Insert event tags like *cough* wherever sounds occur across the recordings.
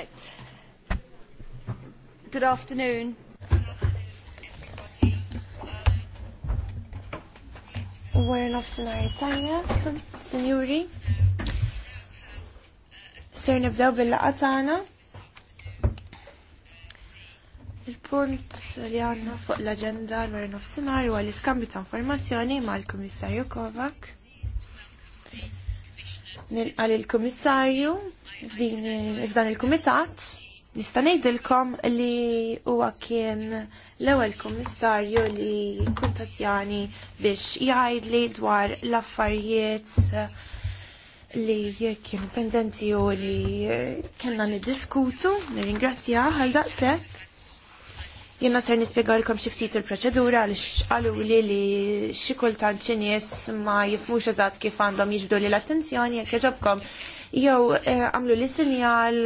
Right. Good afternoon. We're in off-scenario tajna, signori. Ser nibdew bil-laqa tagħna. Il-punt li għanna fuq l agenda l-mer nofsinhar huwa l-iskambju ta' informazzjoni ma' l-Komissarju Kovac. Nilqa' il-Komissarju Din f'dan il-kumitat nista' ngħidilkom li huwa kien l-ewwel kummissarju li kuntatjani biex jgħidli dwar l-affarijiet li kienu pendenti u li kellna niddiskutu, nirringrazzja għal daqshekk Jena ser nispiegalkom xiftit il-proċedura għaliex xqalu li li xi ċinies ma jifmux eżat kif għandhom jiġbdu li l-attenzjoni jek jġobkom. Jew eh, għamlu li sinjal,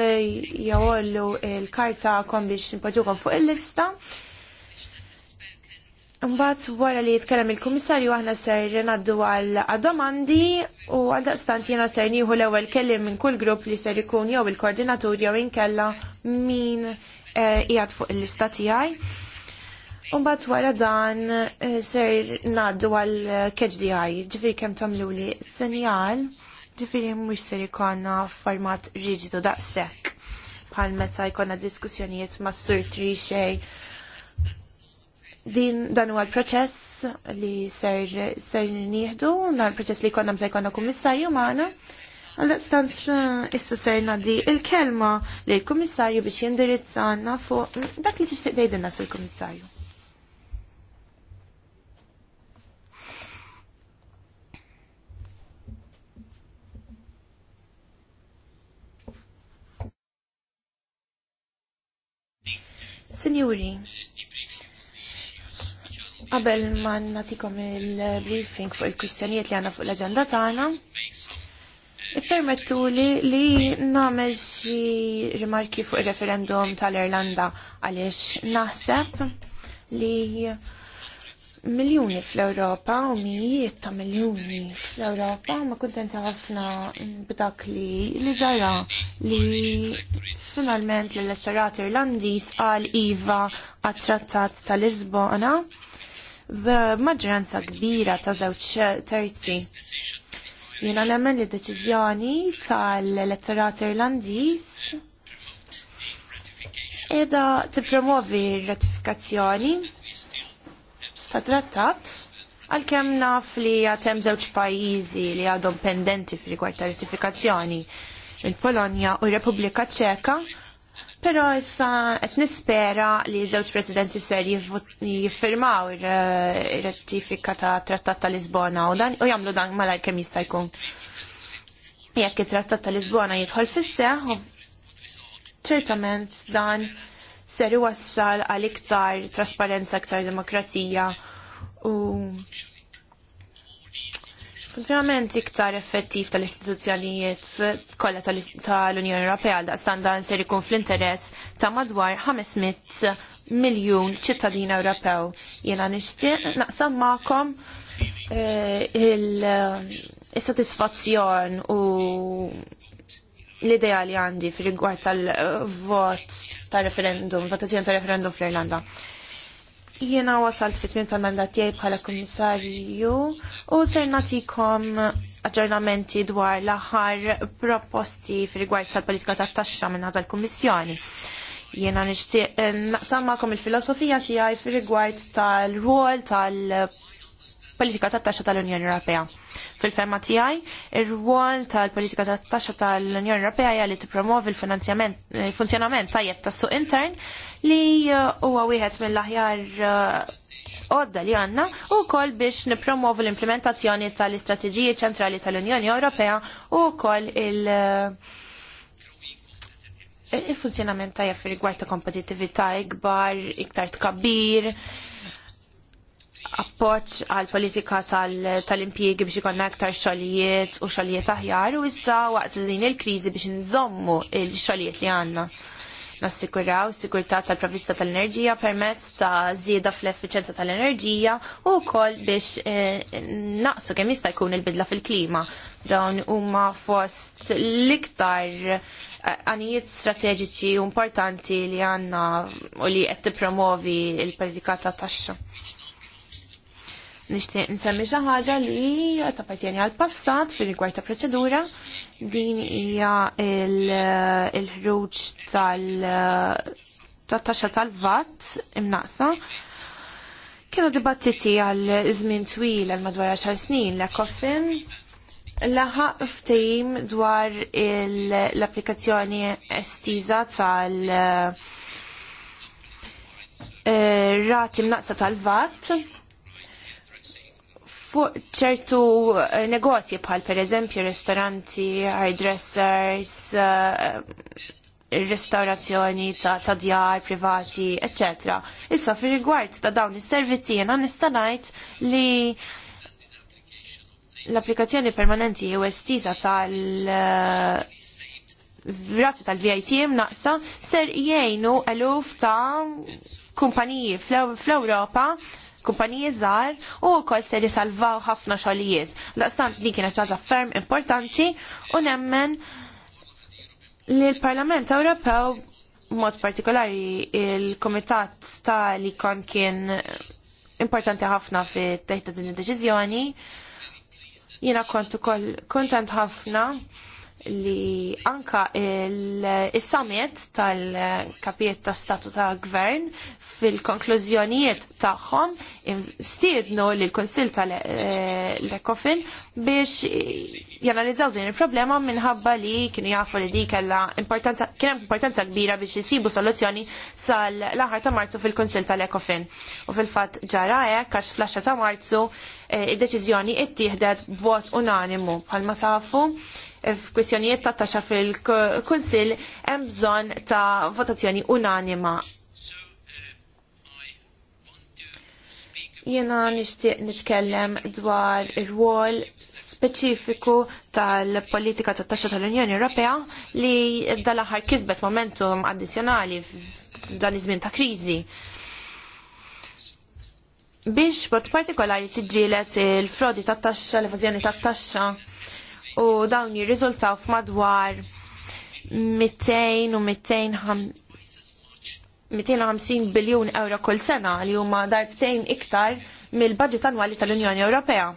jew ollu il-karta kom biex nipoġukom fuq il-lista. Mbagħad wara li jitkellem il-Kummissarju aħna ser naddu għal domandi u għal daqstant jiena ser nieħu l-ewwel kelliem minn kull grupp li ser ikun jew il-koordinatur jew inkella min eh, qiegħed fuq il-lista tiegħi. U mbagħad wara dan eh, ser naddu għal għaj, ġifieri kemm tagħmlu li sinjal, ġifieri mhux ser ikonna format riġidu daqshekk bħal meta jkollna diskussjonijiet ma' sur trixej. xej din dan huwa l-proċess li ser ser nieħdu, dan il-proċess li konna bżej konna kummissarju magħna. għal stanx issa ser nadi il-kelma li l-kummissarju biex jindirizzana fuq dak li tixtieq dejdenna sul kummissarju Signori, Qabel ma natikom il-briefing fuq il-kwistjonijiet li għanna fuq l-agenda tagħna, Ippermettu li li namel xi rimarki fuq il-referendum tal-Irlanda għaliex naħseb li miljoni fl-Europa u mijiet ta' miljoni fl-Europa ma kuntenta ħafna b'dak li li ġara li finalment l-elettorat Irlandiż qal iva għat-trattat tal-Lisbona b'maġġoranza kbira ta' żewġ terzi. Jiena nemmen li deċiżjoni tal-elettorat Irlandiż edha tippromovi r-ratifikazzjoni ta' trattat għalkemm naf li għatem żewġ pajjiżi li għadhom pendenti fil-rigward ta' ratifikazzjoni il-Polonja u r-Repubblika Ċeka Pero issa qed nispera li żewġ presidenti ser jiffirmaw eh, ir-rettifika ta' Trattat ta' Lisbona u dan u jagħmlu dan malajr kemm jista' jkun. Jekk it-Trattat ta' Lisbona jidħol fis-seħ, ċertament dan ser iwassal għal iktar trasparenza, iktar demokrazija u funzjonament iktar effettiv tal-istituzzjonijiet kollha tal-Unjoni Ewropea għal daqstan ser ikun fl-interess ta' madwar 500 miljun ċittadin Ewropew. Jena nixtieq naqsam ma'kom eh, il-satisfazzjon u l-idea li għandi fil rigward tal-vot tal-referendum, votazzjoni tal-referendum fl-Irlanda. Jiena wasalt fit-tmim tal-mandat tiegħi bħala kummissarju u ser nagħtikom aġġornamenti dwar l-aħħar proposti fir-rigward tal-politika tat-taxxa minn ħadha l-Kummissjoni. Jiena nixtieq eh, naqsam magħkom il-filosofija tiegħi fir tal-rwol tal-politika tat-taxxa tal-Unjoni Ewropea. Fil-ferma tiegħi, ir-rwol tal-politika tat-taxxa tal-Unjoni Ewropea hija li tippromovi l-funzjonament eh, tajjeb tas-suq intern li uh, huwa wieħed mill-aħjar uh, għodda li għanna u kol biex nipromovu l-implementazzjoni tal-istrateġiji ċentrali tal-Unjoni Ewropea u kol il- uh, il-funzjonament tajja fi ta' kompetitivita' ikbar, iktar tkabbir, appoċ għal politika tal-impjiegi biex ikonna iktar xogħlijiet u xolijiet aħjar u issa waqt din il-kriżi biex nżommu il-xogħlijiet li għandna nassikuraw sigurtà tal-provvista tal-enerġija permezz ta' żieda fl-effiċenza tal-enerġija u wkoll biex eh, naqsu kemm jista' jkun il-bidla fil-klima. Dawn huma fost l-iktar għanijiet eh, strateġiċi importanti li għanna u li qed tippromovi l-politika ta' taxxa. Nixtieq nsemmi xi ħaġa li tappartjeni għal passat fil rigward ta' proċedura din hija il-ħruġ tal tat-taxxa tal-vat imnaqsa. Kienu dibattiti għal żmien twil għal madwar 10 snin la koffin laħa ftejim dwar l-applikazzjoni estiża tal- eh, rati mnaqsa tal-vat fuq ċertu eh, negozji bħal per eżempju ristoranti, hairdressers, eh, restaurazzjoni ta', ta djar privati, etc. Issa fi rigward ta' dawn is-servizzi jiena nista' ngħid li l-applikazzjoni permanenti jew estiża tal eh, rati tal-VIT naqsa ser jgħinu eluf ta' kumpaniji fl-Ewropa fl kumpaniji żgħar u wkoll se salvaw ħafna xogħlijiet. Daqstant din kienet ħaġa ferm importanti u nemmen li l-Parlament Ewropew mod partikolari il-Komitat ta' li kon kien importanti ħafna fi teħta din id-deċiżjoni. Jiena kont ukoll kontent ħafna li anka il-summit tal-kapiet ta' statu ta' gvern fil-konklużjonijiet tagħhom stiednu li l-Konsil tal-Ekofin biex janalizzaw din il-problema minħabba li kienu jafu li di kella importanza, importanza kbira biex jisibu soluzzjoni sal-laħar ta' marzu fil-Konsil tal-Ekofin. U fil-fat ġaraja, għax flasha ta' marzu eh, id-deċizjoni ttieħdet b'vot unanimu bħalma tafu f'kwistjonijiet ta' taxxa fil-Kunsill hemm bżonn ta' votazzjoni unanima. Jiena nixtieq nitkellem dwar ir-rwol speċifiku tal-politika tat taxxa tal-Unjoni Ewropea li dal-aħħar kisbet momentum addizzjonali f'dan iż-żmien ta' kriżi biex bot partikolari tiġġielet il-frodi tat taxxa, l evażjoni tat taxxa, u dawn jirriżultaw f'madwar 200 u 250 biljun euro kull sena li huma darbtejn iktar mill-budget annwali tal-Unjoni Ewropea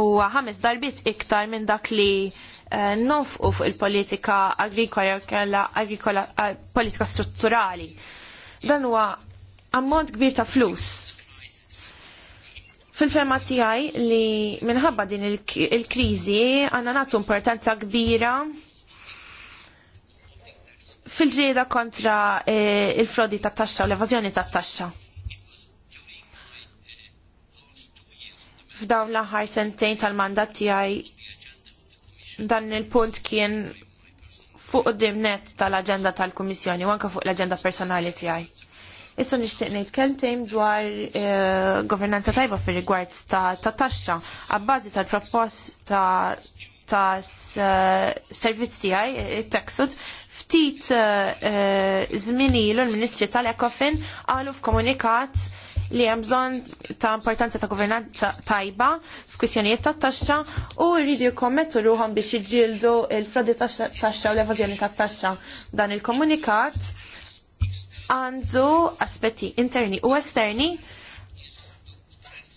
u ħames darbit iktar minn dak li eh, nonfqu fuq il-politika agrikola, eh, politika strutturali. Dan huwa ammont kbir ta' flus fil ferma tijaj li minħabba din il-krizi għanna natu importanza kbira fil-ġieda kontra e, il-frodi ta' taxxa u l-evazjoni ta' taxxa. F'dawn l-aħħar sentejn tal-mandat tiegħi dan il-punt kien fuq id-dimnet tal-aġenda tal-Kummissjoni u anke fuq l-aġenda personali tiegħi Issa nixtieq ngħid kelmtejn dwar eh, governanza tajba fir-rigward ta' taxxa għabbażi tal-proposta ta' eh, servizz tiegħi it-taksud eh, ftit zminilu l-Ministri tal-Ekofin għalu f'komunikat li hemm bżonn ta' importanza ta' governanza tajba f'kwistjonijiet ta' taxxa u rridu jkommettu ruhom biex jiġġieldu l-frodi taxxa u l-evażjoni ta' taxxa. Dan il-komunikat għandu aspetti interni u esterni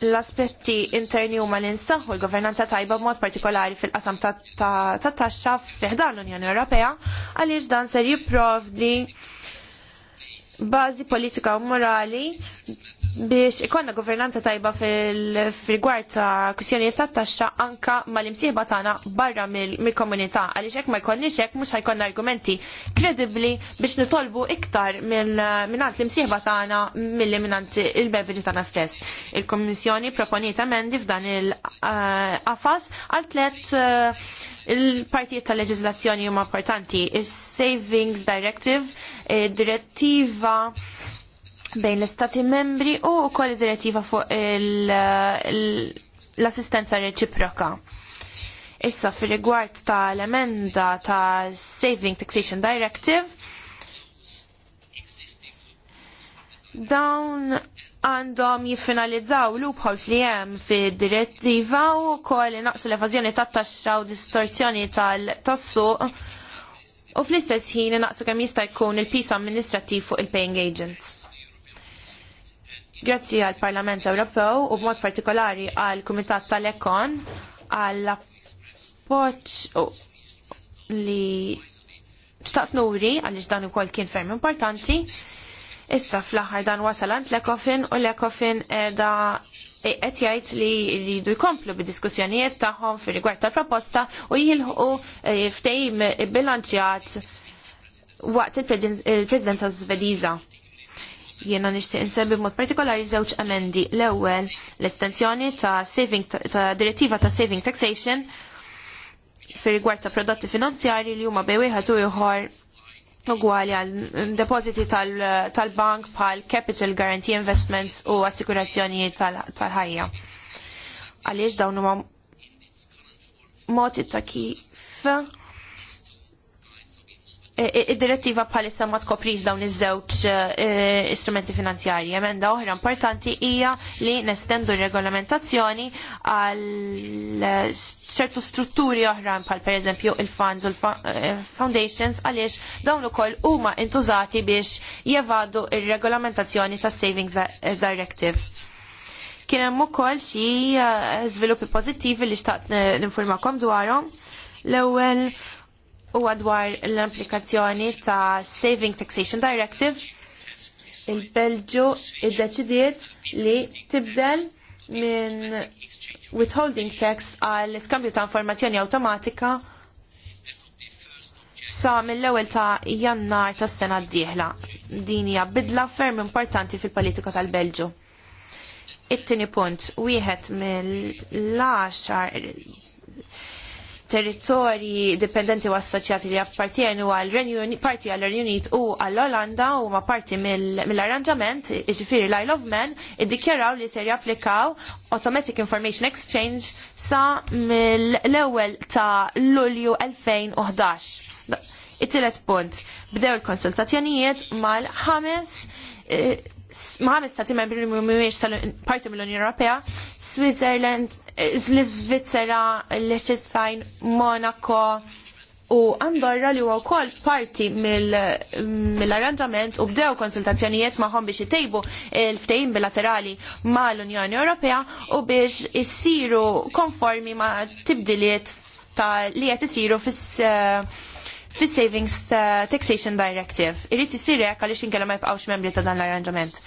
l-aspetti interni huma l insaħħu l-governanza tajba b'mod partikolari fil-qasam ta' taxxa fiħdan l-Unjoni Ewropea għaliex dan ser jipprovdi bażi politika u morali biex ikonna governanza tajba fil-rigward ta' kwistjonijiet ta' taxxa anka mal-imsieħba tagħna barra mill-komunità għaliex hekk ma jkollniex hekk mhux ħajkonna argumenti kredibbli biex nitolbu iktar mingħand l-imsieħba tagħna milli mingħand il-bebri tagħna stess. Il-Kommissjoni proponiet emendi f'dan il-qafas għal tliet eh, il-partijiet tal-leġiżlazzjoni huma importanti, is-Savings Directive, eh, direttiva bejn l-Istati membri u wkoll direttiva fuq l-assistenza reċiproka. Issa fir rigward tal-emenda ta' Saving Taxation Directive, dawn għandhom jiffinalizzaw loopholes li hemm fid direttiva u wkoll naqsu l-evażjoni tat taxxa u distorzjoni tal tassu u fl-istess ħin naqsu kemm jista' jkun il pisa amministrattiv fuq il-paying agents. Grazzi għal Parlament Ewropew u b'mod partikolari għal Kumitat tal-Ekon għall appoġġ li ċtaqt nuri għaliex dan ukoll kien ferm importanti. Issa fl-aħħar dan wasalant l-Ekofin u l-Ekofin edha qed jgħid li jridu jkomplu bid-diskussjonijiet tagħhom fir-rigward tal-proposta u jilħu eh, ftehim bilanċjat waqt il-Presidenza Svediża. Jiena nixtieq insemmi b'mod partikolari żewġ amendi L-ewwel l-estensjoni ta' saving ta' direttiva ta' saving taxation fir rigward ta' prodotti finanzjari li huma bewieħed u ieħor ugwali għal depositi tal-bank tal bħal capital guarantee investments u assikurazzjonijiet tal-ħajja. Tal Għaliex dawn huma modi ta' kif Eh, eh, id-direttiva bħalissa ma tkoprix dawn iż-żewġ eh, istrumenti finanzjarji. Emenda oħra importanti hija li nestendu regolamentazzjoni għal ċertu strutturi oħrajn bħal pereżempju il-funds u l-foundations għaliex dawn ukoll huma intużati biex jevadu ir-regolamentazzjoni tas Savings Directive. Kien hemm ukoll xi żviluppi pożittivi li xtaqt ninformakom dwarhom. L-ewwel u għadwar l-implikazzjoni ta' Saving Taxation Directive il-Belġu id-deċidiet li tibdel minn withholding tax għal skambju ta' informazzjoni automatika sa mill-ewwel ta' jannar tas-sena d-dieħla. Din hija bidla ferm importanti fil-politika tal-Belġu. It-tieni punt, wieħed mill-10 territorji dipendenti u assoċjati li appartienu għal parti għal Unit u għall olanda u ma parti mill-arranġament, iġifiri l of Man, iddikjaraw li ser japplikaw Automatic Information Exchange sa mill-ewel ta' Lulju 2011. It-tielet punt, bdew il-konsultazzjonijiet mal-ħames eh, ma' ħames stati membri li mhumiex tal-parti mill-Unjoni Ewropea, Switzerland, eh, l-Iżvizzera, Liechtenstein, Monaco u Andorra li huwa wkoll parti mill-arranġament u bdew konsultazzjonijiet magħhom biex itejbu l-ftehim bilaterali mal-Unjoni Ewropea u biex issiru konformi ma' tibdiliet ta' li qed isiru fis- uh, fis savings uh, Taxation Directive. Irrid isir hekk għaliex inkella ma jibqgħux membri ta' dan l-arranġament.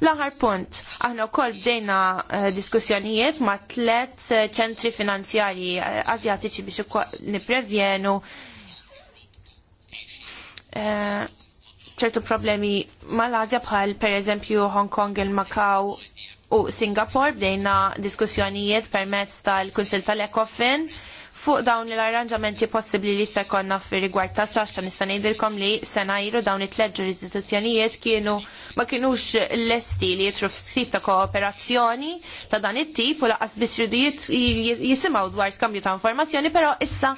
l punt, aħna wkoll bdejna uh, diskussjonijiet ma' tlet uh, ċentri finanzjarji azjatiċi biex niprevjenu ċertu problemi mal-Azja bħal per eżempju Hong Kong, il-Macau u Singapore bdejna diskussjonijiet permezz tal-Kunsil tal-Ecofin. tal kunsil tal ecofin fuq dawn l-arranġamenti possibbli li se jkollna fir rigward ta' ċaxxa nista' ngħidilkom li sena ngħidu dawn it-tliet ġurisdizzjonijiet kienu ma kinux lesti li jitru f'tip ta' kooperazzjoni ta' dan it-tip u laqas biss jisimgħu dwar skambju ta' informazzjoni, però issa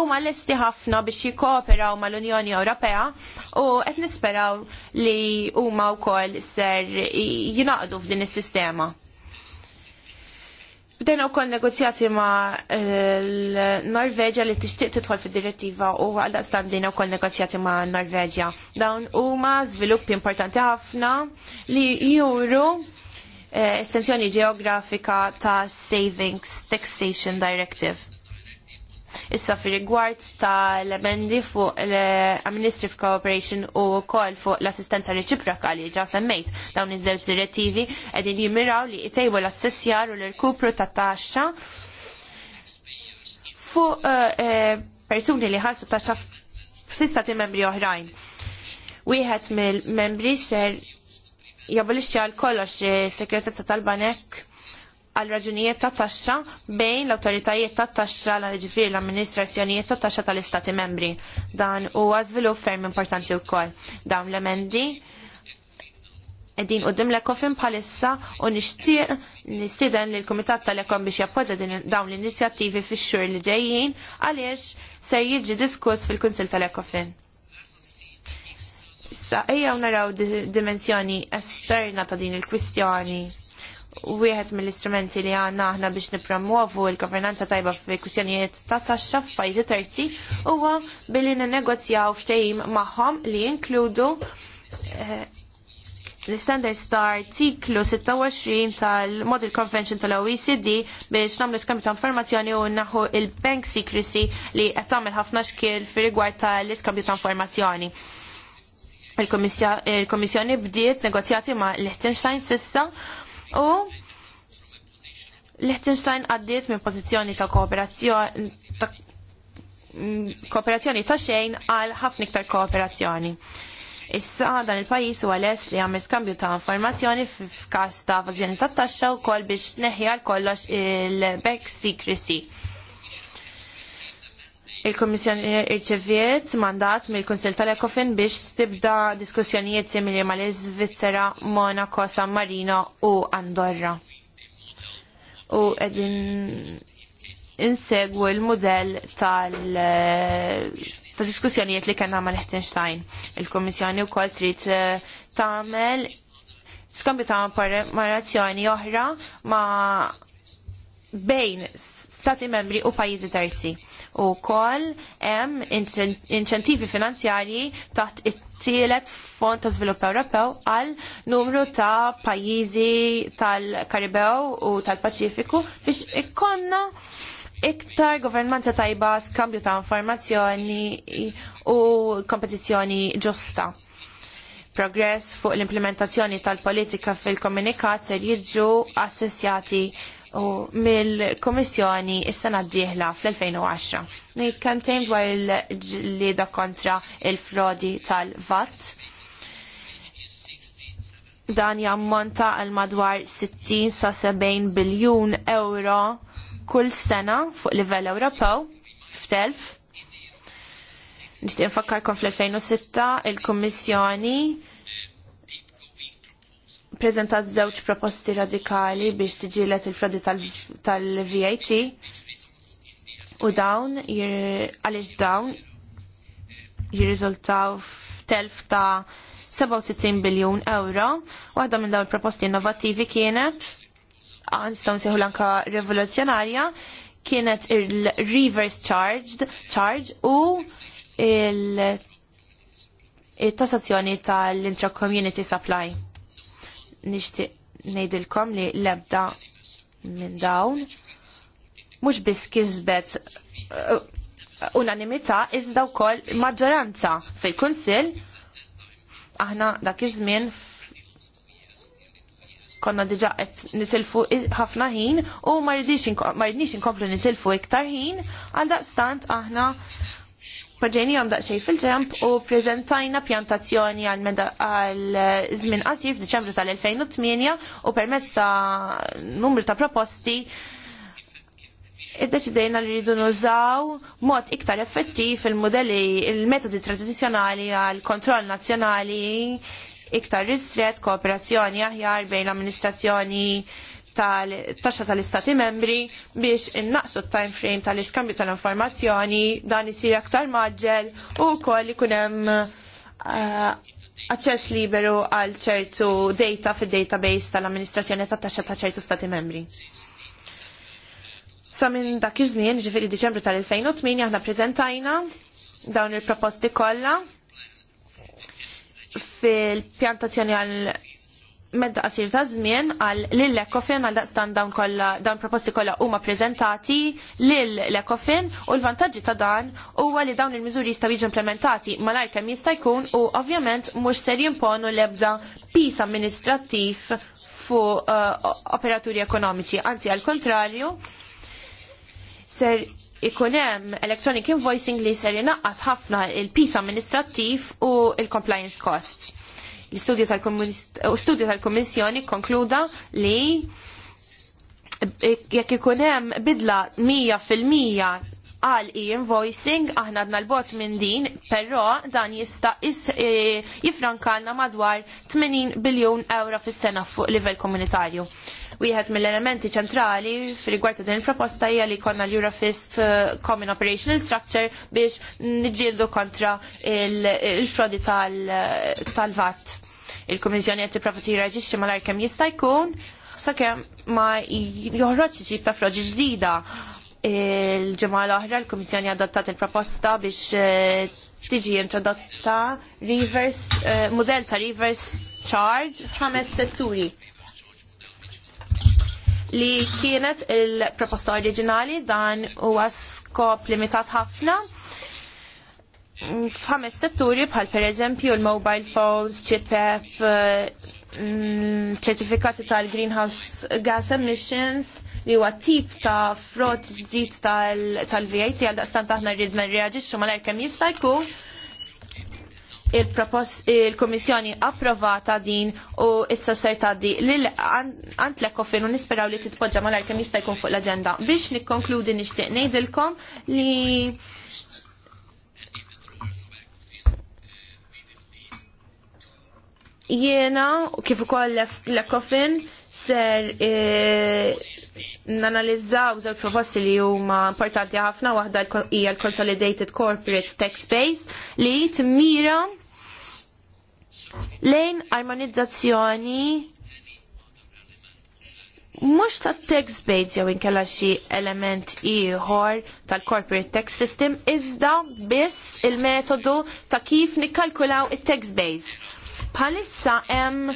huma lesti ħafna biex jikkooperaw mal-Unjoni Ewropea u qed nisperaw li huma wkoll ser jinaqdu f'din is-sistema. Bdejna u negozjati ma eh, l-Norveġa li tixtieq tidħol fid-direttiva u għal daqstan bdejna u negozjati ma l-Norveġa. Dawn huma żviluppi importanti ħafna li juru eh, estensjoni ġeografika ta' Savings Taxation Directive. Issa fi rigward ta' l-emendi fuq l-Administrative Cooperation u kol fuq l-assistenza reċiproka li ġa semmejt dawn iż-żewġ direttivi qegħdin jimmiraw li jtejbu l-assessjar u l-irkupru ta' taxxa fuq eh, eh, persuni li ħarsu taxxa ti membri oħrajn. Wieħed mill-membri ser jabolixxi għal kollox eh, segretetta tal-banek għal raġunijiet ta' taxxa bejn l-autoritajiet ta' taxxa l ġifiri l-amministrazzjonijiet ta' taxxa tal-istati membri. Dan huwa żvilupp ferm importanti wkoll. Dawn l-emendi qegħdin u l kofin bħalissa u nishtiq nistiden li l-Komitat tal-Ekon biex jappoġġa dawn l-inizjattivi fix xhur li ġejjin għaliex ser jiġi diskuss fil-Kunsil tal-Ekofin. Issa ejja naraw dimensjoni esterna ta' din il-kwistjoni wieħed mill-istrumenti li għanna aħna biex nipromuovu il-governanza tajba f'kwistjonijiet ta' taxxa f'pajjiżi terzi huwa billi nenegozjaw ftehim magħhom li jinkludu eh, l standard ta' artiklu 26 tal-Model Convention tal-OECD biex nagħmlu skambi ta' informazzjoni u naħu il-bank secrecy li qed tagħmel ħafna xkiel fir-rigward tal-iskambju ta' informazzjoni il-Komissjoni bdiet negozjati ma' Liechtenstein sissa U Liechtenstein għaddiet minn pożizzjoni ta' mm, kooperazzjoni ta' xejn għal ħafna iktar kooperazzjoni. Issa dan il-pajis huwa les li għamil skambju ta' informazzjoni f'każ ta' evażjoni ta' taxxa wkoll biex neħjar kollox il-back secrecy. Il-Komissjoni irċeviet mandat mill-Kunsil tal-Ekofin biex tibda diskussjonijiet simili mal-Iżvizzera, Monaco, San Marino u Andorra. U edin insegwu il-modell tal-diskussjonijiet eh, li kena ma' Liechtenstein. Il-Komissjoni u kol trid eh, tamel skambi ta' marazzjoni oħra ma' bejn stati membri u pajizi terzi u kol hemm inċentivi finanzjarji taħt it-tielet fond ta' svilupp Ewropew għal numru ta' pajjiżi tal-Karibew u tal-Paċifiku biex ikkonna iktar governanza tajba skambju ta' informazzjoni u kompetizzjoni ġusta progress fuq l-implementazzjoni tal-politika fil-komunikat ser jiġu assessjati u mill-Komissjoni is-sena d-dieħla fl-2010. Nejt kemtejn dwar il ġlieda kontra il-frodi tal-VAT. Dan jammonta għal madwar 60 sa 70 biljun euro kull sena fuq livell Ewropew f'telf. Nixtieq nfakkarkom fl-2006 il-Kummissjoni prezentat żewġ proposti radikali biex tiġilet il-frodi tal-VAT u dawn għaliex dawn jirriżultaw f'telf ta' 67 biljun euro. Waħda minn dawn il-proposti innovattivi kienet stawn seħu lanka rivoluzjonarja kienet il-reverse charged charge u il-tassazzjoni tal-intra-community supply nixtieq ngħidilkom li l-ebda minn dawn mhux biss kisbet uh, unanimità iżda wkoll maġġoranza fil-Kunsill aħna dak iż-żmien konna diġa qed nitilfu ħafna ħin u ma rridniex inkomplu nitilfu iktar ħin għal daqstant aħna poġġejni għam daqxej fil-ġemp u prezentajna pjantazzjoni għal żmien qasir f'Diċembru tal-2008 u permezz numru ta' proposti id-deċidejna li rridu nużaw mod iktar effettiv il-modelli, il-metodi tradizjonali għal kontroll nazzjonali iktar ristret, kooperazzjoni aħjar bejn amministrazzjoni tal-taxxa tal-istati membri biex innaqsu t-time frame tal-iskambju tal-informazzjoni dan isir aktar maġġel u koll ikun hemm eh, aċċess liberu għal ċertu data fid-database tal-amministrazzjoni tat-taxxa ta' ċertu stati membri. Sa minn dak iż-żmien, ġifieri Diċembru tal-2008 aħna preżentajna dawn il-proposti kollha fil-pjantazzjoni għal medda qasir ta' żmien għal lil Lekofin għal daqstan dawn kollha dawn proposti kollha huma preżentati lil Lekofin, u l-vantaġġi ta' dan huwa li dawn il-miżuri jistgħu jiġu implementati malajr kemm jista' jkun u ovvjament mhux ser jimponu l-ebda pis amministrattiv fuq uh, operaturi ekonomiċi, anzi għal kontrarju ser ikun hemm electronic invoicing li ser jinaqqas ħafna il-pis amministrattiv u il-compliance costs. L-studju eh, tal-Kommissjoni konkluda li jekk ikun hemm bidla 100% għal e-invoicing, aħna għadna l-bot minn din, però dan jista eh, jifrankalna madwar 80 biljun euro fis sena fuq livell komunitarju. Wieħed mill-elementi ċentrali fil-rigward ta' din il-proposta hija li konna l Fist uh, Common Operational Structure biex niġġieldu kontra il-frodi uh, tal-VAT. Il-Kummissjoni qed tipprova tirreġixxi malajr kemm jista' jkun sakemm ma joħroġ tip ta' frodi ġdida il-ġemgħa l-oħra l komissjoni adottat il-proposta biex uh, tiġi introdotta reverse, model ta' reverse charge f'ħames setturi li kienet il-proposta oriġinali dan huwa skop limitat ħafna f'ħames setturi bħal pereżempju l-mobile phones, chip mm, ċertifikati tal-greenhouse gas emissions, li huwa tip ta' frott ġdid tal-VAT għal daqstant aħna rridna nreaġixxu malajr kemm jista' jkun il-Komissjoni approvata din u issa ser tgħaddi lil għand l u nisperaw li titpoġġa mal kemm jista' jkun fuq l-aġenda. Biex nikkonkludi nixtieq ngħidilkom li jiena kif ukoll l-ekofin ser eh, nanalizzaw żewġ proposti li huma importanti ħafna waħda hija l-Consolidated Corporate Tax Base li jitmira lejn armonizzazzjoni mux ta' tax base jew inkella xi element ieħor tal-corporate tax system iżda biss il-metodu ta' kif nikkalkulaw it-tax base. Bħalissa hemm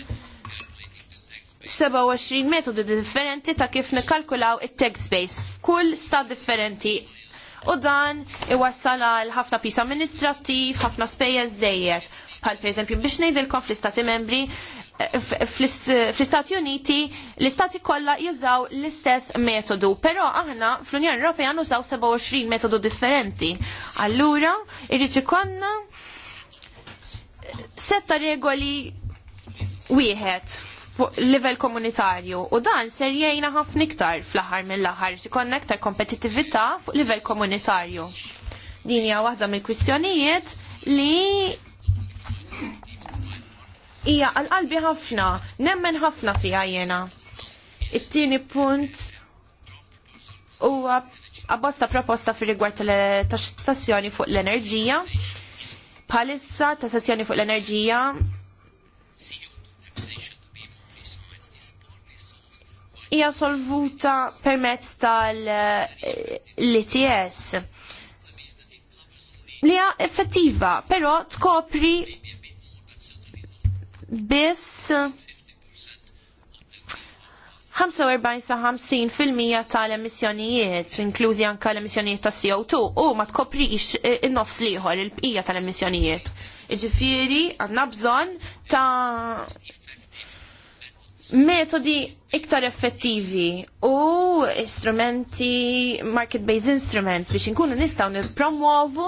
27 metodi differenti ta' kif nikalkulaw it tag space f'kull stat differenti u dan iwassal għal ħafna pis amministrattiv, ħafna spejjeż dejjed. Bħal pereżempju biex ngħidilkom fl-istati membri fl-Istati Uniti l-istati kollha jużaw l-istess metodu, però aħna fl-Unjoni Ewropea nużaw 27 metodu differenti. Allura, irrid ikollna setta regoli wieħed fuq livell komunitarju u dan ser jgħina ħafna iktar fl-aħħar mill-aħħar si konna iktar kompetittività fuq livell komunitarju. Din hija waħda mill-kwistjonijiet li hija għal-qalbi ħafna, nemmen ħafna fiha jiena. It-tieni punt huwa abbosta proposta fir rigward tal-tassazzjoni fuq l-enerġija. Bħalissa tassazzjoni fuq l-enerġija hija solvuta permezz tal-ITS li hija effettiva, però tkopri biss 45 sa 50 fil-mija tal-emissjonijiet, inklużi anka l-emissjonijiet ta' CO2, u ma tkoprix e, in-nofs liħor il-bqija tal-emissjonijiet. Iġifiri, għandna bżonn ta' metodi iktar effettivi u strumenti, market-based instruments biex inkunu nistaw nipromuovu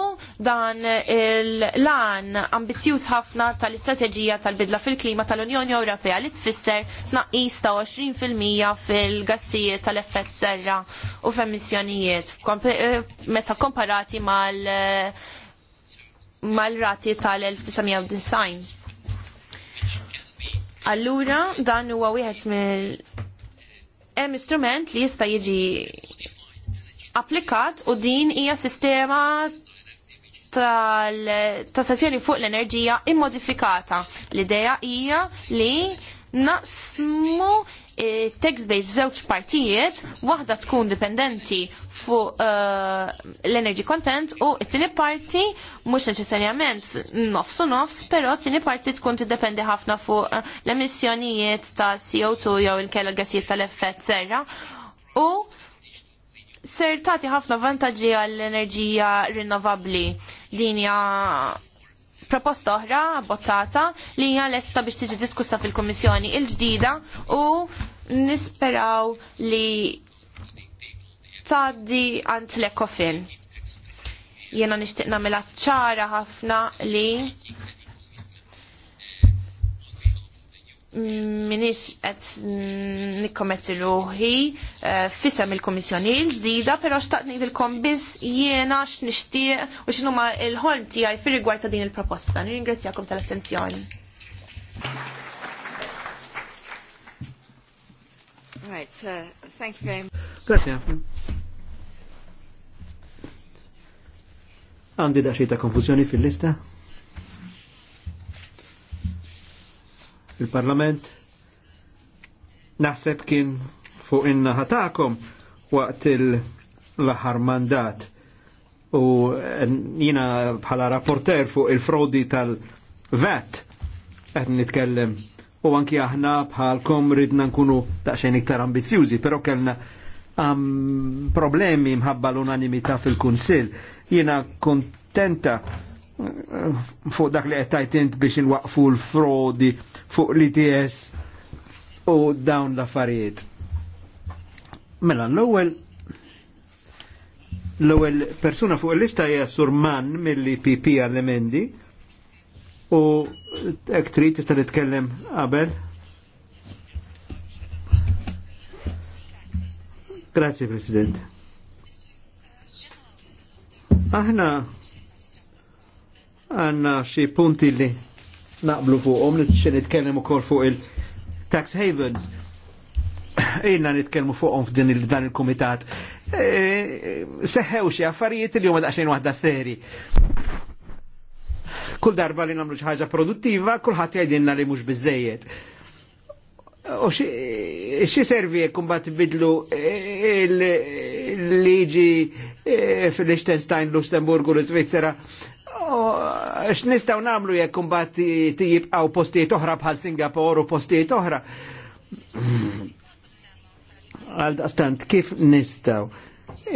dan il-lan ambizjuż ħafna tal-istrateġija tal-bidla fil-klima tal-Unjoni Ewropea li tfisser naqis ta' 20% fil-gassijiet tal-effett serra u f'emissjonijiet eh, meta komparati mal mal-rati tal-1990 Allura dan huwa wieħed mill hemm istrument li jista' jiġi applikat u din hija sistema tal-tassazzjoni fuq l-enerġija immodifikata. L-idea hija li naqsmu text base żewġ partijiet, waħda tkun dipendenti fuq uh, l-energy content u t-tini parti mhux neċessarjament nofs u nofs, però t-tini parti tkun tiddependi ħafna fuq uh, l-emissjonijiet ta' CO2 jew il-kella gasijiet tal-effett serra u ser tagħti ħafna vantaġġi għall-enerġija rinnovabbli. Din hija proposta oħra abbozzata li hija lesta biex tiġi diskussa fil-Kummissjoni il-ġdida u nisperaw li tgħaddi għand l-ekofin. Jena nixtieq nagħmilha ċara ħafna li minis għet nikkometti hi uh, il-Komissjoni l-ġdida, però xtaqt ngħidilkom biss jiena nishtiq u x'inhu ma l-ħolm tijaj fir-rigward ta' din il-proposta. Nirringrazzjakom tal-attenzjoni. Right, uh, thank you very much. Grazie. Għandi da xejta konfuzjoni fil-lista? Il-Parlament naħseb kien fuq inna ħatakom waqt il-laħar mandat u eh, jina bħala rapporter fuq il-frodi tal-VAT għed nitkellem u anki aħna bħalkom ridna nkunu taqxen iktar ambizjużi, pero kellna um, problemi mħabba l-unanimità fil-Kunsil. Jina kontenta fuq dak li qed tajt int biex inwaqfu l-frodi fuq l-ITS u dawn l-affarijiet. Mela l-ewwel l-ewwel persuna fuq l lista hija Surman mill-PP għall-emendi u hekk trid tista' titkellem qabel. Grazie President. Aħna għanna xi punti li naqblu fuqhom li xie nitkellem ukoll fuq il-tax havens. Ejna nitkellmu fuqhom f'din il-dan il-kumitat. E, e, Seħew xi affarijiet li huma daqsxejn waħda seri. Kull darba li nagħmlu xi ħaġa produttiva, kulħadd jgħidilna li mhux biżejjed. U xi servi jekk bat bidlu il-liġi e, fil-Liechtenstein, Lussemburgu, l-Svizzera Oh, x'nistgħu nagħmlu jekk tijib għaw postijiet oħra bħal Singapore u postijiet oħra. Għaldaqstant kif nistgħu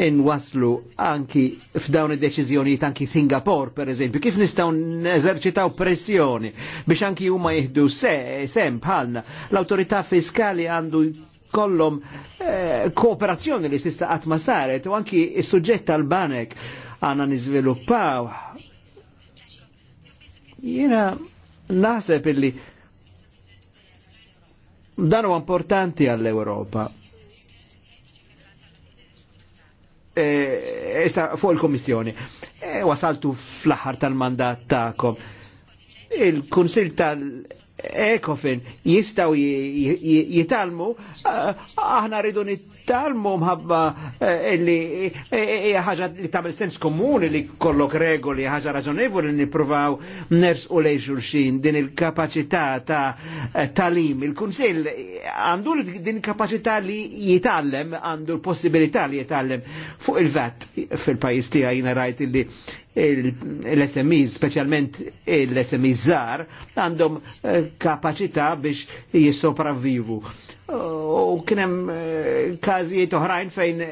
inwaslu anki f'dawni deċizjoni anki Singapore per eżempju, kif n neżerċitaw pressjoni biex anki huma jieħdu se, sem bħalna l-awtorità fiskali għandu kollom eh, kooperazzjoni li sista qatt ma saret u anki is-suġġett tal-banek għana nizviluppaw Jena naħseb illi dan huwa importanti għall europa e, Issa e, fuq il-Kommissjoni. E, wasaltu fl-aħħar tal-mandat tagħkom. Il-Kunsil tal-Ewropa Ekofin jistaw jitalmu, aħna rridu nittalmu mħabba eh, li eh, eh, ħaġa li tamil sens komuni li kollok regoli, ħaġa raġonevoli li nipruvaw ners u lej xulxin din il-kapacità ta' talim. Il-Kunsil għandu din il-kapacità li jitallem, għandu l-possibilità li jitallem fuq il-vat fil pajistija jina rajt li l smi specialment l smi zar, għandhom eh, kapacità biex jissopravvivu. Eh, u kienem eh, kazijiet oħrajn fejn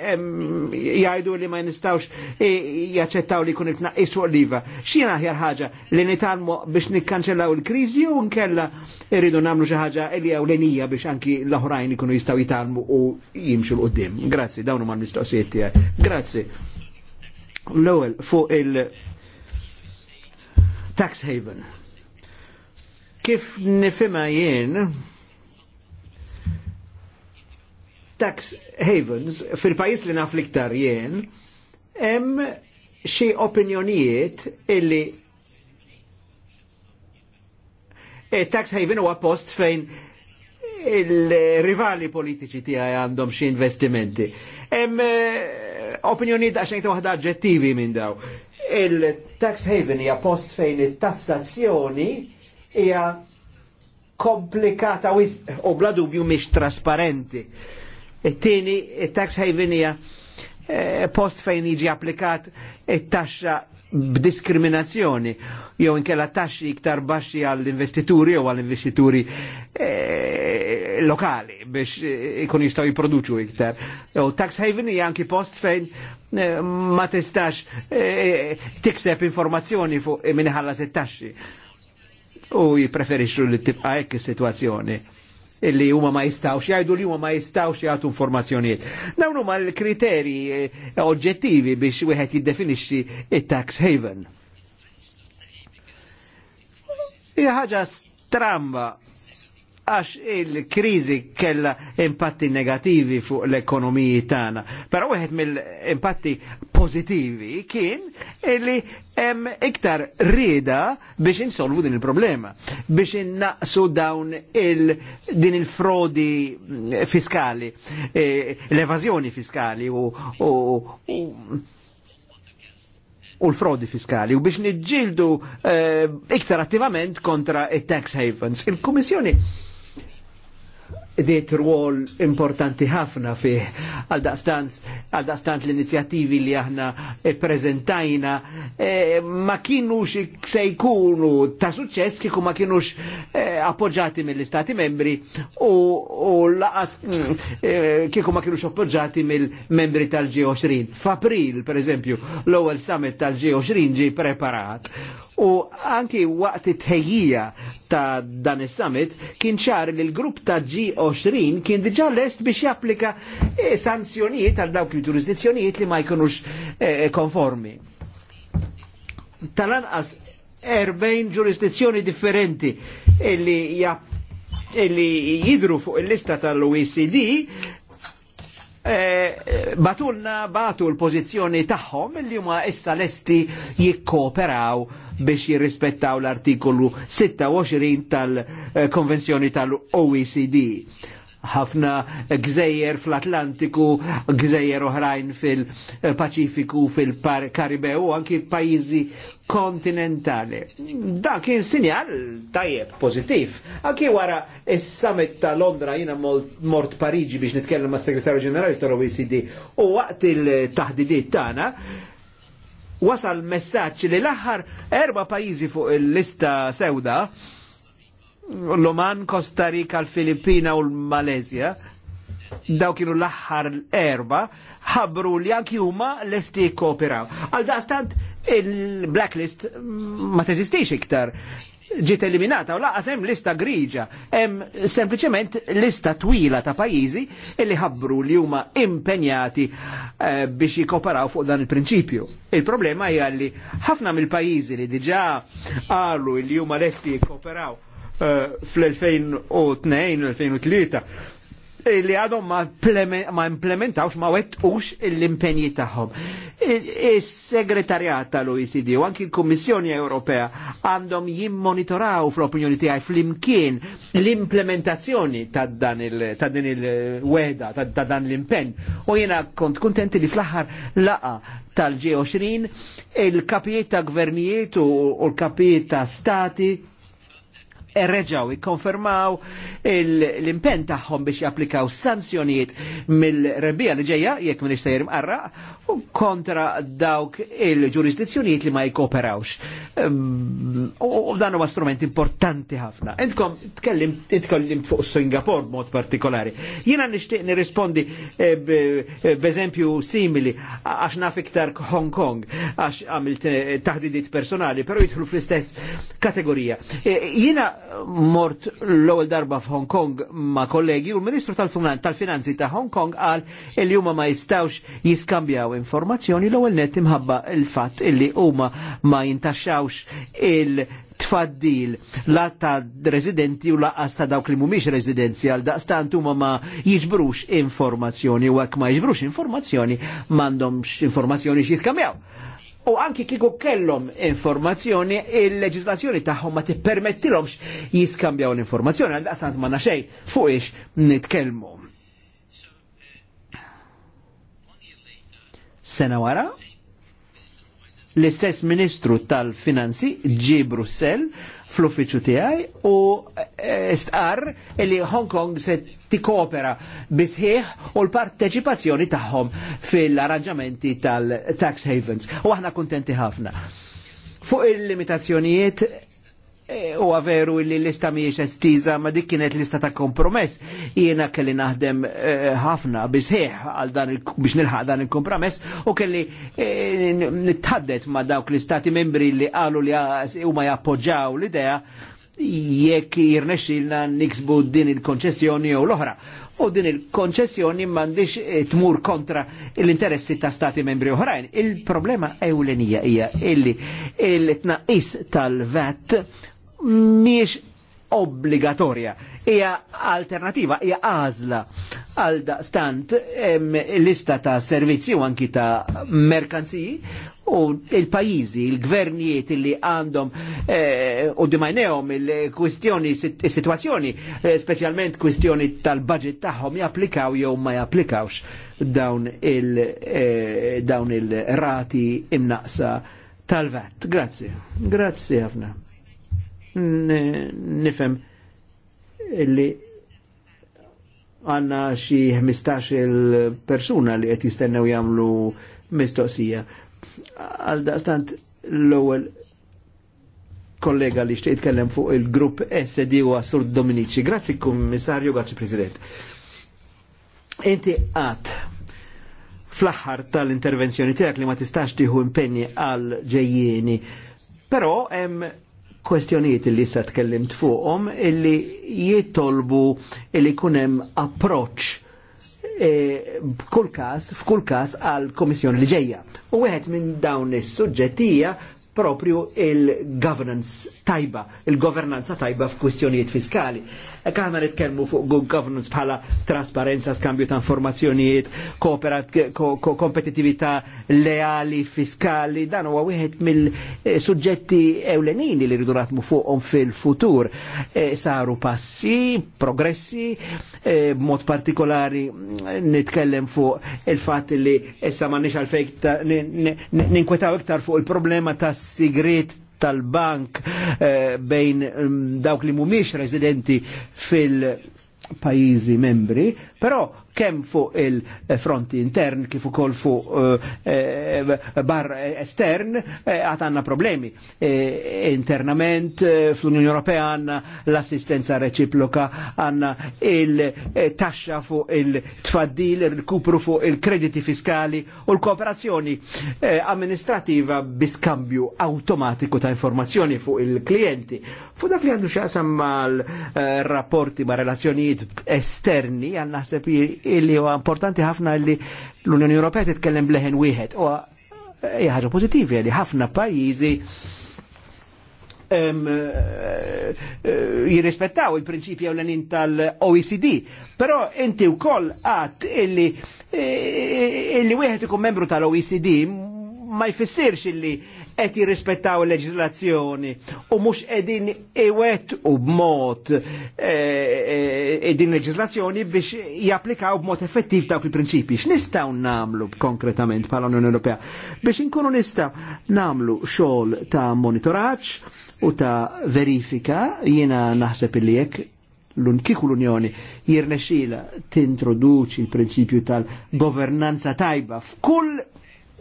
jgħidu li ma nistawx jaċċettaw li kun il-tnaqqis fuq l-IVA. Xina ħjar ħaġa li nitalmu biex nikkanċellaw il-krizi u nkella irridu namlu xi ħaġa li l-enija biex anki l-oħrajn ikunu jistaw jitalmu u jimxu l-qoddim. Grazzi, dawnu ma l-mistoqsijiet tiegħek. Grazzi. L-ewwel fuq il-tax haven. Kif nifima jien tax havens fil-pajis li naf liktar jien hemm xi opinjonijiet illi e tax haven huwa post fejn il-rivali politiċi tiegħi għandhom xi investimenti. Hemm opinjoni da xejn waħda aġġettivi minn daw. Il-tax haven hija post fejn it-tassazzjoni hija komplikata u bla dubju mhix trasparenti. It-tieni it-tax haven hija eh, post fejn jiġi applikat it-taxxa b'diskriminazzjoni jew inkella taxxi iktar baxxi għall-investituri jew għall-investituri e, lokali biex eh, ikun jistgħu jipproduċu iktar. Jew tax haven hija anki post fejn e, ma tistax tikseb informazzjoni fuq minħalla it taxxi u jipreferixxu li tibqa' hekk is-sitwazzjoni illi huma ma jistawx jgħidu li huma ma jistawx jagħtu informazzjonijiet. Dawn huma l-kriterji eh, oġġettivi biex wieħed jiddefinixxi it-tax haven. Hija ħaġa stramba għax il-krizi kella impatti negativi fuq l-ekonomiji tana. Pero wieħed mill-impatti pozitivi kien illi hemm iktar rida biex insolvu din il-problema, biex innaqsu dawn il din il-frodi fiskali, e, l evazjoni fiskali u, u, u u l-frodi fiskali u biex nġildu e, iktar attivament kontra il tax havens. Il-Kummissjoni diet rwol importanti ħafna fi għal daqstant l inizjativi li aħna eh, prezentajna eh, ma kienux se jkunu ta' suċċess kieku ma kienux eh, appoġġati mill-Istati membri u, u laqas mm, ma kienux appoġġati mill-membri tal-G20. F'April, per eżempju, l-ewwel summit tal-G20 ġi preparat U anki waqt it-tħejjija ta' dan is-summit kien ċar li l-grupp ta' G20 kien diġà lest biex japplika e, sanzjonijiet għal dawk il-jurisdizzjonijiet li ma jkunux e, e, konformi. Tal-anqas 40 ġurisdizzjoni differenti illi illi jidru fuq il-lista tal-OECD Eh, batulna batu l-pozizjoni tagħhom li huma issa lesti jikkooperaw biex jirrispettaw l-artikolu 26 tal-Konvenzjoni tal-OECD ħafna gżejjer fl-Atlantiku, gżejjer oħrajn fil-Paċifiku, fil-Karibew, anki pajizi kontinentali. Da kien sinjal tajjeb pozittiv. Anki wara is-summit ta' Londra jina mort Pariġi biex nitkellem ma' segretarju ġenerali tal-OECD u waqt il tahdidiet tagħna wasal messaċ li l-aħħar erba' pajjiżi fuq il-lista sewda l-Oman, Costa Rica, l-Filippina u l-Malezja, daw kienu l-aħħar erba, ħabru li anki huma lesti kooperaw. Għal daqstant il-blacklist ma teżistix iktar ġiet eliminata u laqas hemm lista grigia, hemm sempliċement lista twila ta' pajjiżi illi ħabbru li huma impenjati eh, biex jikoperaw fuq dan il-prinċipju. Il-problema hija li ħafna mill-pajjiżi li diġà qalu li huma lesti jikkoperaw fl-2002-2003 li għadhom ma implementawx ma wettqux l-impenji tagħhom. Is-segretarjat tal-OECD u anki l-Kummissjoni Ewropea għandhom jimmonitoraw fl-opinjoni tiegħi flimkien l-implementazzjoni ta' dan il-weda, ta' dan l-impenn. U jiena kont kontenti li fl-aħħar laqa tal-G20 il-kapijiet ta' gvernijiet u l-kapijiet ta' stati erreġaw ikkonfermaw l-impen tagħhom biex japplikaw sanzjonijiet mill-rebija li ġejja jekk m'iniex sejjer mqarraq u kontra dawk il-ġurisdizzjonijiet li ma jkooperawx. Ehm, u dan huwa strument importanti ħafna. Intkom tkellimt fuq Singapore b'mod partikolari. Jiena nixtieq nirrispondi eh, eh, b'eżempju simili għax naf iktar Hong Kong għax għamilt eh, taħdidiet personali, però jidħlu fl-istess kategorija. Jiena mort l-ewwel darba f'Hong Kong ma' kollegi u l-Ministru tal-Finanzi ta' Hong Kong qal li huma ma jistawx jiskambjaw informazzjoni l-ewwel net imħabba il-fatt illi huma ma jintaxxawx il- tfaddil la ta' residenti u laqqas ta' dawk li mumiex residenzi għal daqstant huma ma jiġbrux informazzjoni u għak ma jiġbrux informazzjoni m'għandhomx informazzjoni x'jiskambjaw u anki kiku kellhom informazzjoni il-leġislazzjoni tagħhom ma tippermettilhomx jiskambjaw l-informazzjoni għal daqstant ma xejn fuq ix nitkellmu. Sena wara? l-istess ministru tal-finanzi ġi Brussel fl-uffiċu tiegħi u e, stqar li Hong Kong se tikopera bisħieħ u l-parteċipazzjoni tagħhom fil-arranġamenti tal-tax havens. U aħna kuntenti ħafna. Fuq il-limitazzjonijiet E, u għaveru li l-lista miex estiza ma dik kienet lista ta' kompromess jiena kelli naħdem e, ħafna e, bisħieħ għal dan biex nilħaq dan il-kompromess u kelli e, ma dawk l-istati membri li qalu li huma jappoġġaw l-idea jekk jirnexxilna niksbu din il-konċessjoni jew l-oħra. U din il-konċessjoni m'għandix e, tmur kontra l-interessi ta' stati membri oħrajn. Il-problema ewlenija hija illi il tnaqis tal-VAT miex obbligatorja, hija alternativa, hija għażla għal stant lista ta' servizzi u anki ta' merkanziji u il-pajizi, il-gvernijiet li għandhom eh, u dimajnejom il-kwistjoni, situazzjoni, eh, specialment kwistjoni tal-budget tagħhom japplikaw jew ma japplikawx dawn eh, il-rati imnaqsa tal-vat. Grazie, grazie għafna nifem illi għanna xie 15 persuna li qed jistennew jagħmlu mistoqsija. Għal daqstant l-ewwel kollega li xtejt kellem fuq il-grupp SD u għasur Dominici. Grazzi kummissarju, grazzi President. Inti għat fl-aħħar tal-intervenzjoni tijak li ma tistax tieħu impenni għal ġejjieni, però hemm kwestjonijiet li sa tkellimt fuqhom illi jitolbu illi kunem approċ e, b'kull każ f'kull każ għal komissjoni li ġejja. U wieħed minn dawn is-suġġettija propju il-governance tajba, il-governanza tajba f'kwistjonijiet fiskali. Ek għana nitkelmu fuq good governance bħala trasparenza, skambju ta' informazzjonijiet, kompetitività leali fiskali, dan huwa wieħed mill-suġġetti ewlenini li rridu naħdmu fuqhom fil-futur. E saru passi, progressi, e mod partikolari nitkellem fuq il-fatt li issa m'għandniex għalfejn ninkwetaw iktar fuq il-problema tas sigret tal-bank eh, bejn mm, dawk li mumiex residenti fil- pajizi membri, però kemm fuq il-fronti intern kif ukoll fuq eh, eh, bar estern eh, għad għandna problemi. Internament fl-Unjoni Ewropea għandna l-assistenza reċiproka, għandna il-taxxa fuq il-tfaddil, il-rikupru fuq il-krediti fiskali u l-kooperazzjoni amministrativa biskambju automatiku ta' informazzjoni fuq il-klienti. Fuq dak li għandu xaqsam mal-rapporti ma' relazzjonijiet esterni għanna sepi illi huwa importanti ħafna li l-Unjoni Ewropea titkellem bleħen wieħed. U eh, ħaġa pożittivi li ħafna pajjiżi eh, eh, jirrispettaw il-prinċipji ewlenin tal-OECD. Però inti wkoll għat illi illi wieħed ikun membru tal-OECD ma jfissirx illi qed jirrispettaw il-leġislazzjoni u mhux qegħdin iwet u b'mod eh, eh, eh, din leġislazzjoni biex japplikaw b'mod effettiv dawk il-prinċipji. X'nistgħu nagħmlu konkretament bħala Unjoni Ewropea biex inkunu nistgħu nagħmlu xogħol ta' monitoraġġ u ta' verifika jiena naħseb illi hekk l-unkiku l-Unjoni jirnexila tintroduċi il-prinċipju tal-governanza tajba f'kull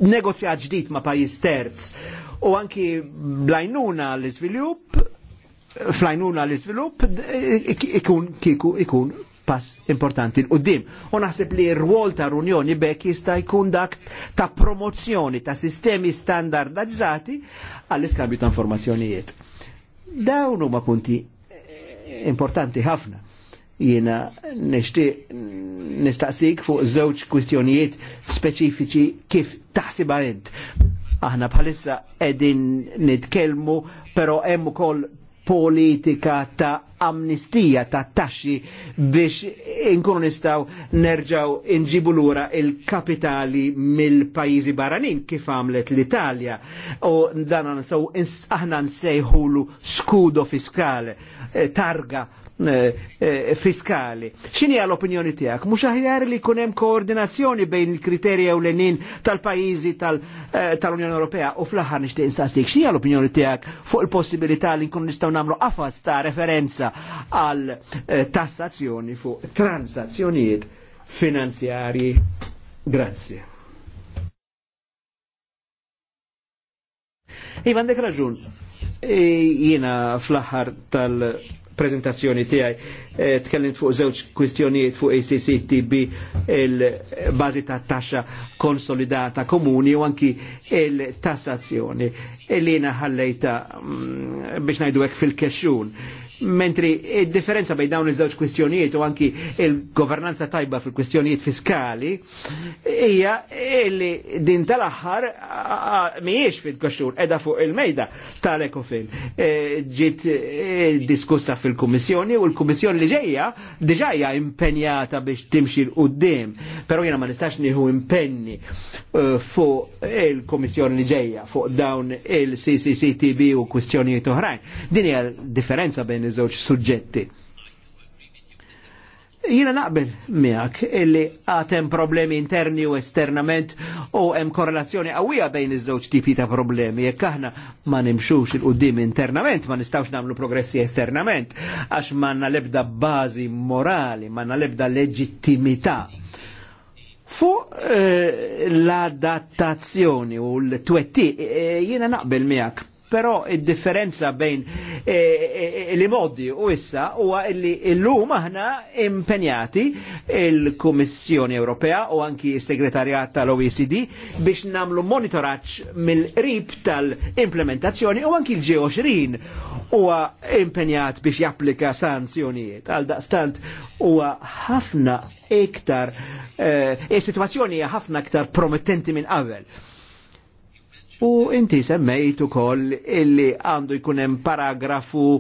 negozjat ġdid ma' pajjiż terz u anki blajnuna l-iżvilupp flajnuna l-iżvilupp ikun kiku ikun pass importanti l-qoddim. U naħseb li r-rwol ta' unjoni bekk jista' jkun dak ta' promozzjoni ta' sistemi standardizzati għall-iskambju ta' informazzjonijiet. Dawn huma punti importanti ħafna. Jiena nixtieq nistaqsik fuq żewġ kwistjonijiet speċifiċi kif taħsibha int. Aħna bħalissa qegħdin nitkellmu, però hemm ukoll politika ta' amnistija ta' taxxi biex inkunu nistaw nerġaw inġibu lura il-kapitali mill-pajjiżi barranin kif għamlet l-Italja u dan aħna nsejħulu skudo fiskale eh, targa Eh, eh, fiskali. X'inhi l-opinjoni tiegħek? Mhux aħjar li jkun hemm koordinazzjoni bejn il-kriterji ewlenin tal-pajjiżi eh, tal-Unjoni Ewropea u fl-aħħar nixtieq instaqsik x'inhi l-opinjoni tiegħek fuq il-possibilità li nkun nistgħu nagħmlu għafas ta' referenza għal tassazzjoni fuq transazzjonijiet finanzjarji. Grazie. Ivan, dek raġun. Jiena fl-aħħar tal- prezentazzjoni tiegħi e, tkellimt fuq żewġ kwistjonijiet fuq ACCTB il-bażi ta' taxxa konsolidata komuni u anki il-tassazzjoni e, li jiena ħallejta mm, biex ngħidu hekk fil-kexxun Mentri il differenza bejn dawn iż-żewġ kwistjonijiet u anki il-governanza tajba fil-kwistjonijiet fiskali hija li din tal-aħħar mhijiex fil-koxxur edha fuq il-mejda tal-ekofil. E, ġiet e, diskussa fil-Kummissjoni u l-Kummissjoni li ġejja diġà hija impenjata biex timxi l qudiem però jiena ma nistax nieħu impenni e, fuq il-Kummissjoni li ġejja fuq dawn il-CCCTB u kwistjonijiet oħrajn. Din hija differenza bejn dawn iż-żewġ suġġetti. Jina naqbel miak illi għatem problemi interni u esternament u hemm korrelazzjoni qawwija bejn iż-żewġ tipi ta' problemi. Jekk aħna ma nimxux il-qudiem internament, ma nistawx nagħmlu progressi esternament, għax manna lebda bażi morali, manna lebda leġittimità. Fu eh, l-adattazzjoni u l-twetti, eh, jiena jina naqbel miegħek Però il differenza bejn eh, eh, eh, li modi u issa huwa li llum aħna impenjati il-Kummissjoni Ewropea u anki s-Segretarjat tal-OECD biex namlu monitoraġġ mill-qrib tal-implementazzjoni u anki l-G20 huwa impenjat biex japplika sanzjonijiet. Għal daqstant huwa ħafna iktar, e, situazzjoni ħafna iktar promettenti minn qabel U inti semmejt ukoll illi għandu jkun hemm paragrafu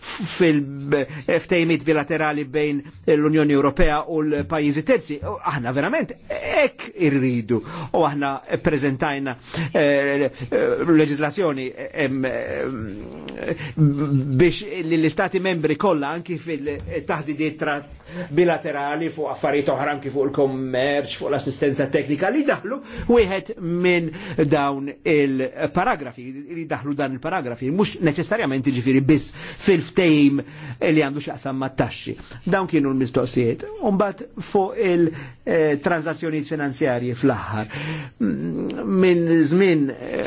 fil-ftejmit bilaterali bejn l-Unjoni Ewropea u l-pajjiżi terzi. Aħna verament hekk irridu u aħna preżentajna eh, eh, leġislazzjoni eh, biex l-istati membri kollha anki fil tahdidiet bilaterali fuq affarijiet oħra anki fuq il-kommerċ, fuq l-assistenza teknika li daħlu wieħed minn dawn e il-paragrafi, li daħlu dan il-paragrafi, mux neċessarjament ġifiri biss fil-ftejm li għandu xaqsam ma' taxxi. Dawn kienu l-mistoqsijiet. Umbat fuq il-transazzjoni finanzjarji fl-aħħar. Minn żmien eh,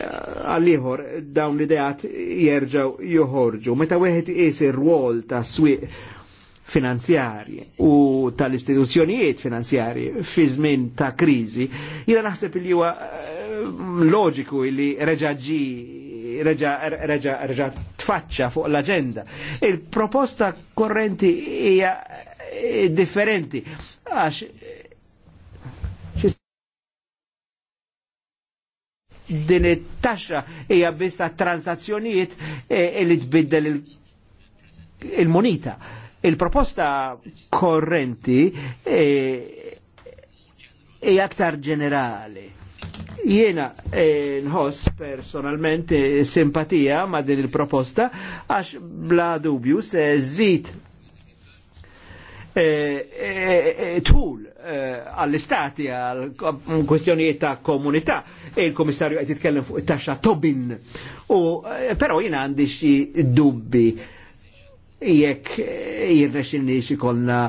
għal-ieħor dawn l-idejat jerġaw joħorġu. Meta wieħed is ir-rwol ta' swieq finanzjarji u tal-istituzzjonijiet finanzjarji fi żmien ta' kriżi, jiena naħseb il-jua loġiku li reġaġi reġa tfaċċa fuq l-agenda. Il-proposta korrenti hija eh, differenti għax din it-taxxa hija biss transazzjonijiet eh, li tbiddel il-monita. Il-proposta korrenti eh, hija aktar ġenerali Jiena eh, nħoss personalment eh, simpatija ma' din il-proposta għax bla dubju se żid eh, tul għall-istati għal kwestjonijiet ta' komunità e il-komissarju qed jitkellem fuq it-taxxa Tobin. U però jiena għandi xi dubbi jekk jirnexxinni xi kollna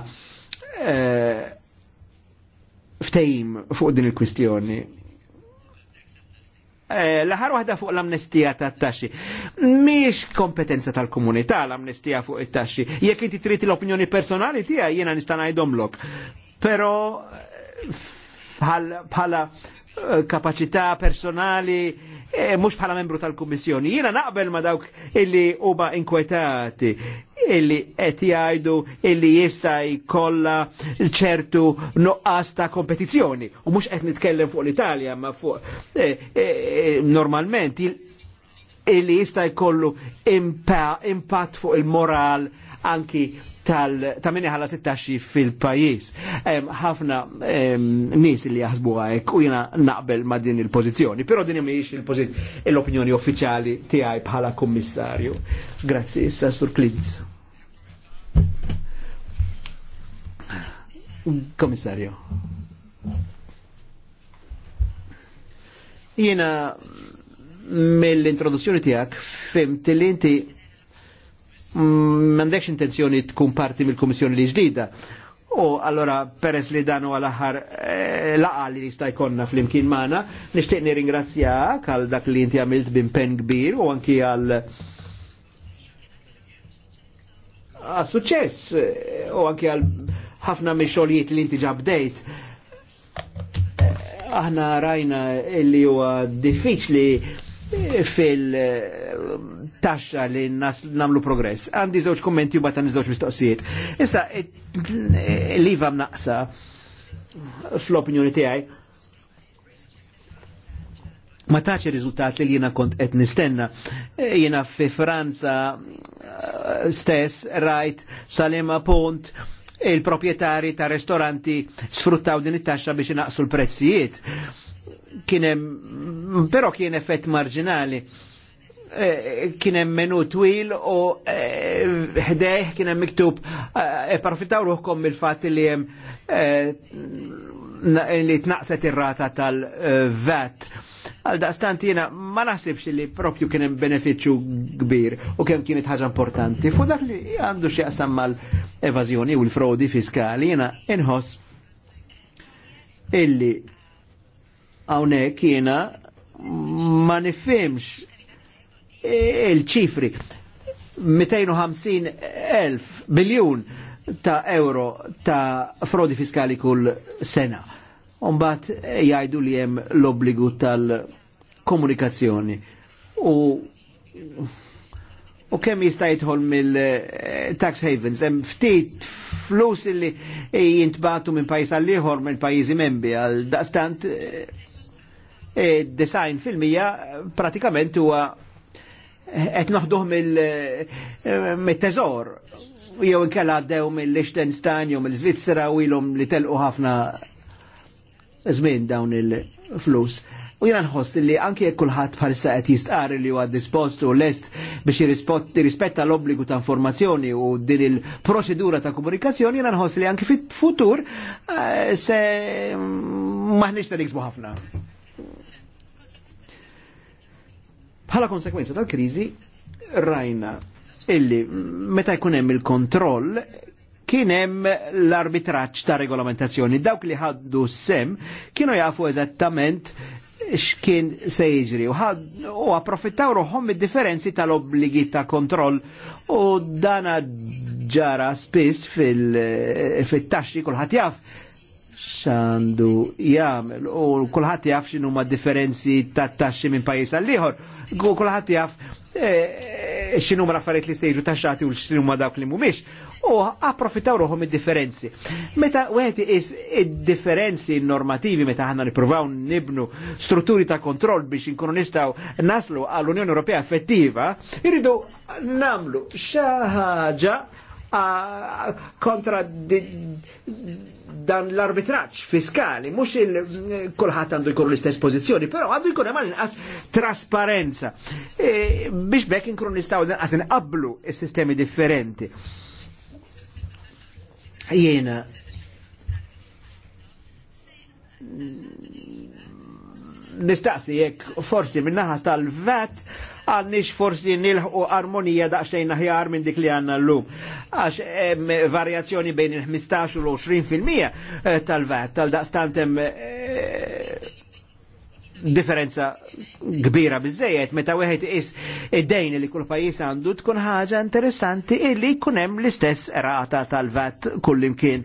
ftehim fuq din il-kwistjoni Eh, L-ħar wahda fuq l-amnestija tat-taxxi. Miex kompetenza tal-komunità l-amnestija fuq it-taxxi. Jekk inti trid l-opinjoni personali tiegħi jiena nista' ngħidhomlok. Però bħala eh, kapacità personali eh, mhux mux bħala membru tal-Kummissjoni. Jiena naqbel ma dawk illi huma inkwetati illi qed jgħidu illi jista' jkollha ċertu nuqqas ta' kompetizzjoni. U mhux qed nitkellem fuq l-Italja, ma fuq eh, eh, normalment illi jista' jkollu impatt fuq il-moral anki tal ta' minni ħala 16 fil-pajis. ħafna nis li jaħsbu għajk u jena naqbel ma' din il-pozizjoni, pero din imiex l-opinjoni uffiċjali tiegħi bħala kommissarju. Grazzi, Sassur Klinz. Komissarju. Jena mill-introduzzjoni tijak fimt li inti mandekx intenzjoni tkun parti mill-Komissjoni li ġdida. U allora peress li danu għal-ħar eh, li jista' jkollna fl-imkien mana, nixtieq nirringrazzjak għal dak li inti għamilt bimpen kbir u anki għal għas suċess eh, u anki għal ħafna me li inti ġabdejt. Eh, aħna rajna illi huwa diffiċli fil-taxxa li nas namlu progress. Għandi żewġ kommenti u bata niżewġ mistoqsijiet. Issa, eh, l-iva mnaqsa fl-opinjoni tiegħi ma taċi riżultati li jiena kont qed nistenna. Jiena fi Franza stess rajt salema punt il-propietari ta' ristoranti sfruttaw din it-taxxa biex inaqsu l-prezzijiet. Kienem, però kien effett marginali, eh, kienem menu twil u eh, ħdeħ kienem miktub e, ruħkom il-fat li jem li tnaqset ir-rata tal-VAT. Uh, Għal daqstant jena ma naħsibx li propju kien hemm benefiċċju kbir u kemm kienet ħaġa importanti. Fu dak li għandu xieqsam mal-evażjoni u l-frodi fiskali jena inħoss illi hawnhekk jiena ma nifimx il-ċifri 250.000 elf biljun ta' euro ta' frodi fiskali kull sena Umbat eh, jgħidu li hemm l-obbligu tal-komunikazzjoni. U u kemm jista' mill-tax eh, havens, jem ftit flus li eh, jintbatu minn pajis għal ieħor minn pajjiżi membri għal daqstant e design filmija pratikament huwa qed noħduh mill-teżor jew inkella għaddew mill-Liechtenstein jew mill-Svizzera u ilhom li telqu ħafna zmin dawn il-flus. U jena nħoss li anke jekk kulħadd bħalissa qed jistqar li huwa dispost u lest biex jirrispetta l-obbligu ta' informazzjoni u din il-proċedura ta' komunikazzjoni jena nħoss li anke fit-futur eh, se mm, maħniex ta' niksbu ħafna. Bħala konsekwenza tal-kriżi rajna illi meta jkun hemm il-kontroll kienem l-arbitraċ ta' regolamentazzjoni. Dawk li ħaddu sem kienu jafu eżattament xkien se jiġri u approfittaw ruħom id-differenzi tal-obligi ta' kontroll u dana ġara spiss fil-taxxi kulħadd jaf xandu jagħmel u kulħadd jaf x'inhu ma' differenzi ta' taxxi minn pajjiż għal ieħor. Kulħadd jaf eh, x'inhuma l affarijiet li jiġu taxxati u x'inhuma dawk li mhumiex u approfittaw ruħom id-differenzi. Meta wieħed is id-differenzi normativi meta aħna nippruvaw nibnu strutturi ta' kontroll biex inkunu nistaw naslu għall-Unjoni Ewropea effettiva, irridu namlu xi kontra dan l-arbitraċ fiskali, mux il-kolħat għandu jkun l-istess pozizjoni, pero għandu jkun għamal inqas trasparenza. E, biex bekk inkun nistaw inqas nqablu e sistemi differenti jena nistaqsi jekk forsi minnaħa tal-vet għannix forsi nilħu armonija daqxtejn aħjar minn dik li għanna l-lum. Għax varjazzjoni bejn il-15 u l-20% eh, tal-vet, tal-daqstantem differenza kbira bizzejiet, meta wieħed is id-dejn li kull pajjiż għandu tkun ħaġa interessanti illi jkun hemm l-istess rata tal-vat kullimkien.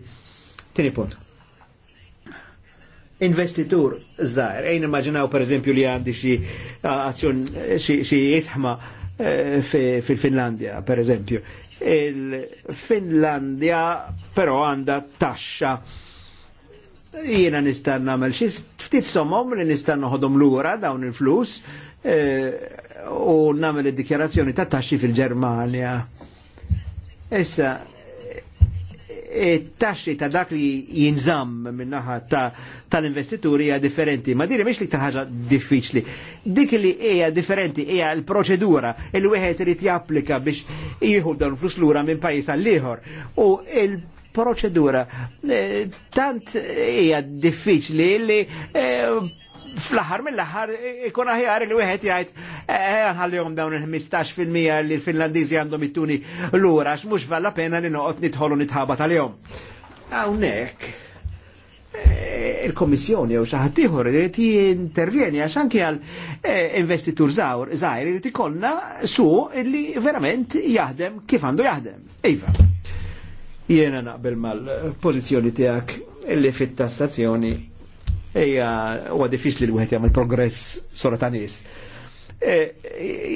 Tieni punt. Investitur żgħar, ejn immaġinaw pereżempju li għandi xi azzjon xi isħma eh, fil-Finlandja, pereżempju. Il-Finlandja però għandha taxxa jiena nistan namel xi ftit somom li nistan noħodhom lura dawn il-flus e, u namel id-dikjarazzjoni ta' taxxi fil ġermania Issa, e, taxxi ta' dak li jinżamm minnaħa tal-investituri hija differenti. Ma diri mhix li ta' ħaġa diffiċli. Dik li hija differenti hija l-proċedura il wieħed irid japplika biex jieħu dawn flus lura minn pajjiż għall ieħor. U il proċedura e, tant hija diffiċli li e, fl-aħħar mill-aħħar ikun aħjar li wieħed jgħid eh, ħallihom dawn il-15% li l-Finlandiżi għandhom ittuni lura għax mhux valla pena li noqgħod nidħolu nitħaba tal-jom. Hawnhekk e, il-Komissjoni jew xi ħadd ieħor irid jintervjeni għax anke għal investitur żgħir irid ikollna su li verament jaħdem kif għandu jaħdem. Iva. Jiena naqbel mal-pozizjoni tijak illi fit-tassazzjoni ija huwa diffiċli li wieħed jagħmel progress sora ta' nies. E,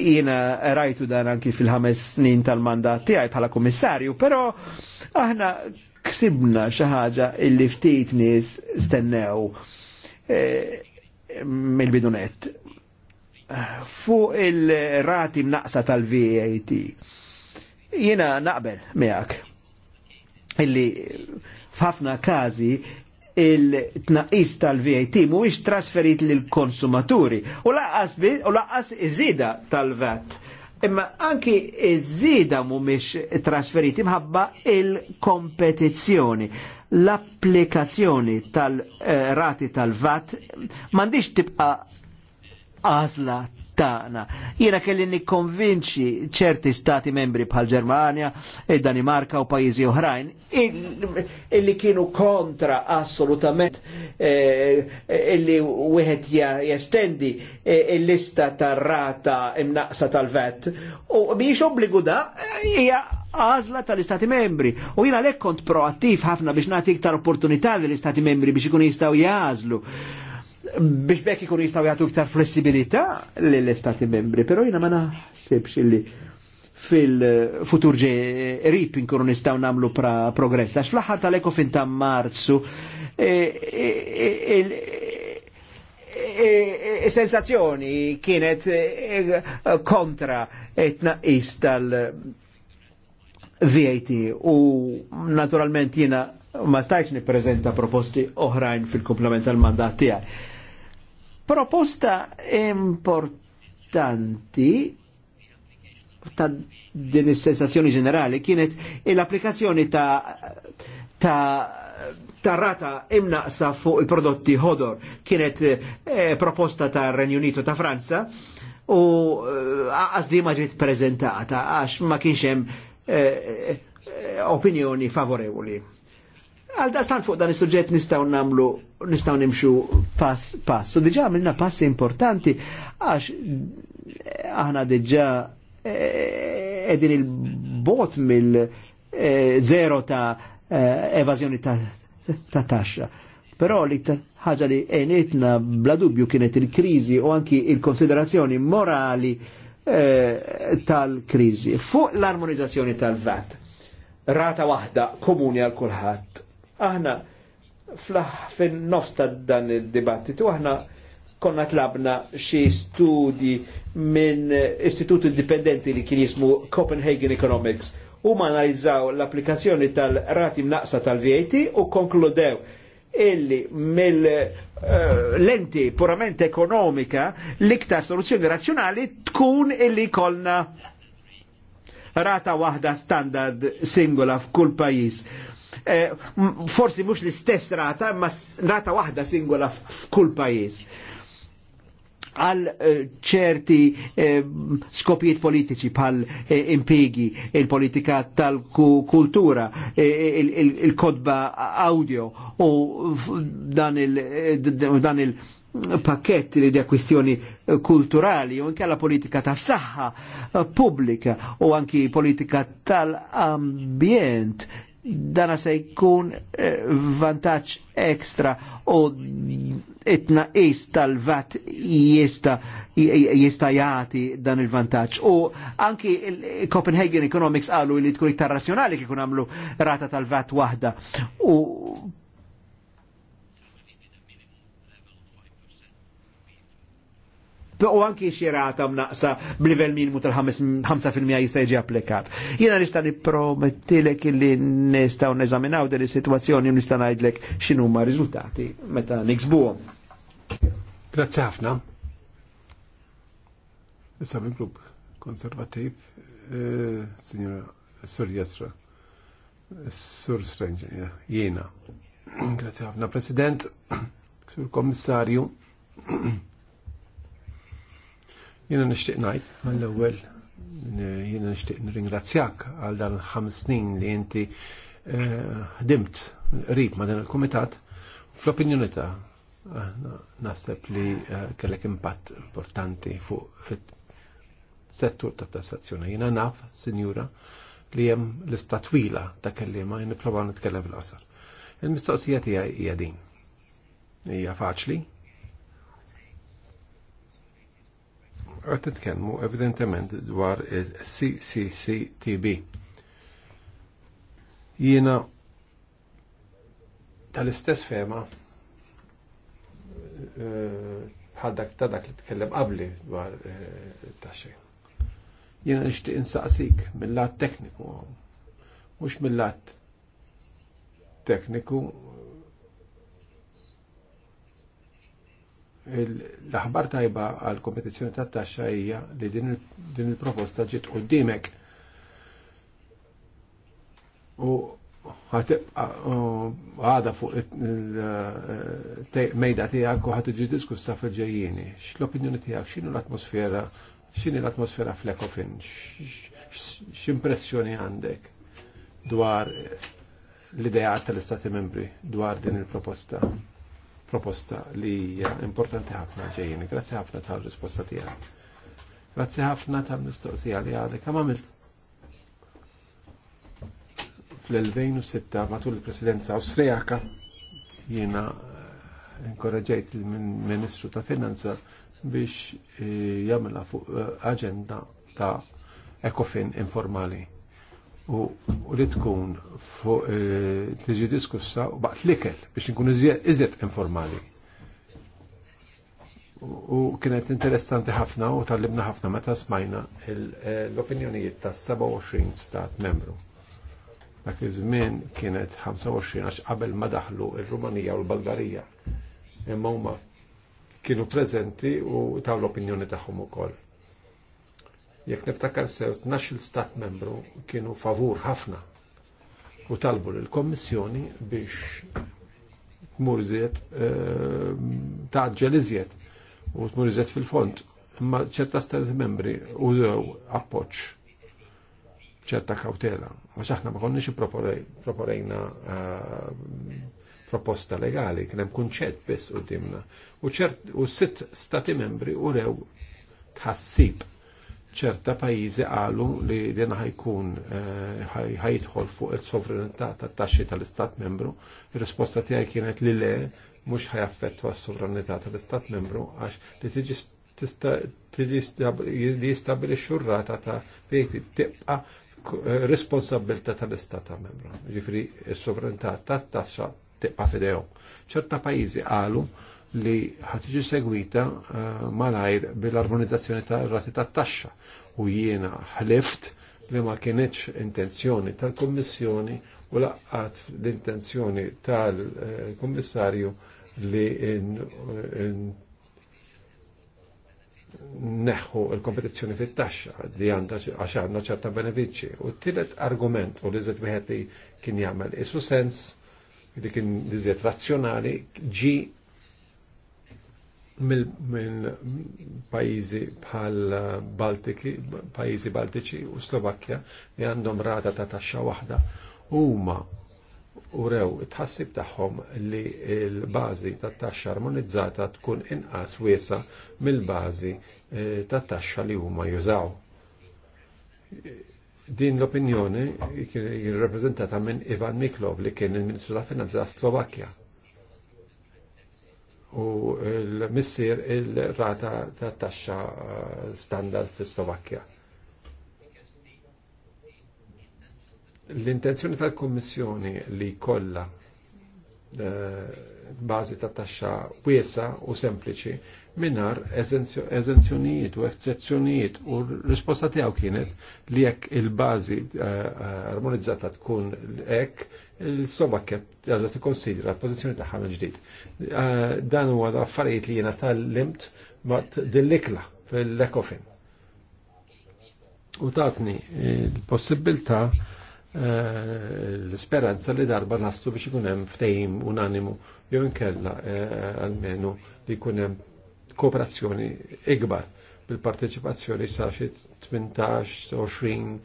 jiena rajtu dan anki fil-ħames snin tal-mandat tiegħi bħala komissarju, però aħna ksibna xi ħaġa illi ftit nies stennew e, mill-bidunet. Fuq il-rati mnaqsa tal-VAT. Jiena naqbel miegħek illi f'ħafna każi il-tnaqis tal-VAT mhuwiex trasferit l konsumaturi u laqqas u laqqas iżida tal-VAT. Imma anki iż-żida mhumiex trasferiti imħabba il-kompetizzjoni l-applikazzjoni tal-rati eh, tal-VAT mandiġ tibqa għazla tagħna. Jiena kelli nikkonvinċi ċerti stati membri bħal Ġermanja, id-Danimarka e u pajjiżi oħrajn illi kienu kontra assolutament e, e, illi wieħed jestendi il-lista tar-rata imnaqsa tal-vet. U biex obbligu da hija għazla tal-Istati membri. U jina lek kont proattiv ħafna biex nagħti iktar opportunità lill istati membri biex ikun jistgħu jażlu biex bekk ikun jistaw jgħatu iktar flessibilità l-istati membri, pero jina ma naħsibx li fil-futur rip inkunu nistaw namlu pra progress. Għax fl-ħar tal fin ta' marzu, e, e, e, sensazzjoni kienet kontra etnaqis tal-VAT u naturalment jina ma stajċ niprezenta proposti oħrajn fil-komplement tal-mandat tijaj Proposta importanti ta' din is-sensazzjoni ġenerali kienet l-applikazzjoni ta', ta tarrata imnaqsa fuq il-prodotti ħodor kienet eh, proposta ta' Renju Unito ta' Franza u eh, għaz di ma ġiet prezentata għax ma kienx hemm eh, eh opinjoni favorevoli. Għal dastan fuq dan is-suġġett nistgħu nagħmlu nistgħu nimxu pass pass. U diġà għamilna passi importanti għax eh, aħna diġà eh, edin il-bot mill-zero eh, ta' evażjoni ta' taxxa. Però li ħaġa li enitna bla dubju kienet il-kriżi u anki il-konsiderazzjoni morali tal-kriżi fuq l-armonizzazzjoni tal-VAT. Rata waħda komuni għal kulħadd Aħna fin nofs ta' dan il-dibattitu aħna konna tlabna xi studi minn Istitut indipendenti li kien jismu Copenhagen Economics u ma analizzaw l-applikazzjoni tal-rati mnaqsa tal-VAT u konkludew illi mill-lenti eh, uh, purament ekonomika l-iktar soluzzjoni razzjonali tkun illi kolna rata waħda standard singola f'kull pajis Eh, forsi mhux l-istess rata, ma rata waħda singola f'kull pajjiż għal eh, ċerti eh, skopijiet politiċi pal impigi, il-politika tal-kultura, il-kodba audio u dan il- pakket li dja kwistjoni kulturali u nkella politika ta' saħħa pubblika u anki politika tal-ambjent dana se jkun eh, vantaġġ ekstra u itna tal-vat jista jista jagħti dan il-vantaġġ. U anki il Copenhagen Economics qalu li tkun iktar razzjonali kikun għamlu rata tal-vat waħda. U u anki xirata mnaqsa b'livell minimu tal-5% jista' jiġi applikat. Jiena nista' nipprometilek illi nistgħu neżaminaw din is-sitwazzjoni u nista' ngħidlek x'inhuma riżultati meta niksbuhom. Grazzi ħafna. Issa mill-grupp konservativ, eh, signora Sur Jesra, Sur Strange, jiena. *clears throat* Grazie ħafna, President, *clears throat* Sur Kommissarju. *clears throat* Jena nishtiq najt, għall-ewel, jena nishtiq nringrazzjak għal dan ħams snin li inti eh, ħdimt rib ma dan il-komitat. Fl-opinjoni ta' naħseb li eh, kellek impatt importanti fuq settur ta' tassazzjoni. Jena naf, sinjura, li jem l-istatwila ta' kellima jena provaw nitkellem fil-qasar. Il-mistoqsija tijaj hija din. Hija faċli, Għat titkellmu evidentement dwar CCCTB. Jiena tal-istess fema eh, bħaddak ta' dak li tkellem qabli dwar eh, taxxi. Jiena nixtieq insaqsik mill-lat tekniku, mhux mill-lat tekniku l-aħbar tajba għal kompetizzjoni tat taxxa hija li din il-proposta ġiet qudiemek. U għada fuq eh, mejda tiegħek u ħadd iġi diskussa fil-ġejjieni. X'l-opinjoni tiegħek x'inhu l-atmosfera x'inhi l-atmosfera fl-ekofin? X'impressjoni għandek dwar l-idea tal-Istati Membri dwar din il-proposta? proposta li hija importanti ħafna ġejjin. Grazzi ħafna tal-risposta tiegħek. Grazzi ħafna tal-mistoqsija li għadek kemm għamilt fl-2006 matul il-presidenza Awstrijaka jiena eh, inkoraġġejt il-Ministru ta' Finanza biex eh, jagħmilha fuq eh, aġenda ta' ekofin informali u li tkun fuq e, tiġi diskussa u baqt likel biex nkun iżjed informali. U kienet interessanti ħafna u tal-libna ħafna meta smajna e, l-opinjonijiet ta' 27 stat membru. Dak iż-żmien kienet 25 għax qabel ma daħlu ir-Rumanija u l-Bulgarija. Imma huma kienu preżenti u taw l-opinjoni tagħhom ukoll Jekk niftakar sew 12 stat membru kienu favur ħafna u talbu l-Kommissjoni biex tmur iżjed eh, taġġel iżjed u tmur iżjed fil-font. Imma ċerta stati membri użew appoġġ ċerta kautela. Ma xaħna ma konniex proporejna eh, proposta legali, kienem kunċet biss u dimna. U ċert, u sitt stati membri u rew tħassib ċerta pajizi għalu li din ħajkun eh, ħajtħol fuq il-sovranità tat-taxxi tal-Istat membru. Ir-risposta tiegħi kienet li le mhux ħajaffettwa s-sovranità tal-Istat membru għax li tiġi li jistabilixxu r-rata ta' fejti tibqa' eh, responsabilta tal-Istat membru. Ġifri s-sovranità tat-taxxa tibqa' fidejhom. ċerta pajjiżi għalu li ħatiġi segwita eh, malajr bil-armonizzazzjoni ta' rati ta' taxxa u jiena ħlift li ma kienieċ intenzjoni tal-Kommissjoni u laqqat l-intenzjoni tal-Kommissarju li neħu l kompetizzjoni fit-taxxa li għandha għax għandna ċerta benefiċċji. U t-tielet argument u li żed wieħed li kien jagħmel isu sens li kien li razzjonali ġi mill-pajizi bħal Baltiki, pajizi Baltiċi u Slovakkja li għandhom rata ta' taxxa waħda huma urew tħassib tagħhom li l-bażi tat-taxxa armonizzata tkun inqas wiesa mill-bażi eh, tat-taxxa li huma jużaw. Din l-opinjoni kien jirrappreżentata minn Ivan Miklov li kien il-Ministru tal-Finanza Slovakkja u l-missir il-rata ta' taxxa eh, standard fis slovakkja L-intenzjoni tal-Kommissjoni li kollha Eh, bazi ta' taxxa wiesa u sempliċi minnar eżenzjonijiet u eccezzjonijiet u risposta tiegħu kienet li jekk il-bażi eh, eh, armonizzata tkun hekk il-Slovakja soba għadha tikkonsidra l pozizjoni tagħha mill ġdid. Dan u huwa affarijiet li jena tal-limt mat dil-ikla fil-Ekofin. U tatni il-possibilta' Eh, l-speranza li darba nastu biex ikunem ftejim unanimu jew inkella eh, almenu li ikunem kooperazzjoni ikbar bil-parteċipazzjoni sa xi 18, 20,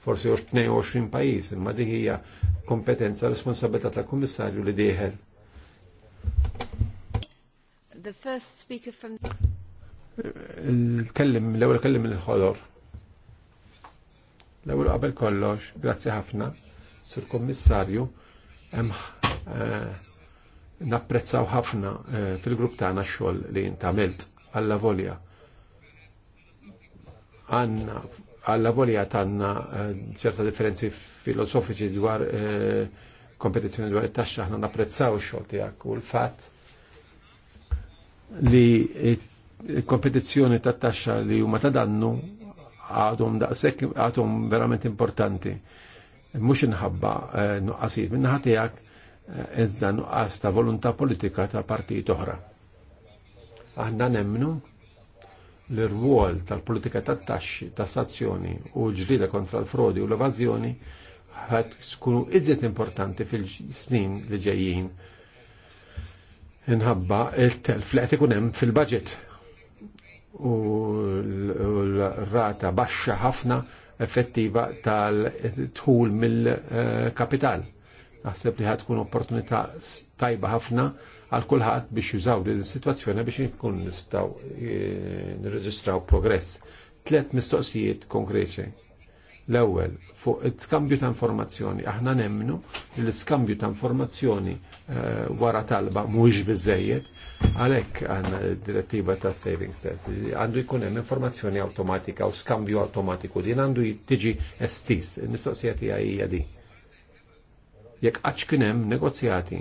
forsi 22 pajjiż, imma dik hija kompetenza responsabilità tal-Kummissarju li dieħel. The first speaker from Kellim, l-ewwel kellim il-ħodor. L-ewwel qabel kollox, grazzi ħafna, Sur Kommissarju, hemm eh, napprezzaw ħafna eh, fil-grupp tagħna x-xogħol li intamilt alla volja. Għanna alla volja tanna eh, ċerta differenzi filosofiċi dwar kompetizzjoni dwar it-taxxa aħna napprezzaw x-xogħol tiegħek u l-fatt li kompetizzjoni tat-taxxa li huma ta' dannu għadhom daqsek għadhom verament importanti. Mhux inħabba eh, nuqqasijiet minn ħatijak izda eh, iżda nuqqas ta' volontà politika ta' partijiet oħra. Aħna nemmnu l-rwol tal-politika tat taxxi, tas-sazzjoni u l kontra l-frodi u l-evażjoni ħad skunu iżjed importanti fil-snin li ġejjin. Inħabba il-telf li qed ikun hemm fil-budget u l-rata baxxa ħafna effettiva tal-tħul mill-kapital. Naħseb li ħatkun opportunità tajba ħafna għal kulħadd biex jużaw din is-sitwazzjoni biex nkun nistgħu eh, nirreġistraw progress. Tlet mistoqsijiet konkreti. L-ewwel fuq it-skambju ta' informazzjoni aħna nemmnu li l iskambju ta' informazzjoni eh, wara talba mhuwiex biżejjed Għalek għanna direttiva ta' savings test. Għandu jkun hemm informazzjoni automatika u skambju automatiku din għandu tiġi estis. Nistoqsijati tiegħi hija di. Jekk għax kien hemm negozjati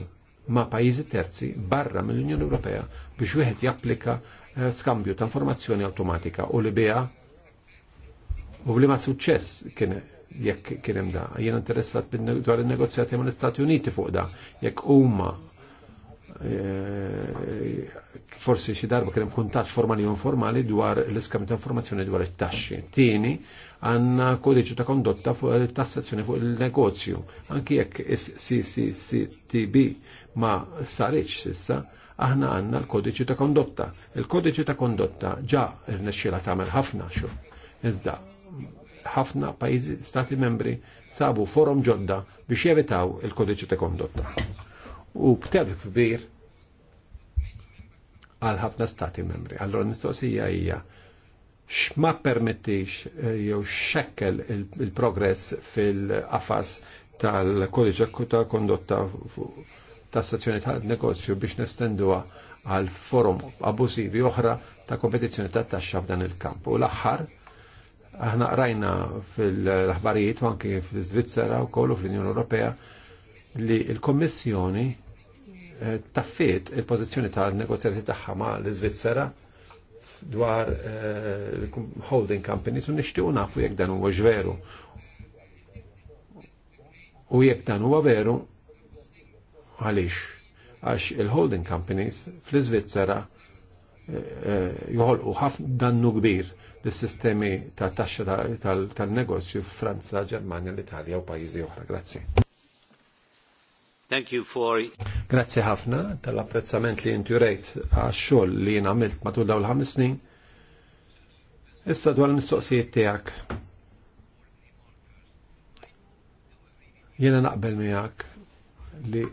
ma' pajjiżi terzi barra mill-Unjoni Ewropea biex wieħed japplika eh, skambju ta' informazzjoni automatika u li biha u li ma' suċċess kien jekk kien hemm da. Jiena interessat dwar in-negozjati mal-Istati Uniti fuq da. Jekk huma Eh, forsi xi darba kien hemm kuntatt formali u informali dwar l-iskam ta' informazzjoni dwar it-taxxi. Tieni għandna kodiċu ta' kondotta fuq tassazzjoni fuq il-negozju. Anki jekk is-CCCTB ma saritx s'issa aħna għandna l-kodiċi ta' kondotta. Il-kodiċi ta' kondotta ġa rnexxiela tagħmel ħafna xu. Iżda ħafna pajjiżi stati membri sabu forum ġodda biex jevitaw il-kodiċi ta' kondotta u b'telf kbir għal ħafna stati membri. Allora nistoqsija hija x'ma permettix eh, jew xekkel il-progress fil-qafas tal-kodiċ ta' kondotta ta' stazzjoni ta' negozju biex nestenduha għal forum abusivi oħra ta' kompetizzjoni ta' taxxa f'dan il-kamp. U l-aħħar, aħna qrajna fil-aħbarijiet anki fil-Svizzera u kollu fl-Unjoni Ewropea li l-Kommissjoni taffiet il-pozizjoni tal-negozjati tagħha ma' l-Iżvizzera dwar eh, holding companies u nixtiequ nafu jekk dan huwa veru. U jekk dan huwa veru għaliex għax il-holding companies fl-Iżvizzera eh, eh, joħolqu ħafna dannu kbir l-sistemi ta' taxxa tal-negozju f'Franza, Ġermanja, l-Italja u pajjiżi oħra. Grazzi. Thank you for... Grazie ħafna tal-apprezzament li inti rejt għax-xogħol li jien għamilt matul dawn l-ħames snin. Issa dwar l-mistoqsijiet tiegħek. Jiena naqbel miegħek li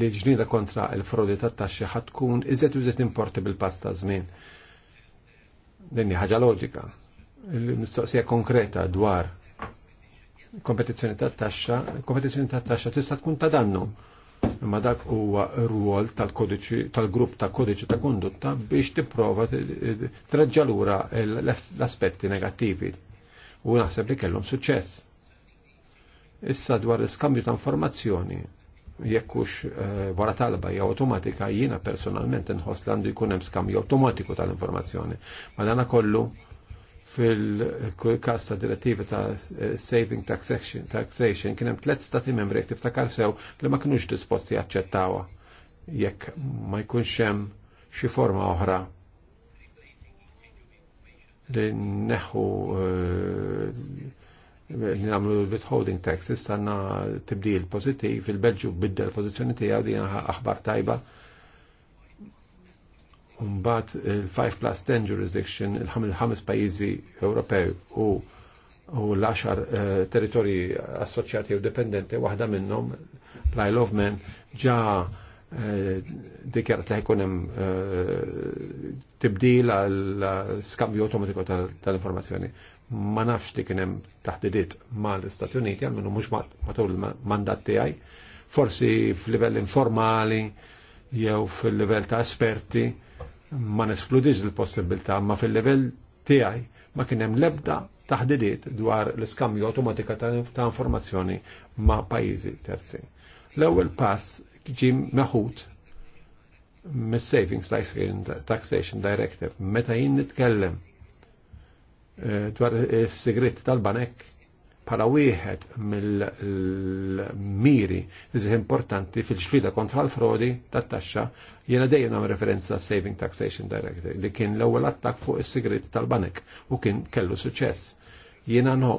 li ġnida kontra il-frodi tat-taxxi tkun iżet użet importi bil-pass ta' żmien. Din ħaġa loġika. l mistoqsija konkreta dwar kompetizzjoni ta' taxxa, kompetizzjoni ta' taxxa tista' tkun ta' dannu. Imma dak huwa rwol tal-kodiċi tal-grupp ta' kodiċi ta' kondutta biex tipprova treġġa lura l-aspetti negattivi. U naħseb li kellhom suċċess. Issa dwar iskambju ta' informazzjoni jekkux eh, wara talba hija automatika jiena personalment inħoss li għandu jkun hemm skambju automatiku tal-informazzjoni. Ma dana kollu fil-kas ta' direttiva ta' saving taxation, taxation kien hemm stati membri jekk tiftakar sew li ma kinux disposti jaċċettawha jekk ma jkunx hemm xi forma oħra li neħu eh, li namlu withholding tax issa għandna tibdil pożittiv, fil belġu biddel l-pożizzjoni tiegħu din aħbar tajba Umbat il-5 plus 10 jurisdiction, il-5 pajizi Ewropew u u l axar eh, territorji assoċjati u dependenti waħda minnhom l-Isle of Man, ġa eh, dikjarat li ħekun hemm eh, tibdil għal skambju automatiku tal-informazzjoni. Ma nafx dikjenem kien hemm l mal-Istati Uniti għal minnu mhux matul il-mandat tijaj, forsi f'livell informali jew fil-livell ta' esperti ma neskludix il-possibilità ma fil-level tiegħi ma kien hemm lebda taħdidiet dwar l-iskambju automatika ta' informazzjoni ma' pajjiżi terzi. L-ewwel pass ġi meħud mis-Savings Taxation Directive meta jien nitkellem eh, dwar is-sigrit tal-banek bħala wieħed mill-miri iżih importanti fil-ġlida kontra l-frodi tat-taxxa jiena dejjem nagħmel referenza Saving Taxation Directive li kien l-ewwel attak fuq is-sigrit tal-banek u kien kellu suċċess. Jiena no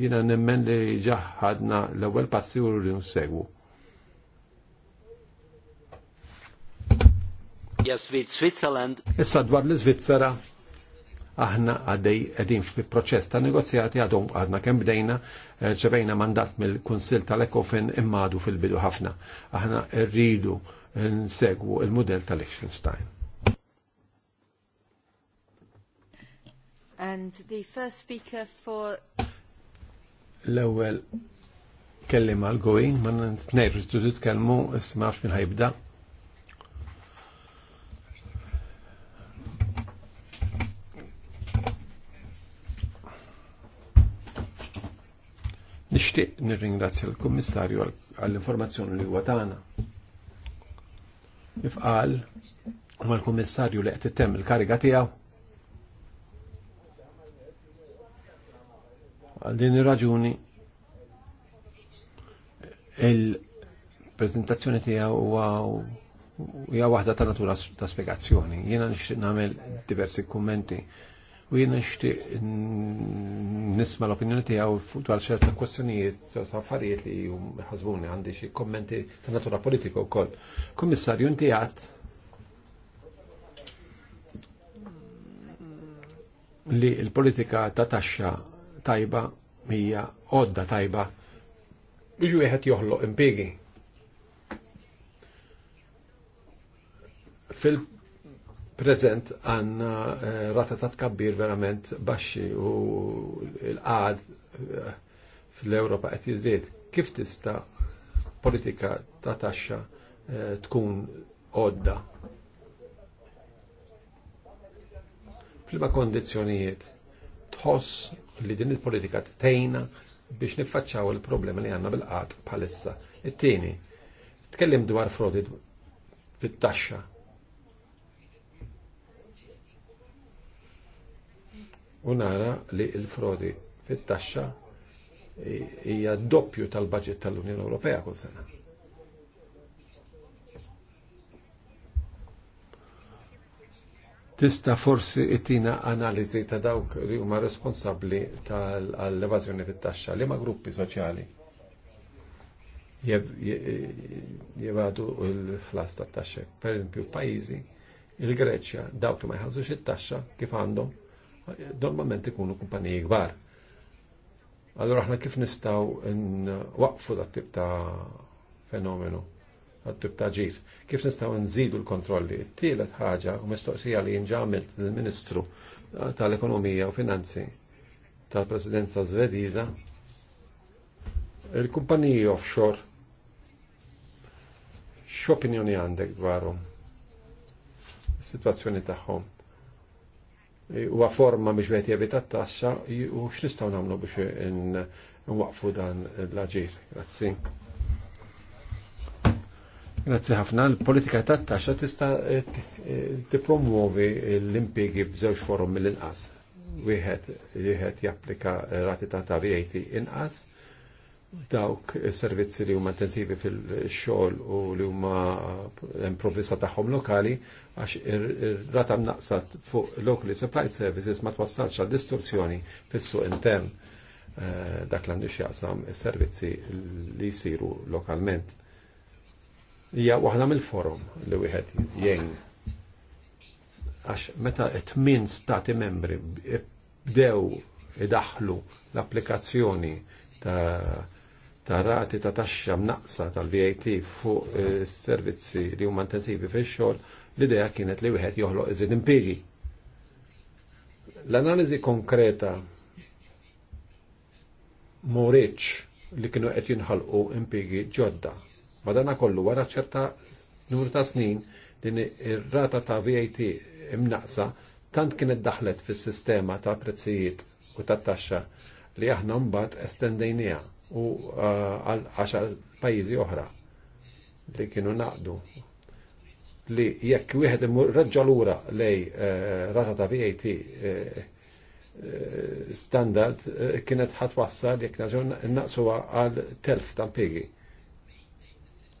jiena nemmen li ġaħadna l-ewwel passi u li nsegwu. Yes, Switzerland. Issa dwar l-Svizzera aħna għaddej għedin fi proċess ta' negozjati għadhom għadna kemm bdejna ċebejna mandat mill-Kunsil tal-Ekofin immadu fil-bidu ħafna. Aħna rridu nsegwu il-modell tal-Liechtenstein. And the first speaker for l-ewwel kellim għal going ma ngħid titkellmu ismax minn ħajbda Nixtieq nirringrazzja l-Kummissarju għall-informazzjoni li huwa tagħna. Ifqal ma l-Kummissarju li qed itemm il-kariga tiegħu. Għal din ir-raġuni il-preżentazzjoni tiegħu huwa hija waħda ta' natura ta' spjegazzjoni. Jiena nixtieq nagħmel diversi kummenti u jien nisma l-opinjoni tiegħu dwar ċerta kwestjonijiet ta' affarijiet li hum għandi xi kommenti ta' natura politika wkoll. Kummissarju inti għat li l-politika ta' taxxa tajba hija għodda tajba biex wieħed joħloq impjegi. Fil prezent għanna eh, rata ta' tkabbir verament baxxi u l-qad eh, fl-Europa qed jiżdied. Kif tista' politika ta' taxxa eh, tkun għodda? F'liema kondizzjonijiet tħoss li din il-politika tejna biex niffaċċaw il-problema li għanna bil-qad palissa. It-tieni, tkellim dwar frodi fit-taxxa u nara li l-frodi fit-taxxa hija doppju tal-budget tal-Unjoni Ewropea kull sena. Tista forsi itina analizi ta' dawk li huma responsabbli tal-evażjoni fit-taxxa li ma' gruppi soċjali jevadu l-ħlas tat taxxa Per esempio, il-Greċja, dawk li ma jħallsux it-taxxa kif għandhom, normalment ikunu kumpaniji kbar. Allora aħna kif nistgħu waqfu dat tip ta' fenomenu, dat tip ta' ġir, kif nistgħu nżidu l-kontrolli. Tielet ħaġa u mistoqsija li nġamilt lill-Ministru tal-Ekonomija u Finanzi tal-Presidenza Svediża il-kumpaniji offshore x'opinjoni għandek dwarhom? Is-sitwazzjoni tagħhom huwa forma biex wieħed jevita t-tassa u x'nistgħu nagħmlu biex nwaqfu dan l-aġir. Grazzi. Grazzi ħafna. L-politika tat-taxxa tista' eh, eh, tippromuovi l-impjegi b'żewġ forum mill-inqas. Wieħed wieħed japplika rati ta' VAT inqas dawk servizzi li huma intensivi fil-xogħol u li huma improvvisa tagħhom lokali għax ir-rata naqsat fuq locally supplied services ma twassalx għal distorsjoni fis-suq intern eh, dak l għandux jaqsam servizzi li jsiru lokalment. Hija waħda mill-forum li wieħed jgħin għax meta tmin stati membri bdew idaħlu l-applikazzjoni ta' ta' rati ta' taxxa mnaqsa tal-VAT fuq eh, servizzi li huma intensivi fix-xogħol, l-idea kienet li wieħed joħloq iżid impjiegi. L-analiżi konkreta moriċ li kienu qed jinħalqu impjiegi ġodda. Madana kollu wara ċerta numru ta' snin din ir-rata ta' VAT imnaqsa tant kienet daħlet fis-sistema ta' prezzijiet u tat-taxxa li aħna mbagħad estendejniha u uh, għal għaxar pajjiżi oħra li kienu naqdu li jekk wieħed imur raġġalura lej uh, rata ta' VAT uh, standard kienet ħatwassal jekk naġgħu naqsu għal telf ta' pigi.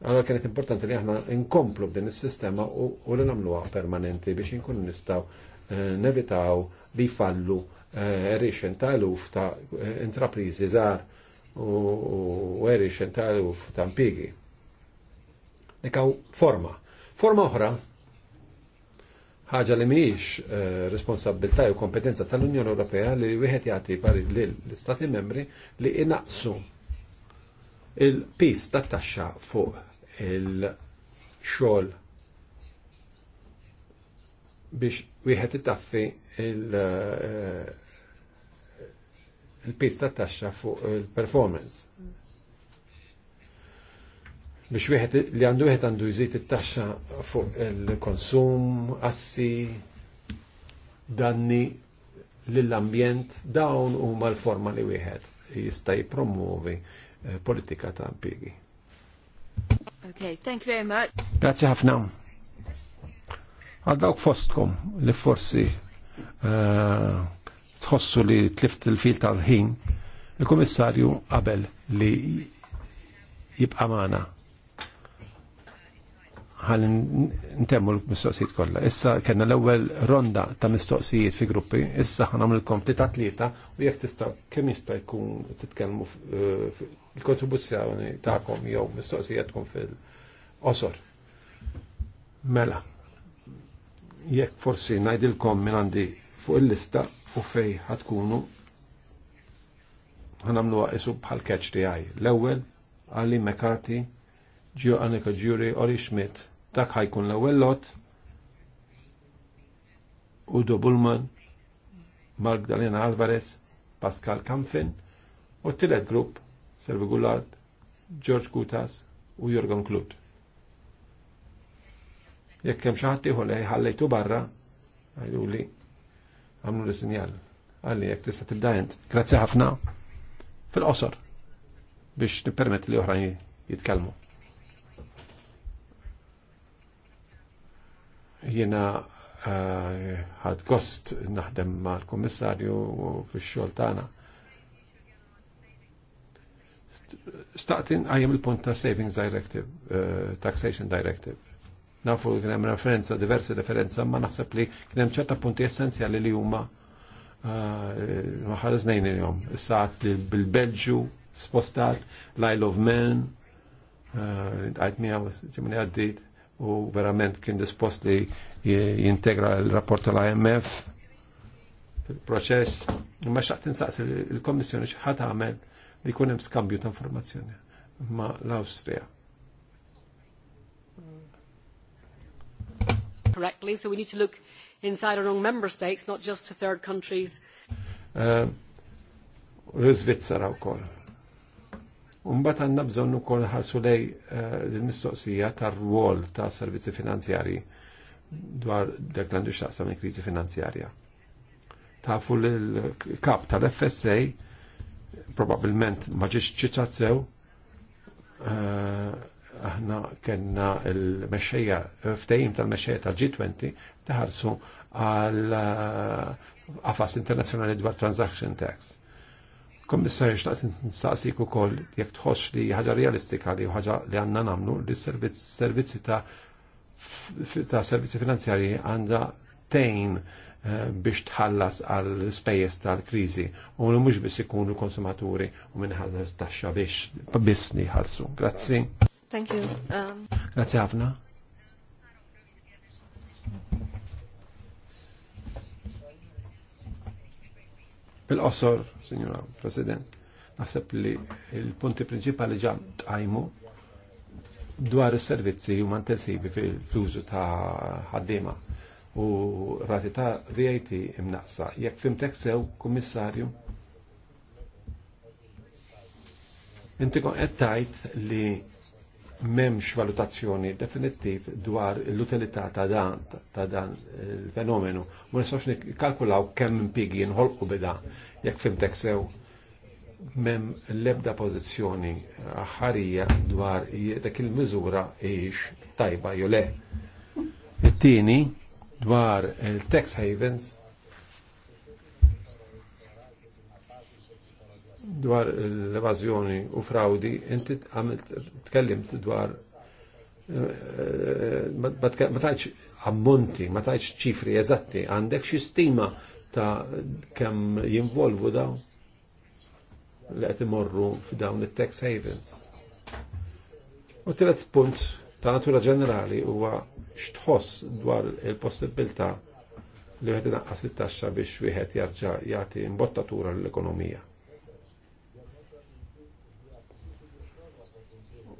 Allora kienet importanti li aħna nkomplu b'din is-sistema u li nagħmluha permanenti biex inkunu nistgħu nevitaw li jfallu erixen ta' eluf ta' intrapriżi żgħar u għeri xentali u tampigi. nekaw forma. Forma oħra, ħaġa li miex eh, responsabilta u kompetenza tal-Unjoni Ewropea li wieħed jagħti pari l-Istati membri li inaqsu il-pis ta' taxxa fuq il-xogħol biex wieħed itaffi il- eh, il-pista taxxa fuq il-performance. Biex wieħed li għandu wieħed għandu jżid it-taxxa fuq il-konsum, assi, danni lill-ambjent, dawn huma l-forma li wieħed jista' jippromuvi eh, politika ta' impjiegi. Okay, thank you very much. Grazie ħafna. Għal dawk fostkom li forsi uh, tħossu li tlift il-fil tal-ħin, il-komissarju qabel li jibqa' magħna n ntemmu l-mistoqsijiet kollha. Issa kellna l-ewwel ronda ta' mistoqsijiet fi gruppi, issa ħanamlilkom tlieta tlieta u jekk tista' kemm jista' jkun titkellmu eh, il-kontribuzzjoni tagħkom jew mistoqsijatkom fil-qosor. Mela, jekk forsi ngħidilkom minn għandi fuq il-lista u fej ħatkunu ħanamlu għaqisu bħal keċ di għaj. L-ewel, Ali McCarthy, Gio Annika Giuri, Ori Schmidt, dak ħajkun l-ewel lot, Udo Bullman, Mark Dalena Alvarez, Pascal Kamfin, u t-tilet grupp, Servi Gullard, George Kutas u Jorgon Klut. Jekk hemm xi ħadd li ħallejtu barra, għajdu li għamlu l sinjal. Għalli, jek tista tibdajent. Grazzi ħafna. Fil-qosor. Biex nippermet li uħrajn jitkalmu. Jena eh, ħad gost naħdem mal kummissarju fix biex xoltana. Staqtin għajem il-punt ta' Savings Directive, eh, Taxation Directive nafu li hemm referenza, diversi referenza, ma naħseb li kien hemm ċerta punti essenzjali li huma eh, maħal znejn il-jom. Saat bil-Belġu, spostat, Lyle of Man, għajt eh, mi għaw, ġemini għaddit, u verament kien dispost li jintegra l rapport tal-IMF, il-proċess, ma xaqt insaqs il-Komissjoni xaħat għamel li kunem skambju ta' informazzjoni ma l-Austria correctly, so we need to look inside our own member states, not just to third countries. L-Svizzera eh, u koll. Umbat għanna bżonnu koll ħassu lej eh, l-mistoqsija tar-rwol ta' servizzi finanzjari dwar dak l-għandu il-krizi finanzjarja. Ta' Tafu l-kap tal-FSA probabilment maġiċ ċitat sew eh, aħna kena il-mexxejja ftehim tal-mexxejja tal-G20 taħarsu għal għafas uh, internazzjonali dwar transaction tax. Kommissarju xtaqt nistaqsik ukoll jekk tħoss li ħaġa realistika li ħaġa li għandna nagħmlu li servizzi ta' ta' servizzi finanzjarji għandha tejn uh, biex tħallas għal spejjeż tal-kriżi u mhux biss ikunu konsumaturi u minħallas taxxa biex biss ħalsu. Grazzi. Thank you. Um... Grazie Afna. Bil-qosor, Signora President, naħseb li il-punti principali ġa tqajmu dwar is-servizzi huma intensivi fil-flużu ta' ħaddiema u rati ta' VIT imnaqsa. Jekk fimtek sew, kummissarju, inti kon qed tgħid li memx valutazzjoni definittiv dwar l-utilità ta' dan, ta' dan il-fenomenu. Eh, Ma nistax nikkalkulaw kemm impigi nħolqu bida, jekk fimtek sew mem l-ebda pożizzjoni ħarija dwar dak il-miżura ix tajba jew le. It-tieni dwar il-tax havens dwar l-evazjoni u fraudi, inti t tkellimt dwar eh, ma taħċ ammonti, ma taħċ ċifri eżatti, għandek xi stima ta' kemm jinvolvu daw li qed imorru f'dawn it-tax havens. U t-tret punt ta' natura ġenerali huwa x'tħoss dwar il-possibilità li wieħed inaqqas it-taxxa biex wieħed jarġa' jagħti imbottatura l-ekonomija.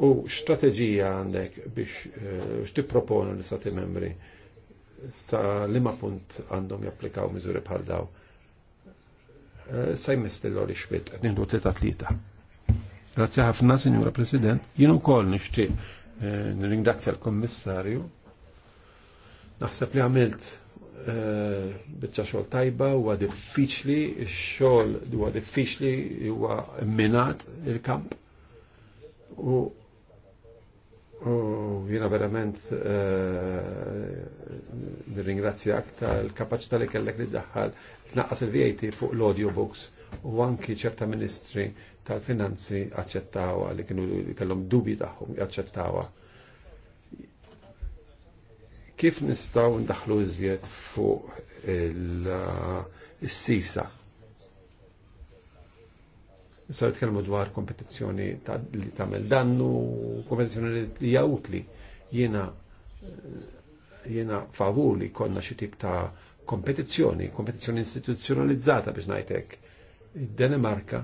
U strateġija għandek biex eh, x'tipproponu l-istati membri sa lima punt għandhom japplikaw miżuri bħal daw. Eh, sa jmistillu li xbit, għedindu t-tita. Grazie ħafna, Signora President. Jien ukoll nixtieq eh, nirringrazzja l-Kommissarju. Naħseb li għamilt biċċa xogħol tajba, huwa diffiċli, x-xogħol huwa diffiċli, huwa imminat il-kamp. U U jena verament eh, nirringrazzjak tal-kapacità li kellek li daħħal tnaqqas il-VAT fuq l-audiobooks u anki ċerta ministri tal-finanzi accettawa li kienu kellhom dubi tagħhom accettawa. Kif nistgħu ndaħlu iżjed fuq il-sisa Issa nitkellmu dwar ta li tagħmel dannu, kompetizzjoni li hija utli. Jiena jiena favur li konna xi tip ta' kompetizzjoni, kompetizzjoni istituzzjonalizzata biex ngħidlek. Id-Danimarka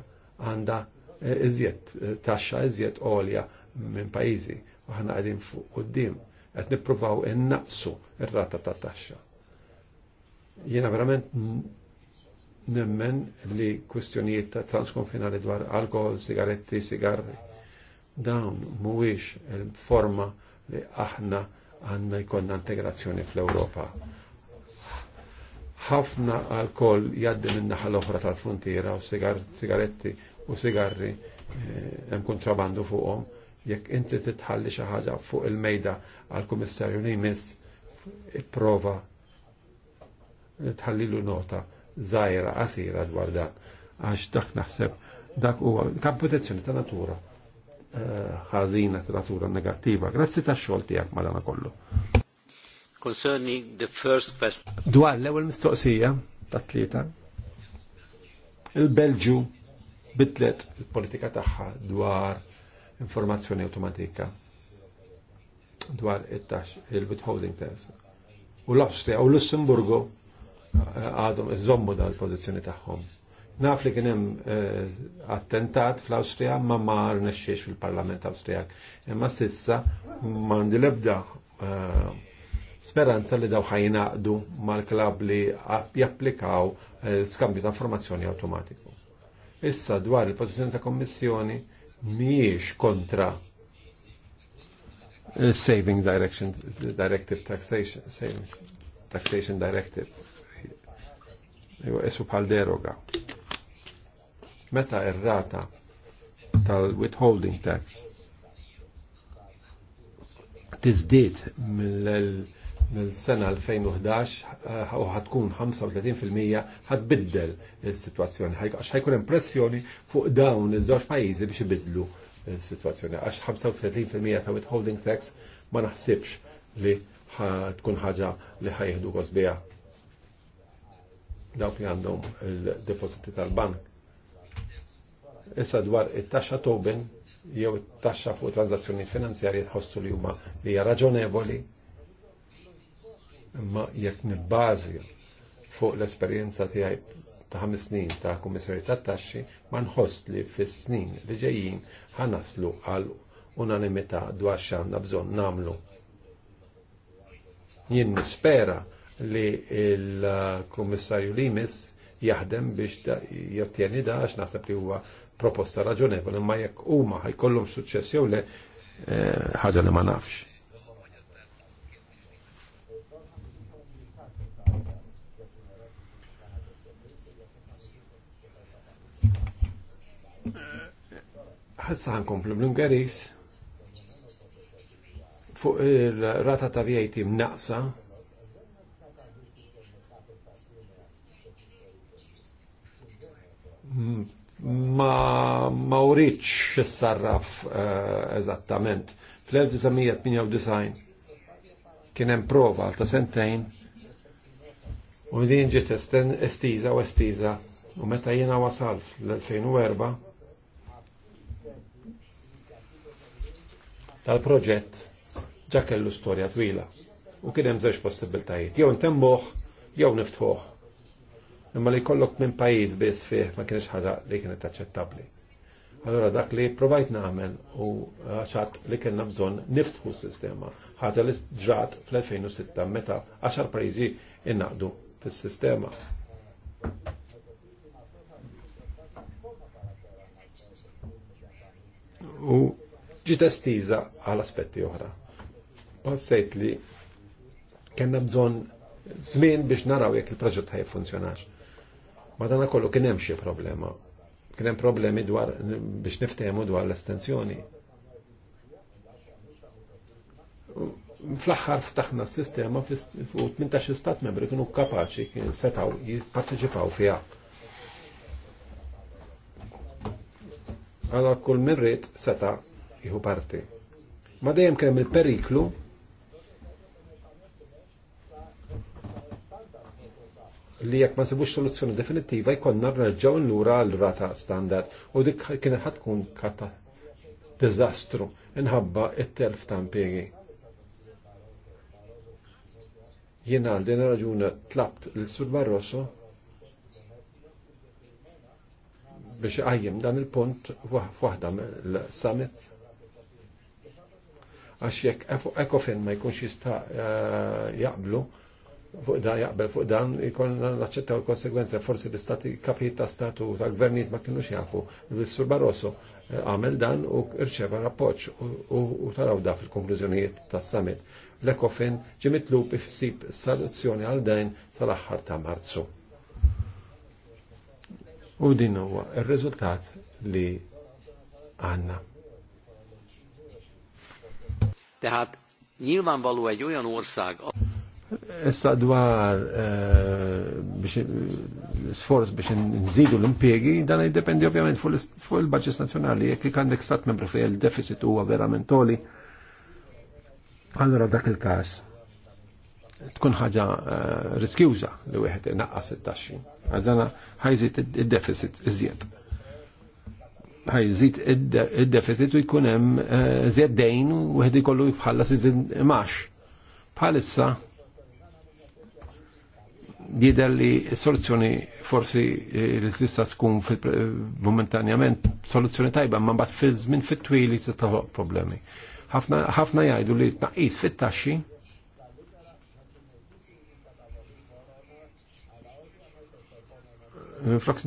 għandha eh, iżjed eh, taxxa iżjed għolja minn pajjiżi u ħana qegħdin fuq quddiem qed nippruvaw innaqsu r-rata ta' taxxa. Jiena verament nemmen li kwestjonijiet ta' transkonfinali dwar alkohol, sigaretti, sigarri, dawn mhuwiex il-forma li aħna għandna jkollna integrazzjoni fl-Ewropa. Ħafna alkohol jaddi minn naħa l-oħra tal-frontiera u sigaretti u sigarri eh, hemm kontrabandu fuqhom, jekk inti titħalli xi ħaġa fuq il-mejda għall-kummissarju li jmiss ipprova tħallilu nota zaħira asira dwar dan għax dak naħseb dak huwa kompetizzjoni ta' natura eh, ħażina ta' natura negattiva. Grazzi ta' xogħol tiegħek ma' kollu. Concerning the first question. Dwar l-ewwel mistoqsija ta' tlieta. Il-Belġu bitlet il-politika tagħha dwar informazzjoni automatika dwar it-tax, il-withholding test U l-Austria u l-Lussemburgo għadhom iżommu dal-pożizzjoni tagħhom. Naf li kien hemm eh, attentat fl-Awstrija ma mar nexxiex fil-Parlament Awstrijak. Imma sissa m'għandi l-ebda eh, speranza li daw ħajnaqdu mal-klab li japplikaw eh, skambju ta' informazzjoni automatiku. Issa dwar il pożizzjoni ta' kommissjoni miex kontra Saving Direction Directive Taxation Savings Taxation Directive esu pal deroga. Meta errata tal-withholding tax tizdiet mill-sena 2011 eh, u ħatkun 35% ħatbiddel il-situazzjoni. Għax ħajkun impressjoni fuq dawn il żewġ pajizi biex ibidlu il-situazzjoni. Għax 35% ta' withholding tax ma naħsibx li tkun ħaġa li ħajħdu għosbija dawk li għandhom il-depositi tal-bank. Issa dwar it-taxxa Tobin jew it-taxxa fuq transazzjonijiet finanzjarji tħossu li huma li hija raġonevoli imma jekk nibbażi fuq l-esperjenza tiegħi ta' ħames snin ta' kummissarju tat-taxxi ma nħoss li fis-snin li ġejjin ħanaslu għal unanimità dwar x'għandna bżonn nagħmlu. Jien nispera li il-Kummissarju Limis jaħdem biex jattjeni da għax nasab li huwa proposta raġonevoli, ma jekk huma ħajkollhom suċċess jew le eh, ħaġa li ma nafx. ħassa ħankomplu l ungaris fuq il-rata ta' vjajti mnaqsa ma ma uritx sarraf eh, eżattament. Fl-1998 kien hemm prova ta' sentejn u din ġiet estiża u estiża u meta jiena wasal fl-2004 tal-proġett ġa kellu storja twila u kien hemm żewġ possibbiltajiet. jew ntemmuh jew niftħuh imma li kollok minn pajis biss fih ma kienx ħaġa li kienet aċċettabbli. Allora dak li provajt nagħmel u ċat eh, li kellna bżonn niftħu s-sistema. Ħaġa li ġrat fl-2006 meta 10 pajjiżi innaqdu fis-sistema. U ġiet estiża għal aspetti oħra. Passejt li kellna bżonn żmien biex naraw jekk il-proġett ħaj funzjonax. Madana kollu kien hemm xi problema. Kien hemm problemi dwar biex niftehmu dwar l-estensjoni. Fl-aħħar ftaħna s-sistema u 18 stat membri kienu kapaċi setaw jipparteċipaw fiha. Għalha kull membri seta' jieħu parti. Ma dejjem kemm il-periklu li jekk ma nsibux soluzzjoni definittiva jkollna nerġgħu lura għal rata standard u dik kienet ħad tkun kata diżastru inħabba it-telf ta' impjegi. Jiena għal din raġuna tlabt l sur Barroso biex għajjem dan il-punt waħda mill-summit għax jekk ekofin ma jkunx jista' eh, jaqblu fuq da jaqbel fuq dan jkollna naċċettaw il-konsegwenza forsi l-istati kapijiet ta' statu ta' gvernijiet ma kienux jafu. Il-Sur Barroso eh, għamel dan u rċeva rapporċ u taraw da fil-konklużjonijiet ta' summit. L-Ekofin ġimitlub ifsib sanzjoni għal dan sal axħar ta' Marzu. U din huwa il riżultat li għanna. Tehát nyilvánvaló egy olyan ország, Issa dwar eh, sforz biex nżidu l-impiegi, dan jiddependi ovvjament fuq il-budget nazjonali, jekk għandek stat membri fejn il-deficit huwa verament toli. allora dak il-każ tkun ħaġa eh, riskjuża li wieħed inaqqas it-taxxi. Għadana ħajżid id-deficit iżjed. Ħajżid id-deficit u jkun hemm iżjed eh, dejn u wieħed ikollu jbħallas iżid imax. Bħalissa jider li soluzzjoni forsi eh, li tista tkun eh, momentanjament soluzzjoni tajba, ma mbagħad fil-żmien fit-twil li tista' toħloq problemi. Ħafna jgħidu li tnaqqis fit-taxxi eh, flok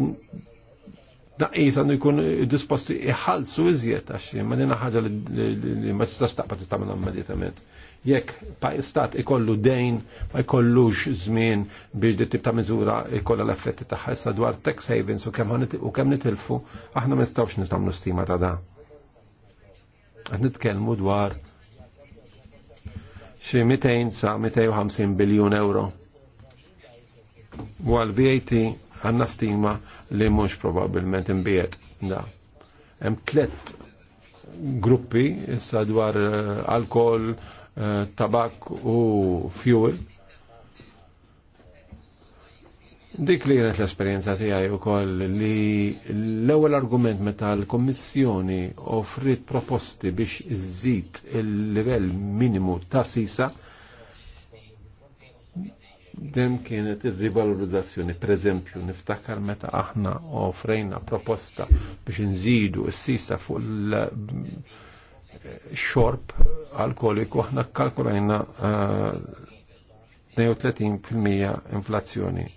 naqis għandu jkun disposti iħalsu iżjed għax ma nina ħaġa li ma tistax taqbad tagħmel immedjatament. Jekk pa' istat ikollu dejn ma jkollux żmien biex di tip ta' miżura jkollha l-effetti tagħha issa dwar tax havens u kemm u kemm nitilfu aħna ma nistgħux nitagħmlu stima ta' da. Qed nitkellmu dwar xi 200 sa 250 biljun euro. Wal VAT għandna stima li mhux probabbilment imbiet. Da. Hemm tlet gruppi issa dwar eh, alkohol, eh, tabak u fuel. Dik li jenet l-esperienza tijaj u koll li l-ewel argument meta l-Kommissjoni offrit proposti biex iżid il-livell minimu ta' sisa dem kienet ir-rivalorizzazzjoni. eżempju, niftakar meta aħna offrejna proposta biex nżidu s-sisa fuq il-xorb eh, alkoliku aħna kalkulajna 32% eh, inflazzjoni.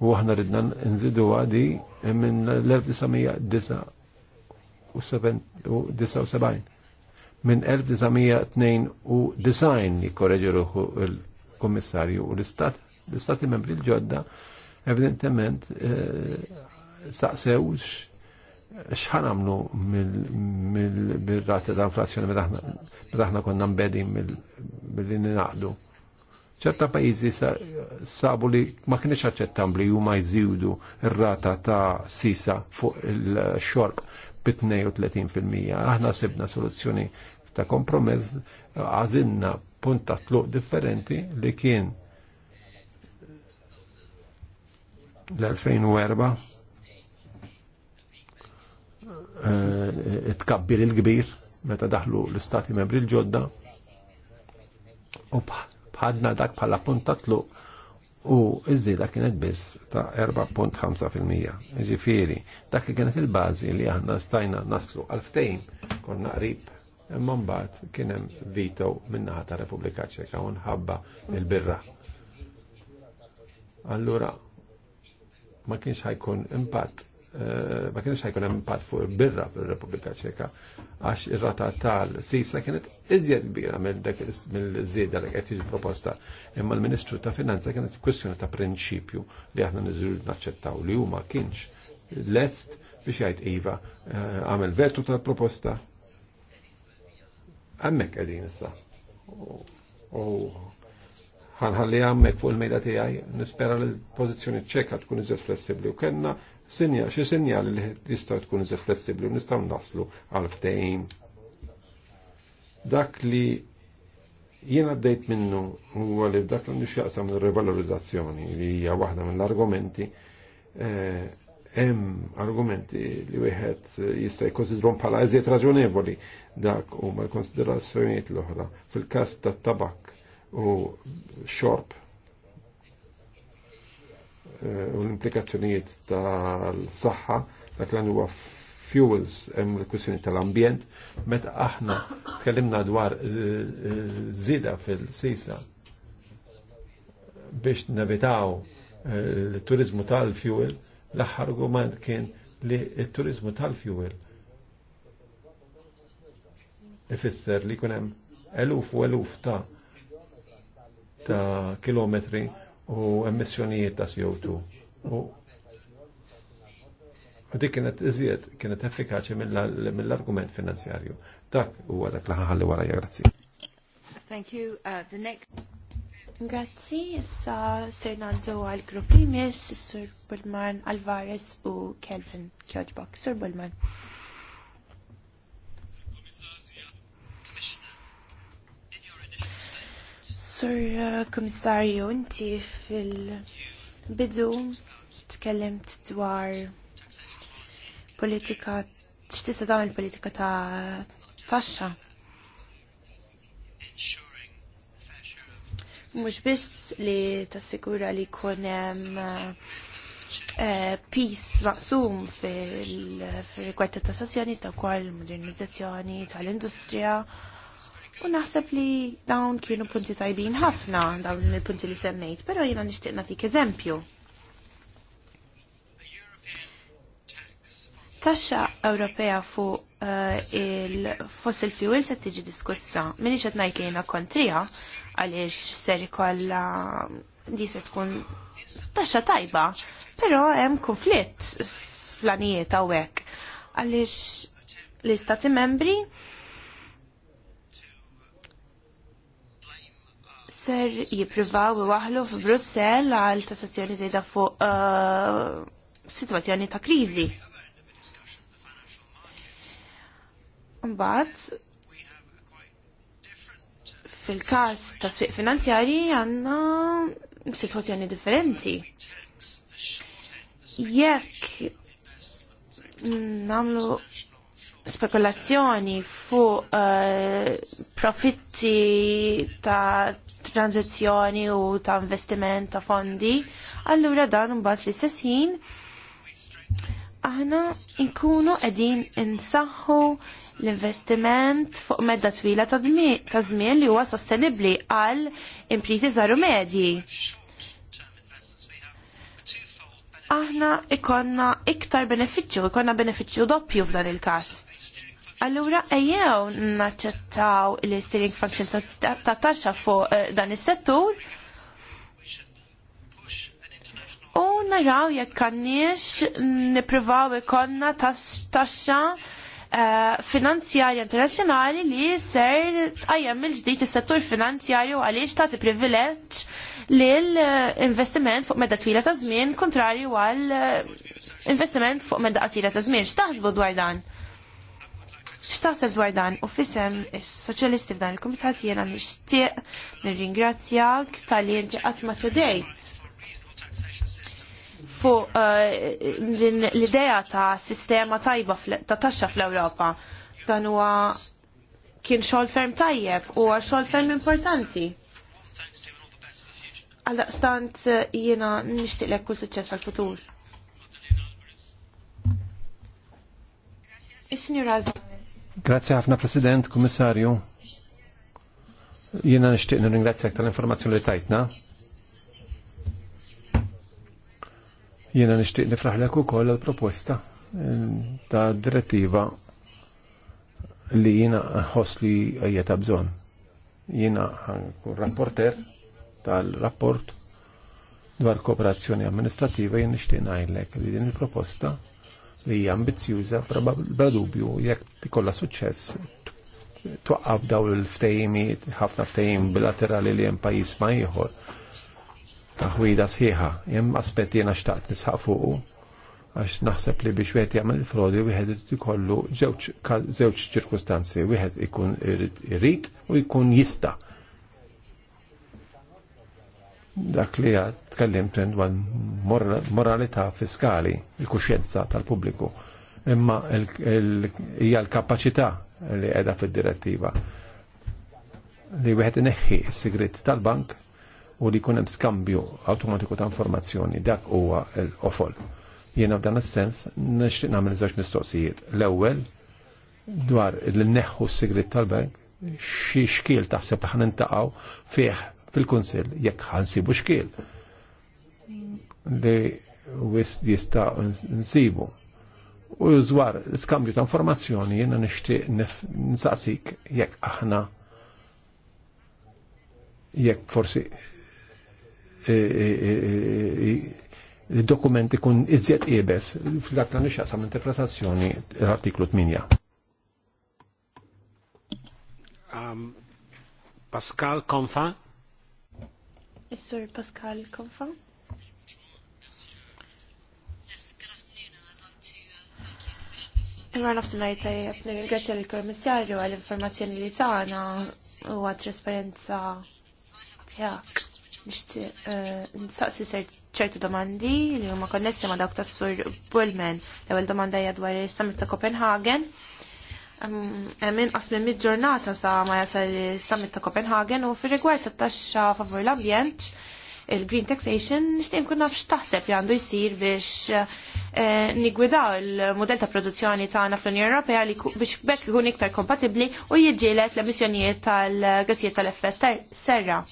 U aħna ridna nżidu għadi minn l-1979 minn 1992 jikorreġi ruħu kommissarju u l-istat, l-istati membri l-ġodda, evidentement, eh, saqsewx xħan għamlu mill-rata ta' inflazzjoni meta konna mbedin mill-li ninaqdu. ċerta pajizi sabu li ma kienx aċċettabli li ma jżidu r-rata ta' sisa fuq il-xorb bi 32%. Aħna sibna soluzzjoni ta' kompromess għazinna punt ta' tluq differenti li kien l-2004 eh, it-kabbir il-kbir meta daħlu l-istati membri l-ġodda u bħadna dak bħala punt ta' tluq u iż-żieda kienet biss ta' 4.5%. Ġifieri, dak kienet il-bażi li aħna stajna naslu għalftejn konna qrib Mombat kienem vito minnaħa ta' Repubblika Ċeka u nħabba il-birra. Allura, ma kienx ħajkun impatt eh, ma kienx ħajkun impat impatt fuq il-birra fir-Repubblika Ċeka għax ir-rata tal-sisa kienet iżjed kbira mill-żieda li qed proposta. Imma l-Ministru ta' Finanza kienet kwestjoni ta' prinċipju li aħna niżur naċċettaw li huma kienx lest biex jgħid iva eh, għamel vetu tal-proposta Għammek għedin issa. U ħanħalli għammek fuq il-mejda tijaj, nispera li l-pozizjoni ċeka tkun iżet flessibli u kena sinja, xie sinjali li jistaw tkun iżet flessibli u nistaw naslu għal-ftejn. Dak li jiena għaddejt minnu u li dak li xjaqsam il-revalorizzazzjoni li hija waħda mill-argumenti eh, hemm argumenti li wieħed jista' jkonsidrhom bħala eżiet raġunevoli dak huma l-konsiderazzjonijiet l-oħra fil-każ tat-tabak u xorb eh, u l-implikazzjonijiet tal-saħħa dak lan huwa fuels hemm il-kwistjoni tal-ambjent meta aħna tkellimna dwar żieda eh, eh, fil-sisa biex nevitaw l-turizmu tal-fuel L-aħħar argument kien li t-turizmu tal-fuel ifisser li kunem eluf u eluf ta' ta' kilometri u emissjonijiet ta' CO2. U dik kienet iżjed, kienet effikaċi mill-argument finanzjarju. Dak huwa dak li ħalli wara grazzi. Thank you. Uh, the next Grazzi, issa ser naddu għal gruppi mis, Sur Bullman, Alvarez u Kelvin Kjodbok. Sur Bullman. Sur uh, Komissarju, inti fil-bidu tkellimt dwar politika, x'tista' tagħmel politika ta' taxxa mhux biss li tassigura li jkun hemm eh, peace maqsum fil-rigward ta' sessjoni ta' kol modernizzazzjoni tal-industrija. U naħseb li dawn kienu punti tajbin ħafna dawn il-punti li semmejt, pero jina nixtieq nagħtik eżempju. taxxa Ewropea fuq eh, il-fossil fuel se tiġi diskussa. Minni qed najt li jena kontrija għaliex ser ikolla di se tkun taxxa tajba, pero hemm konflitt flanijiet hawnhekk għaliex l-istati membri ser jipprivaw waħlu f'Brussell għal tassazzjoni zejda fuq uh, situazzjoni ta' kriżi. Mbagħad fil-każ ta' swieq finanzjari għandna sitwazzjoni differenti. Jekk namlu spekulazzjoni fuq uh, profitti ta' tranzizzjoni u ta' investiment ta' fondi, allura dan mbagħad fl-istess ħin aħna nkunu qegħdin insaħħu l-investiment fuq medda twila ta' żmien li huwa sostenibbli għal imprizi żaru medji. Aħna ikonna iktar benefiċċju, ikonna benefiċċju doppju f'dan il-każ. Allura, ejjew naċċettaw l-steering function ta' taxxa fuq eh, dan is-settur u naraw jekk għandniex nippruvaw ikollna taxxa eh, finanzjarja internazzjonali li ser tqajjem il-ġdid is-settur finanzjarju għaliex tagħti privileġġ lill eh, investiment fuq medda twila ta' żmien kontrarju għal eh, investiment fuq medda qasira ta' żmien. X'taħsbu dwar dan? X'taħseb dwar dan? U fisem is-soċjalisti f'dan il-kumitat jiena nixtieq nirringrazzjak tal-li inti qatt ma ċedejt fuq eh, l-idea ta' sistema tajba ta' taxxa fl-Ewropa. Dan huwa kien xogħol ferm tajjeb u xogħol ferm importanti. Għaldaqstant eh, jiena nixtieq lek kull suċċess għall futur Is-Sinjur Alvarez. Grazie ħafna President, Kummissarju. Jiena nixtieq nirringrazzjak tal-informazzjoni li tajtna Jiena nixtieq nifraħlek ukoll l proposta ta' direttiva li jiena ħoss li għajja ta' bżon. Jiena ħankun rapporter tal-rapport dwar kooperazzjoni amministrativa jien nixtieq ngħidlek li din il-proposta li hija ambizjuża bla dubju jekk tikollha suċċess twaqqab daw il ftejmi ħafna ftejim bilaterali li hemm pajjiż ma ieħor taħwida sħiħa, jem aspetti jena xtaqt nisħaq fuq għax naħseb li biex wieħed jagħmel il-frodi wieħed irid ikollu żewġ ċirkustanzi, wieħed ikun irid u jkun jista' dak li għad tkellimt dwar moralità fiskali, il-kuxjenza tal-pubbliku, imma hija l-kapaċità li qiegħda fid-direttiva li wieħed ineħħi s-sigrit tal-bank u li kunem skambju automatiku ta' informazzjoni dak huwa l-ofol. Jena f'dan is-sens nixtieq nagħmel żewġ mistoqsijiet. L-ewwel dwar l-neħħu s-sigrit tal-bank xi xkiel taħseb aħna ntaqgħu fih fil-kunsill jekk ħansibu xkiel li wis jista' nsibu. U żwar skambju ta' informazzjoni jiena nixtieq nsaqsik jekk aħna jekk forsi E, e, e, il-dokument ikun iżjed ibes fil-dak ta' nixaqsam interpretazzjoni l-artiklu 8. Um, Pascal Konfa? Is-sur Pascal Konfa? Imma nafsi najta jgħat nirgrazzja l-Kommissarju għall-informazzjoni li tagħna u għat trasparenza tiegħek. Eh, nsaqsi ċertu domandi li huma konnessi ma' dawk tas-sur Bullman. L-ewwel domanda hija dwar is-summit ta' Copenhagen. Hemm inqas minn mid-ġurnata sa ma jasal is-summit ta' Copenhagen u fir-rigward tat-taxxa favur l-ambjent il-green taxation nixtieq nkun naf x'taħseb li għandu jsir biex eh, nigwidaw il-modell ta' produzzjoni tagħna fl-Unjoni Ewropea li biex bekk ikun iktar kompatibbli u jiġġieled l-emissjonijiet tal-gassijiet tal-effett serra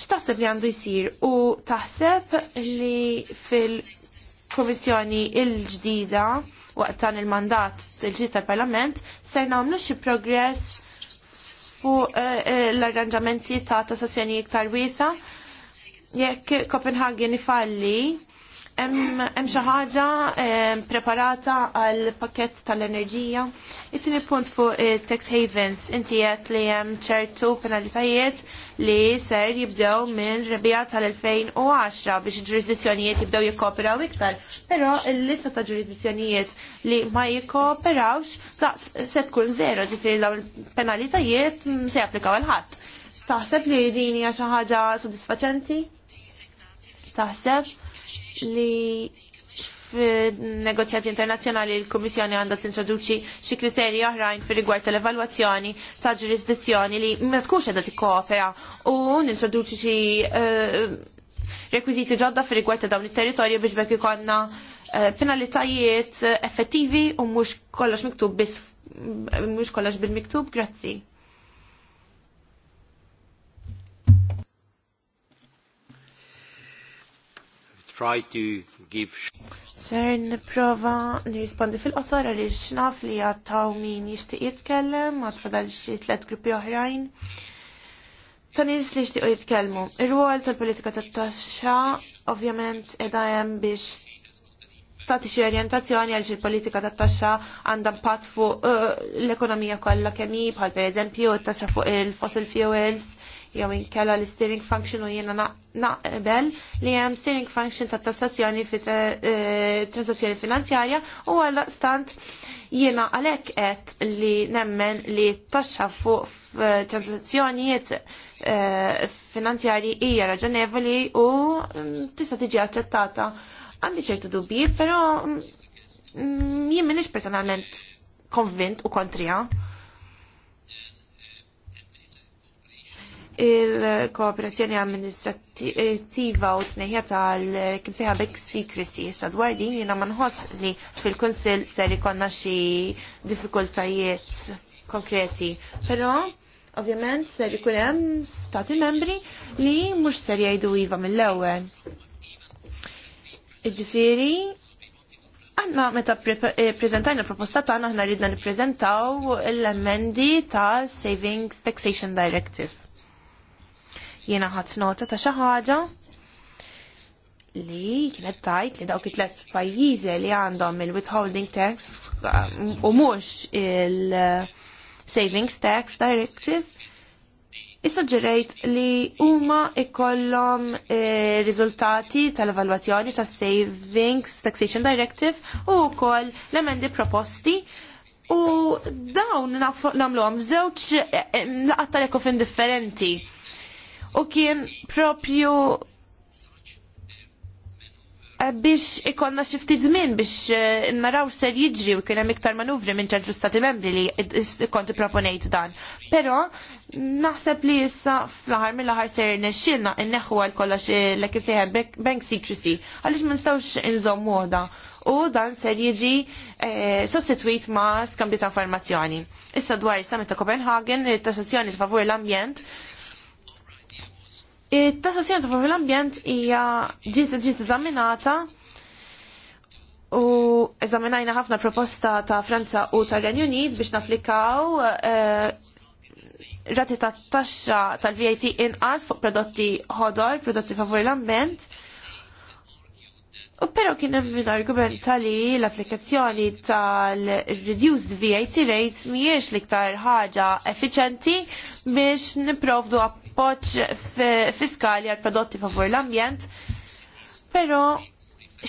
x'taħseb li għandu jsir u taħseb li fil-Komissjoni il-ġdida waqt dan il-mandat il-ġdid tal-Parlament ser nagħmlu xi progress fuq eh, eh, l-arranġamenti ta' tassazzjoni iktar wiesa jekk Copenhagen ifalli hemm xi ħaġa preparata għal pakett tal-enerġija. It-tieni punt fuq tax havens inti qed li hemm ċertu penalitajiet li ser jibdew minn rebija tal-2010 biex ġurisdizzjonijiet jibdew jikkooperaw iktar. Però l-lista ta' ġurisdizzjonijiet li ma jikkooperawx daqs se tkun zero ġifieri l penalitajiet se japplikaw għal ħadd. Taħseb li din hija xi ħaġa sodisfaċenti? Taħseb? li f-negozjati internazzjonali l-Kummissjoni għandha tintroduċi xi kriterji oħrajn fir rigward tal-evalwazzjoni ta' ġurisdizzjoni li ma tkunx qiegħda tikkopera u nintroduċi xi eh, rekwiżiti ġodda fir rigward ta' dawn it-territorju biex bekk ikonna eh, penalitajiet effettivi u mhux kollox miktub biss mhux kollox bil-miktub, grazzi. try to give Ser niprofa nirrispondi fil-qosor għaliex naf li għattaw min jixtieq jitkellem, għad fadal xi tliet gruppi oħrajn. Ta' nies li jixtiequ jitkellmu. Ir-rwol tal-politika ta' taxxa ovvjament qiegħda hemm biex tagħti xi orjentazzjoni għal xi politika ta' taxxa għandha impatt fuq uh, l-ekonomija kollha kemm hi bħal pereżempju t-taxxa fuq il-fossil fuels jew inkella l-steering function u jiena naqbel li hemm steering function ta' tassazzjoni fi eh, transazzjoni finanzjarja u għal stant jiena għalhekk qed li nemmen li taxxa fuq eh, transazzjonijiet eh, finanzjarji hija raġonevoli u mm, tista' tiġi aċċettata. Għandi ċertu dubbi, però mm, jien m'iniex personalment konvint u kontrija. il-kooperazzjoni amministrativa u t-neħja tal-kim big secrecy Sadwar din jiena ma nħoss li fil-kunsill ser ikonna xi diffikultajiet konkreti. Però ovvjament ser ikun hemm stati membri li mhux ser jgħidu iva mill-ewwel. Iġifiri, Għanna meta eh, prezentajna proposta tagħna għanna ridna nippreżentaw l-emendi ta' Savings Taxation Directive. Jiena ħadt nota ta' xi ħaġa li kienet tajt li dawk it-tlet pajjiżi li għandhom il-withholding tax u mhux il-savings tax directive Issuġġerejt li huma ikollhom eh, riżultati tal-evalwazzjoni tas-Savings Taxation Directive u wkoll l-emendi proposti u dawn nagħmluhom f'żewġ eh, eh, laqgħat tal-ekofin differenti u kien propju eh, biex ikonna xi ftit żmien biex eh, naraw ser jiġri u kien hemm iktar manuvri minn ċentru stati membri li kont proponejt dan. Però naħseb li issa fl-aħħar mill-aħħar ser nexxilna inneħħu għal kollox eh, l kif sejħed bank secrecy għaliex ma nistgħux inżommu moda u dan ser jiġi sostituit ma skambju ta' informazzjoni. Issa dwar is-summit ta' Copenhagen, il-tassazzjoni favur l-ambjent, Il-tassazzjoni fuq l-ambjent hija ġiet ġiet eżaminata u eżaminajna ħafna proposta ta' Franza u ta' Renju Unit biex naflikaw eh, rati ta' taxxa tal-VAT inqas fuq prodotti ħodor, prodotti favur l-ambjent. U pero kien hemm min argumenta li l-applikazzjoni tal-reduced VAT rate mhijiex l-iktar ħaġa effiċenti biex nipprovdu appoġġ fiskali għal prodotti favur l-ambjent. Però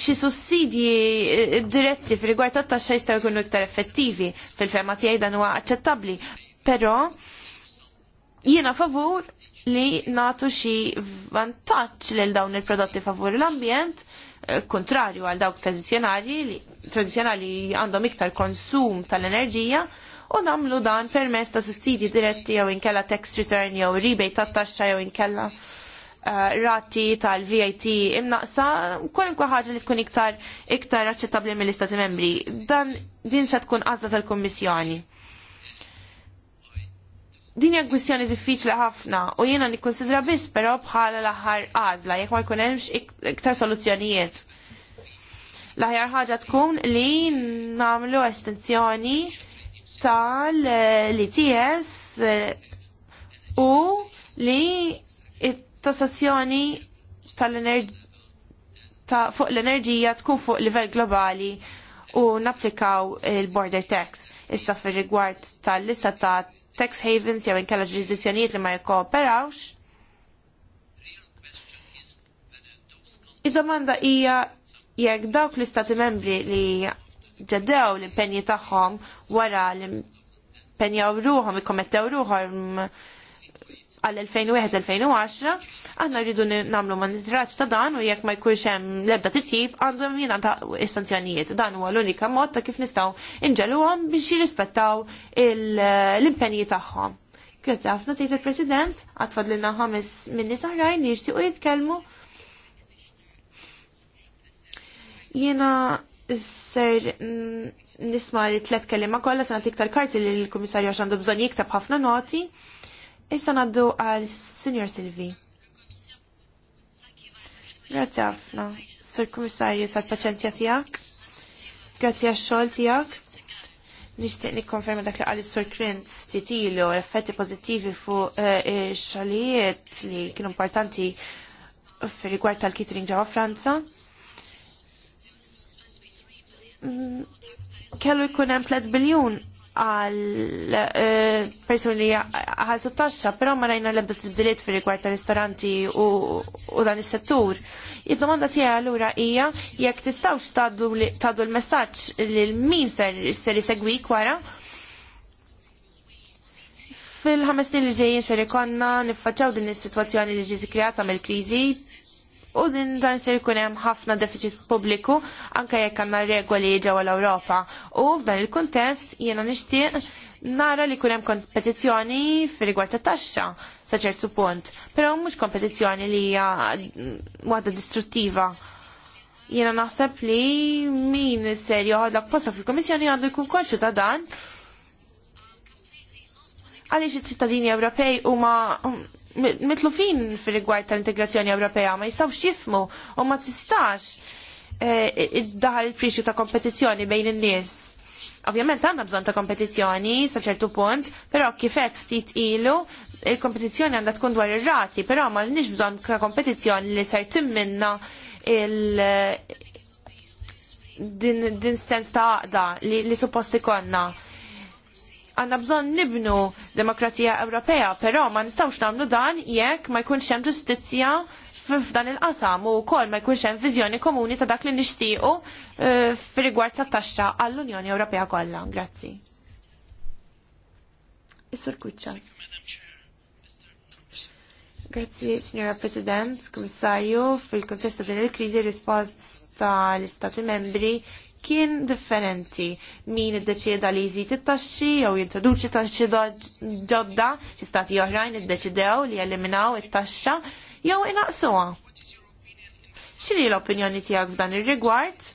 xi sussidji eh, diretti f'rigward rigward tat-taxxa jistgħu jkunu iktar effettivi fil-fema tiegħi dan huwa aċċettabbli. Però jiena favur li natu xi vantaġġ lil dawn il-prodotti favur l-ambjent Eh, kontrarju għal dawk tradizjonali li tradizjonali għandhom iktar konsum tal-enerġija u namlu dan permess ta' sussidji diretti jew inkella tax return jew rebate ta' taxxa jew inkella uh, rati tal-VAT imnaqsa kwalunkwe ħaġa li tkun iktar iktar aċċettabbli mill-Istati Membri. Dan din se tkun għażla tal-Kummissjoni din hija kwistjoni diffiċli ħafna u jiena nikkonsidra biss però bħala l-aħħar għażla jekk ma jkun hemmx iktar soluzzjonijiet. L-aħjar ħaġa tkun li nagħmlu estensjoni tal-ITS eh, u li it-tassazzjoni tal fuq l-enerġija tkun fuq livell globali u napplikaw il-border tax. Issa fir rigward tal-lista ta' tax havens jew inkella ġurisdizzjonijiet li ma jikkooperawx? Id-domanda hija jekk dawk l-istati membri li ġeddew l-impenji tagħhom wara l-impenjaw ruħom, ikkommettew ruħom għal-2001-2010, għanna rridu namlu monitoraġġ ta' dan u jekk ma jkunx hemm l-ebda titjib għandhom jingħata istanzjonijiet. Dan huwa l-unika mod ta' kif nistgħu għom biex jirrispettaw l-impenji tagħhom. Grazzi ħafna tgħid il-President, għatfad l-na ħames minni saħrajn nġti li jixtiequ jitkellmu. Jiena ser nisma li tlet kelima kollha se iktar karti li l-Kummissarju għax għandu bżonn jikteb ħafna noti. Issa naddu għal Signor Silvi. Grazie ħafna, Sur Kummissarju tal-Paċenzja tiegħek. Grazie għax-xogħol tiegħek. Nixtieq nikkonferma dak li qal is-Sur Krint titilu effetti pożittivi fuq eh, xogħlijiet li kienu importanti fir-rigward tal kitring ġewwa Franza mm, kellu jkun hemm 3 biljun għal eh, persuni għal sottaxxa, però ma rajna l-ebda t-dilet fil rigward ta' ristoranti u dan is-settur. Id-domanda tiegħi allura hija jekk tistgħux taddu l-messaġġ lil min ser segwi wara fil-ħames li ġejjin ser ikonna niffaċċaw din is-sitwazzjoni li ġiet kreata mill-kriżi u din dan se jkun hemm ħafna deficit pubbliku anke jekk għandna regoli ġewwa l-Ewropa. U f'dan il-kuntest jiena nixtieq nara li hemm kompetizzjoni fir rigward ta' taxxa sa' ċertu punt, però mhux kompetizzjoni li hija waħda distruttiva. Jiena naħseb li min ser joħodlak posta fil-Komissjoni għandu jkun konxu ta' dan. Għaliex iċ-ċittadini Ewropej huma mitlufin fil-rigward tal-integrazzjoni Ewropea ma jistawx jifmu u ma tistax eh, id-daħal il-prixu ta' kompetizzjoni bejn in-nies. Ovvjament għandna bżonn ta' kompetizzjoni sa ċertu punt, però kifet ftit ilu il-kompetizzjoni għandha tkun dwar ir-rati, però ma nix bżonn ta' kompetizzjoni li ser timminna il- din, din ta' għaqda li, li supposti konna għanna bżon nibnu demokrazija Ewropea, però ma nistawx namlu dan jekk ma jkunx hemm ġustizzja f'dan il-qasam u wkoll ma jkunx hemm viżjoni komuni ta' dak li nixtiequ eh, f'rigward rigward tat-taxxa għall-Unjoni Ewropea kollha. Grazzi. Is-Sur Kuċċa. Grazzi, Signora President, Komissarju, fil kontesta din il-kriżi rispost tal-Istati membri kien differenti min iddeċieda li jżid it-taxxi jew jintroduċi taxxi ġodda xi stati oħrajn iddeċidew li jeliminaw it-taxxa jew inaqsuha. X'inhi l-opinjoni tiegħek f'dan ir-rigward?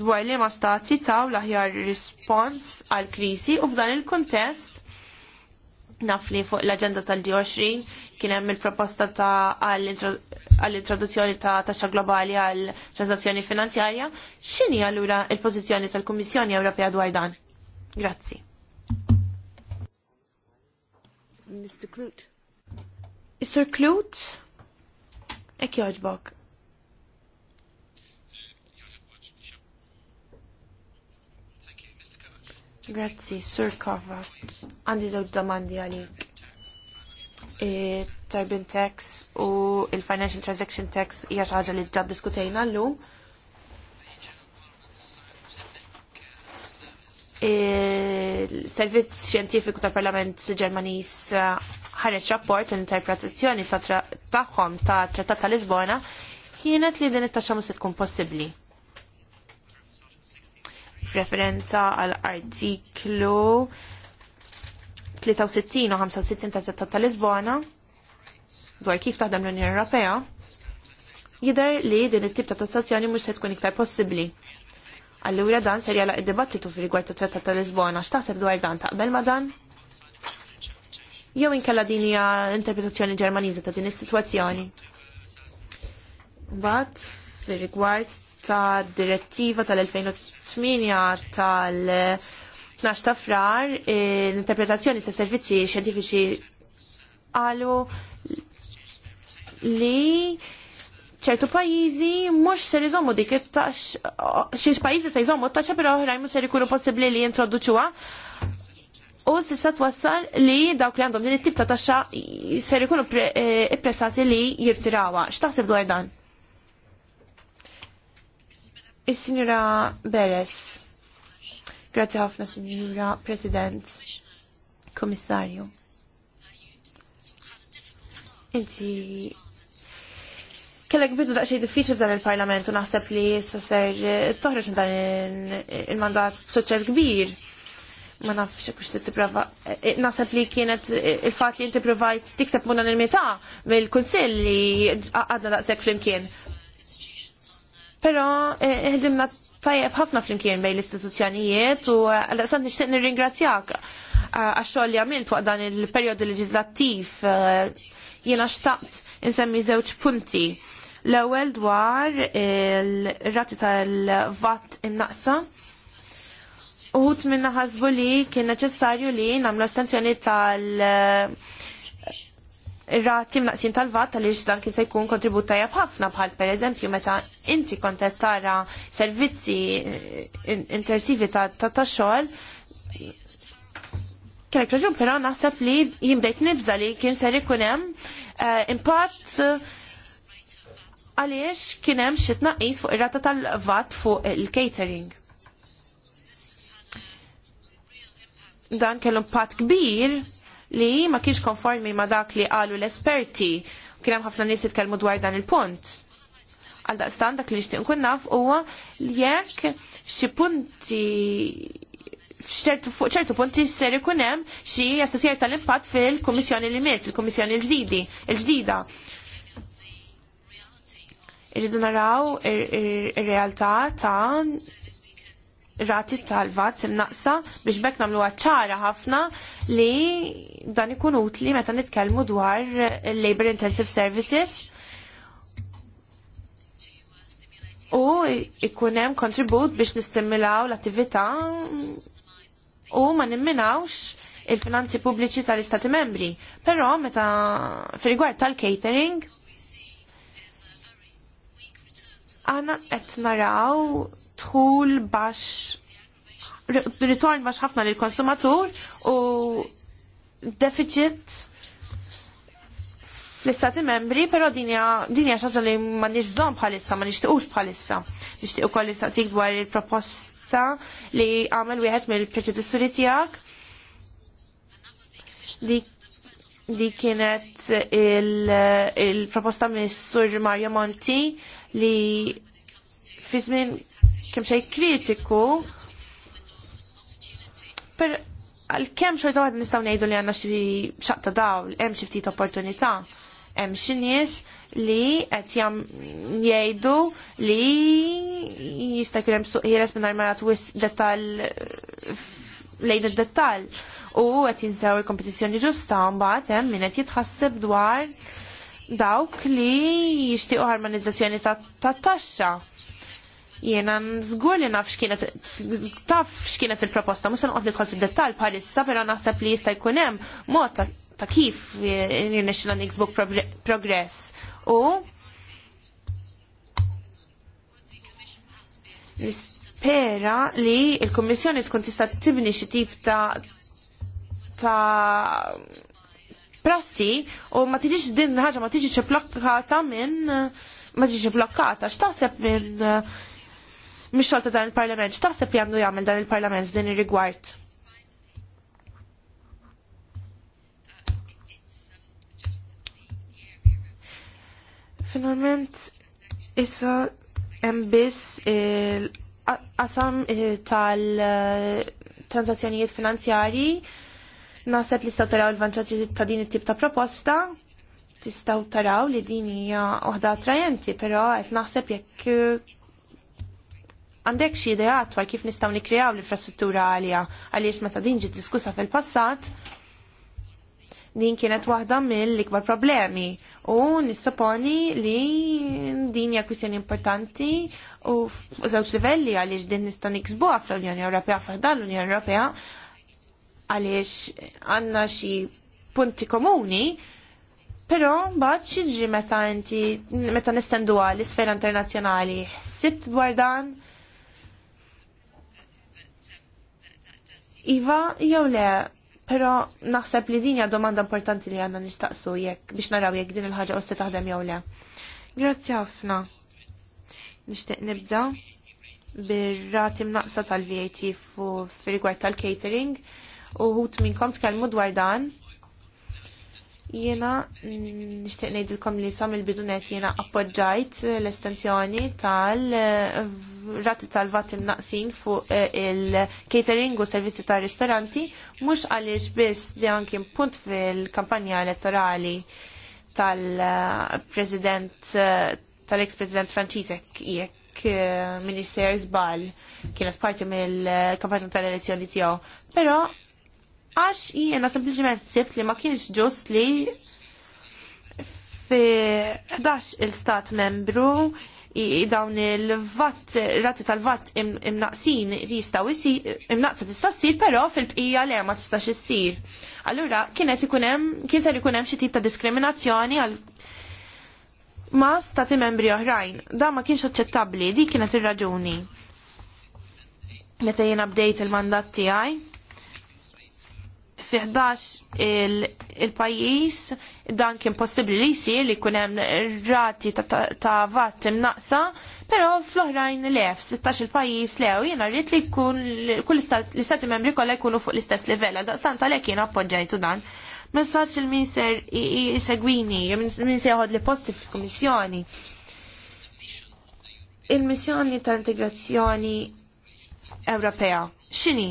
dwar li ma stati taw l-aħjar rispons għal kriżi u f'dan il-kuntest naf li fuq l-agenda tal-G20 kien hemm il-proposta ta' għall-introduzzjoni ta' taxxa globali għal transazzjoni finanzjarja. X'inhi allura il-pożizzjoni tal-Kummissjoni Ewropea dwar dan? Grazzi. Mr. Clute. Mr. Clute? Ek joġbok. Grazzi, Sur Kavat. Għandi żewġ domandi għalik. E, Tarbin tax u il-Financial Transaction Tax hija xi ħaġa li ġab diskutejna llum. Il-Servizz e, Xjentifiku tal-Parlament Ġermaniż uh, ħareġ rapport l-interpretazzjoni tagħhom ta' Trattat ta' Lisbona kienet li din it-taxxa mhux tkun possibbli referenza għal artiklu 63 u 65 ta' Trattat ta' Lisbona dwar kif taħdem l-Unjoni Ewropea, jidher li din it-tip ta' tassazzjoni mhux se tkun iktar possibbli. Allura dan ser jala id-dibattitu fi rigward ta' Trattat ta' Lisbona, x'taħseb dwar dan taqbel ma' dan? Jew inkella din hija interpretazzjoni Ġermaniża ta' din is-sitwazzjoni. Mbagħad li rigward ta' direttiva tal-2008 tal-12 ta' frar l-interpretazzjoni ta' servizzi xjentifiċi għalu li ċertu pajizi mux ser jżommu dik it-tax, xiex pajizi se jżommu t-taxxa pero oħrajn mux ser ikunu possibli li jintroduċuha. U sissa twassal li dawk li għandhom din it-tip ta' taxxa ser ikunu eh, ippressati li jirtirawa. X'taħseb dwar dan? Is-Sinjura Beres. Grazie ħafna, Sinjura President, Komissarju. Inti kellek bidu daqxej diffiċli f'dan il-Parlament u naħseb li issa ser toħroġ minn dan il-mandat b'suċċess kbir. Ma nasib xe kux tipprova. Eh, nasib li kienet il-fatt li inti provajt tikseb meta mill-Kunsill li għadna daqshekk flimkien. Pero eh, ħedimna tajjeb ħafna flimkien bejn l-istituzzjonijiet u eh, għal għasan nishtiq nirringrazzjak eh, għax-xogħol li għamilt waqt dan il-perjodu leġislattiv jiena xtaqt insemmi żewġ punti. L-ewwel dwar il-rati tal-vatt imnaqsa. għut minna ħasbu li kien neċessarju li namlu estensjoni tal- ir naqsim tal-vat tal dan kien se jkun kontribut tajjeb ħafna bħal pereżempju meta inti kont tara servizzi eh, intensivi ta' tax-xogħol kellek raġun però naħseb li jinbdejt nibża li kien ser ikun hemm eh, impatt għaliex kien hemm xi tnaqqis fuq ir-rata tal-vat fuq il-catering. Dan kellu impatt kbir li ma kienx konformi ma dak li qalu l-esperti kien hemm ħafna nies jitkellmu dwar dan il-punt. Għal daqstan dak li nixtieq nkun naf huwa li jekk xi punti fuq ċertu punti ser ikun hemm xi assessjer tal-impatt fil-Kummissjoni li miss, il-Kummissjoni l-ġdidi, il-ġdida. Irridu naraw ir-realtà ta' rati tal-vat naqsa biex bekk namlu ċara ħafna li dan ikun utli meta nitkellmu dwar labor intensive services u ikun hemm kontribut biex nistimmilaw l-attività u ma nimminawx il-finanzi pubbliċi tal-Istati membri. Però meta fil-rigward tal-catering għana qed naraw tħul bax ritorn bax ħafna lill konsumatur u deficit fl-istati membri, pero dinja dinja xaġa li ma nix bżon bħalissa, ma tiqux bħalissa. Nixtiqu koll istaqsik dwar il-proposta li għamel wieħed mill-preċedissuri tiegħek li di kienet il-proposta il, il mis-sur Mario Monti li fizmin kem kemm kritiku per għal kem xorta toħad nistaw nejdu li għanna xri xaqta daw l xi ftit opportunità, hemm xi nies li qed jam jgħidu li jista' jkun hemm suq ħieles mingħajr ma jagħtwis detall lejn id-dettall u qed jinsew il-kompetizzjoni ġusta mbagħad hemm min qed jitħassib dwar dawk li jixtiequ harmonizzazzjoni ta' taxxa. Jiena nżgur li naf x'kienet taf x'kienet il-proposta, mhux se noqgħod nidħol fid-dettall bħalissa, però naħseb li jista' jkun hemm mod ta' kif nirnexxina eh, niksbuk progress. U nispera li l kummissjoni tkun tista' tibni xi tip ta' ta' prassi u ma tiġix din ħaġa ma tiġix blokkata minn ma tiġix blokkata x'taħseb minn mhix xolta dan il-Parlament, x'taħseb li għandu jagħmel dan il-Parlament din ir-rigward? Finalment, issa hemm biss il-qasam eh, tal-transazzjonijiet eh, finanzjarji Naħseb li staw taraw il vantaġġi ta' din it-tip ta' proposta, tistaw taraw li din hija oħda attrajenti, però qed naħseb jekk eh, għandek xi ideat dwar kif nistgħu nikkreaw l-infrastruttura għalija għaliex meta din ġiet diskussa fil-passat, din kienet waħda mill-ikbar problemi u nissoponi li din hija kwistjoni importanti u f'żewġ livelli għaliex din nista' niksbuha fl-Unjoni Ewropea f'ħdan l-Unjoni Ewropea għaliex għandna xi punti komuni, però mbagħad xiġri meta inti meta nistendu għal isfera internazzjonali. Ħsibt dwar dan Iva, jew le, Pero naħseb li dinja domanda importanti li għanna nistaqsu jekk biex naraw jekk din il-ħaġa ossi taħdem jew le. Grazzi ħafna. Nixtieq nibda bir-rati mnaqsa tal-VAT fu rigward tal-catering uħut minnkom tkellmu dwar dan. Jiena nixtieq ngħidilkom li sam il-bidunet jiena appoġġajt l-estensjoni tal-rati tal-vat imnaqsin fuq eh, il-catering u servizzi tal ristoranti mhux għaliex biss di anki punt fil-kampanja elettorali tal-president eh, tal-ex-president Franċisek jekk eh, Minister Zbal kienet parti mill-kampanja tal-elezzjoni tiegħu. Però Għax jiena sempliċement sibt li ma kienx ġust li fi 11 il-stat membru dawn il-vatt, rati tal-vatt imnaqsin jistaw jisir, imnaqsa tista' sir, però fil-bqija le ma tistax issir. Allura kienet ikunem, kien ser ikunem xi tip ta' diskriminazzjoni għal ma stati membri oħrajn. Da ma kienx aċċettabbli, di kienet ir-raġuni. Meta jiena bdejt il-mandat tiegħi, fi 11 il-pajis dan kien possibli li jisir li jkun hemm rati ta' vat imnaqsa, pero fl-oħrajn lef, 16 il-pajis lew jena rrit li jkun kull l-istati membri kolla jkunu fuq l-istess da' daqstant għalhekk jien appoġġajtu dan. Messaġġ il-minser jisegwini, min se jħod li posti fil-Kummissjoni. Il-missjoni tal-integrazzjoni Ewropea. X'inhi?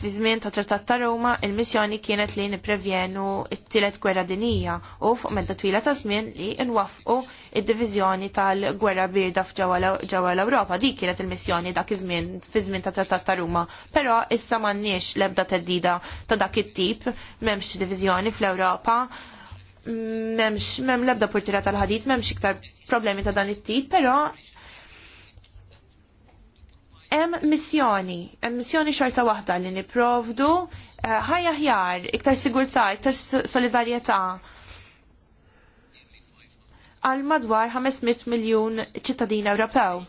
Fi żmien ta' Trattat ta' Roma, il-missjoni kienet li niprevjenu t-tielet gwerra dinija u fuq medda twila ta' żmien li nwaffqu id-diviżjoni tal-gwerra birda ġewwa l-Ewropa. Dik kienet il-missjoni dak iż-żmien fi żmien ta' Trattat ta' Ruma. Però issa m'għandniex l-ebda teddida ta' dak it-tip, m'hemmx diviżjoni fl-Ewropa memx, mem lebda portira tal-ħadit, memx iktar problemi ta' dan it-tip, pero Hemm missjoni, hemm missjoni xorta waħda li niprovdu eh, ħajja ħjar, iktar sigurtà, iktar solidarjetà għal madwar 500 miljun ċittadin Ewropew.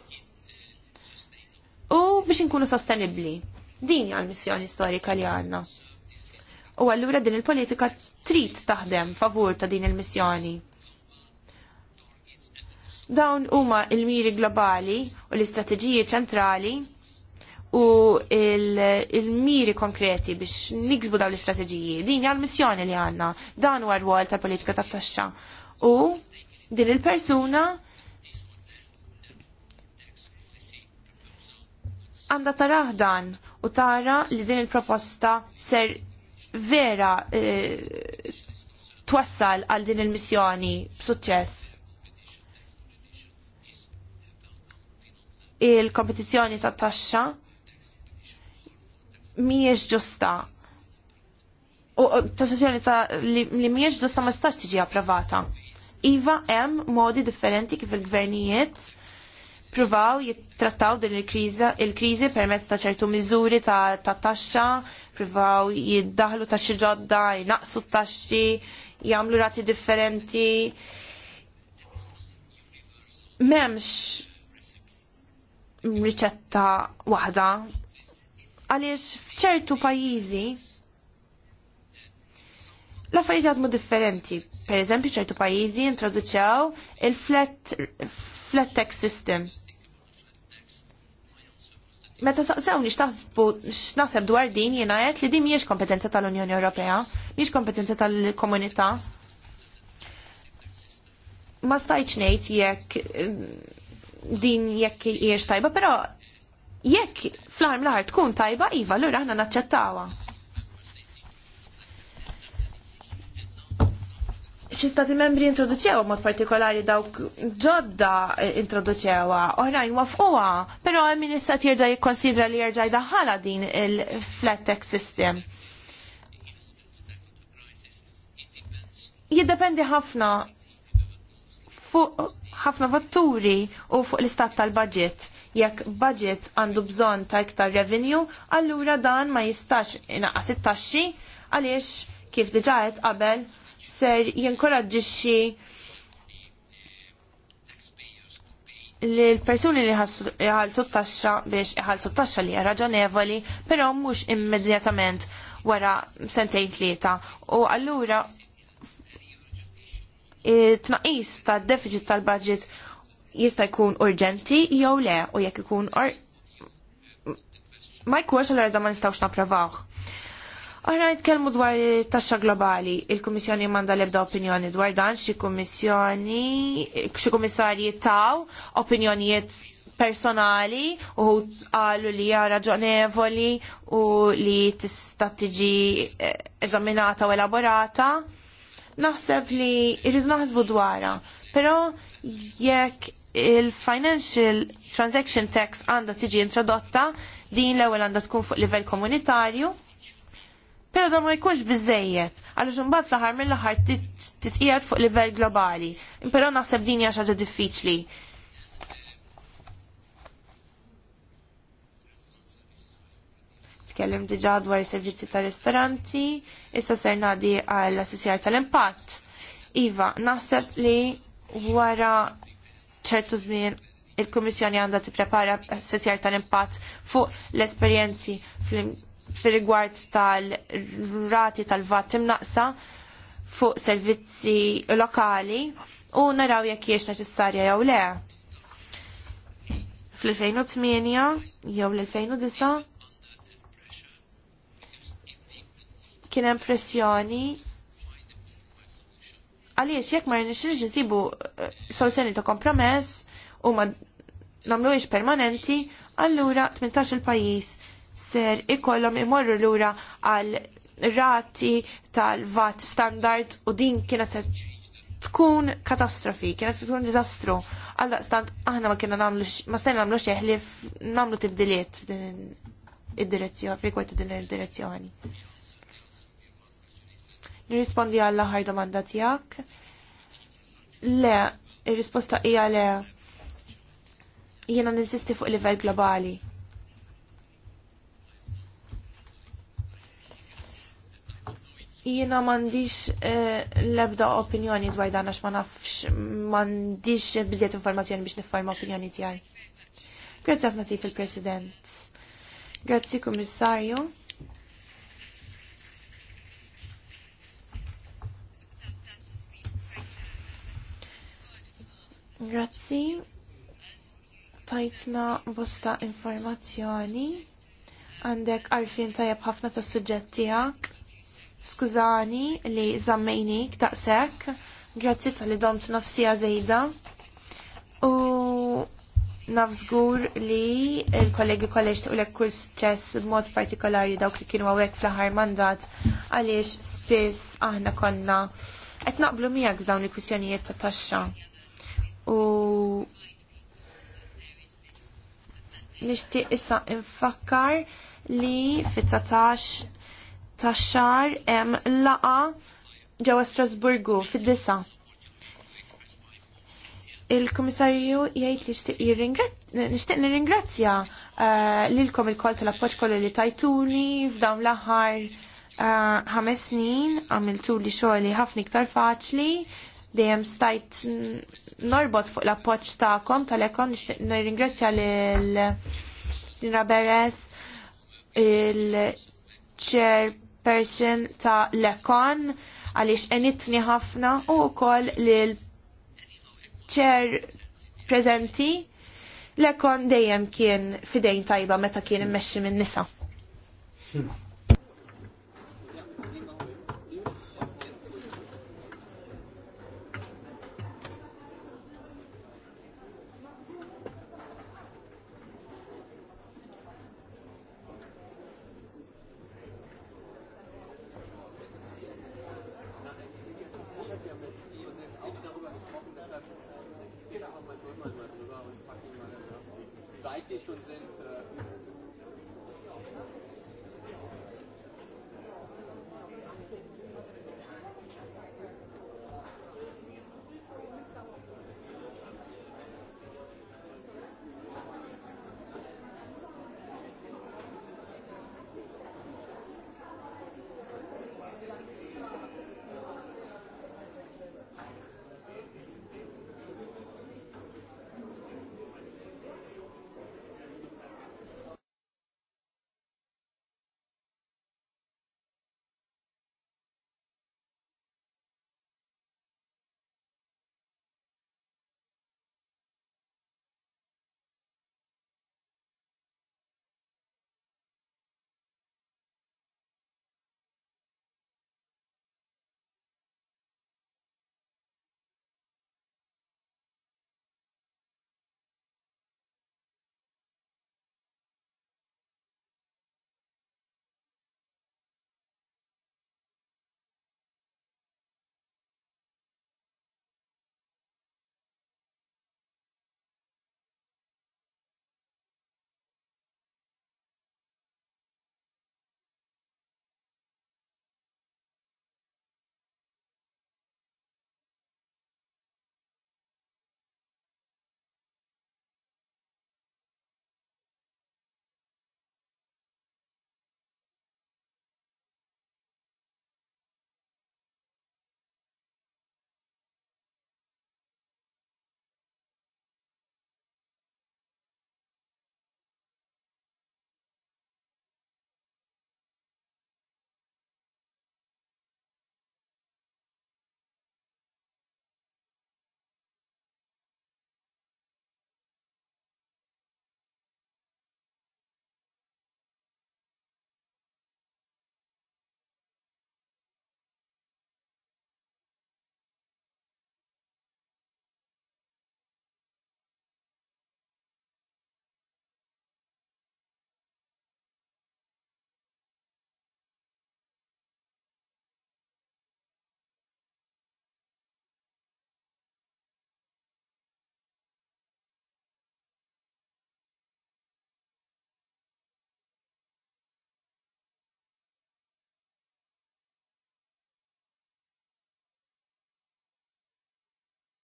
U biex inkunu sostenibli. Din għal missjoni storika li għanna. U għallura din il-politika trid taħdem favur ta' din il-missjoni. Dawn huma il-miri globali u l-istrateġiji ċentrali u il-miri konkreti biex niksbu dawn l-istrateġiji. Din hija l-missjoni li għandna. Dan huwa r wol ta' politika tat-taxxa. U din il-persuna għanda taraħ dan u tara li din il-proposta ser vera eh, twassal għal din il-missjoni b'suċċess. il-kompetizzjoni ta' taxxa mhijiex ġusta. U sessjoni ta' li, miex mhijiex ġusta ma tistax tiġi approvata. Iva hemm modi differenti kif il-gvernijiet pruvaw jittrattaw din il-kriżi permezz ta' ċertu miżuri ta' taxxa, pruvaw jiddaħlu ta' xi ġodda, jnaqsu t-taxxi, jagħmlu rati differenti. M'hemmx riċetta waħda għaliex fċertu pajjiżi l-affarijiet għadmu differenti. Per eżempju, ċertu pajjiżi introduċew il-flat flat tax system. Meta saqsewni x'taħsbu naħseb dwar din jena qed li din miex kompetenza tal-Unjoni Ewropea, mhijiex kompetenza tal-komunità. Ma stajtx ngħid jekk din jekk hijiex tajba, però jekk fl-arm l-art tkun tajba, iva, l-ura ħna naċċettawa. Xi stati membri introduċewa mod partikolari dawk ġodda eh, introduċewa, oħrajn wafquha, però għemmin min istat jerġa' jikkonsidra li jerġa' jdaħħala din il-flat tax system. Jiddependi ħafna fuq ħafna fatturi u fuq l-istat tal-budget. Jekk budget għandu bżon ta' iktar revenue, allura dan ma jistax inaqqas it-taxxi għaliex kif diġa qed qabel ser jinkoraġġixxi li l-persuni li jħalsu t-taxxa biex jħalsu t-taxxa li raġonevoli, però mhux immedjatament wara sentejn tlieta. U allura it tnaqis tad deficit tal-budget jista' jkun urġenti jew le u jekk ikun ma jkunx allura da ma nistgħux nappravawh. Aħna nitkellmu dwar taxxa globali. Il-Kummissjoni manda lebda opinjoni dwar dan xi kummissjoni xi kummissarji taw opinjonijiet personali u qalu li hija raġonevoli u li tista' tiġi eh, eżaminata u elaborata naħseb li irridu naħsbu dwarha. Però jekk il-Financial Transaction Tax għandha tiġi introdotta, din l-ewwel għandha tkun fuq livell komunitarju. Pero da ma jkunx biżejjed, għaliex imbagħad fl-aħħar mill-aħħar titqiegħed fuq livell globali. Però naħseb din hija xi ħaġa diffiċli. tkellim diġa dwar is-servizzi ta' ristoranti, issa ser ngħaddi għall assisjar tal-impatt. Iva, naħseb li wara ċertu żmien il-Kummissjoni għandha tipprepara assessjar tal-impatt fuq l-esperjenzi fil-rigward tal-rati tal-vat timnaqsa fuq servizzi lokali u naraw jekk jiex neċessarja jew le fl-2008 jew l-2009 kien hemm pressjoni għaliex jekk ma rnexxinx nsibu eh, soluzzjoni ta' kompromess u ma nagħmluhiex permanenti, allura 18 il-pajjiż ser ikollhom imorru lura għal rati tal-vat standard u din kienet tkun katastrofi, kienet tkun dizastru. Għalla stant aħna ma kiena namlu, ma stajna namlu xieħli namlu tibdiliet id-direzzjoni, frikwet id-direzzjoni. Nirrispondi għall aħħar domanda tiegħek. Le, ir-risposta hija le. Jiena ninsisti fuq livell globali. Jiena mandiċ eh, lebda opinjoni dwar dan għax ma nafx mandiċ bżiet informazzjoni biex nifforma opinjoni tiegħi. Grazzi ħafna tit il-President. Grazzi Kummissarju. Grazzi tajtna bosta informazzjoni għandek għarfien tajab ħafna ta' suġġetti tiegħek. Skużani li zammejnik sekk, Grazzi ta' li domt nofsija zejda. U nafżgur li il-kollegi kolleġ ta' ulek kull suċess b'mod partikolari dawk li kienu għawek fl-ħar mandat għaliex spiss aħna konna qed naqblu miegħek dawn il-kwistjonijiet ta' taxxa u nixtieq issa infakkar li fit tatax ta' xar hemm laqa ġewwa Strasburgu fid-disa. Il-Kummissarju jgħid li nishtiq nirringrazzja eh, lilkom il-kol tal-appoġġ kollu li tajtuni f'dawn l-aħħar eh, ħames snin għamiltu li xogħli ħafna iktar faċli dejjem stajt norbot fuq l-appoġġ tagħkom tal ekom nixtieq nirringrazzja l Sinra Beres il person ta' l-ekon għalix enitni ħafna u wkoll lil chair prezenti l-ekon dejjem kien fidejn tajba meta kien immexxi minn nisa. Hmm.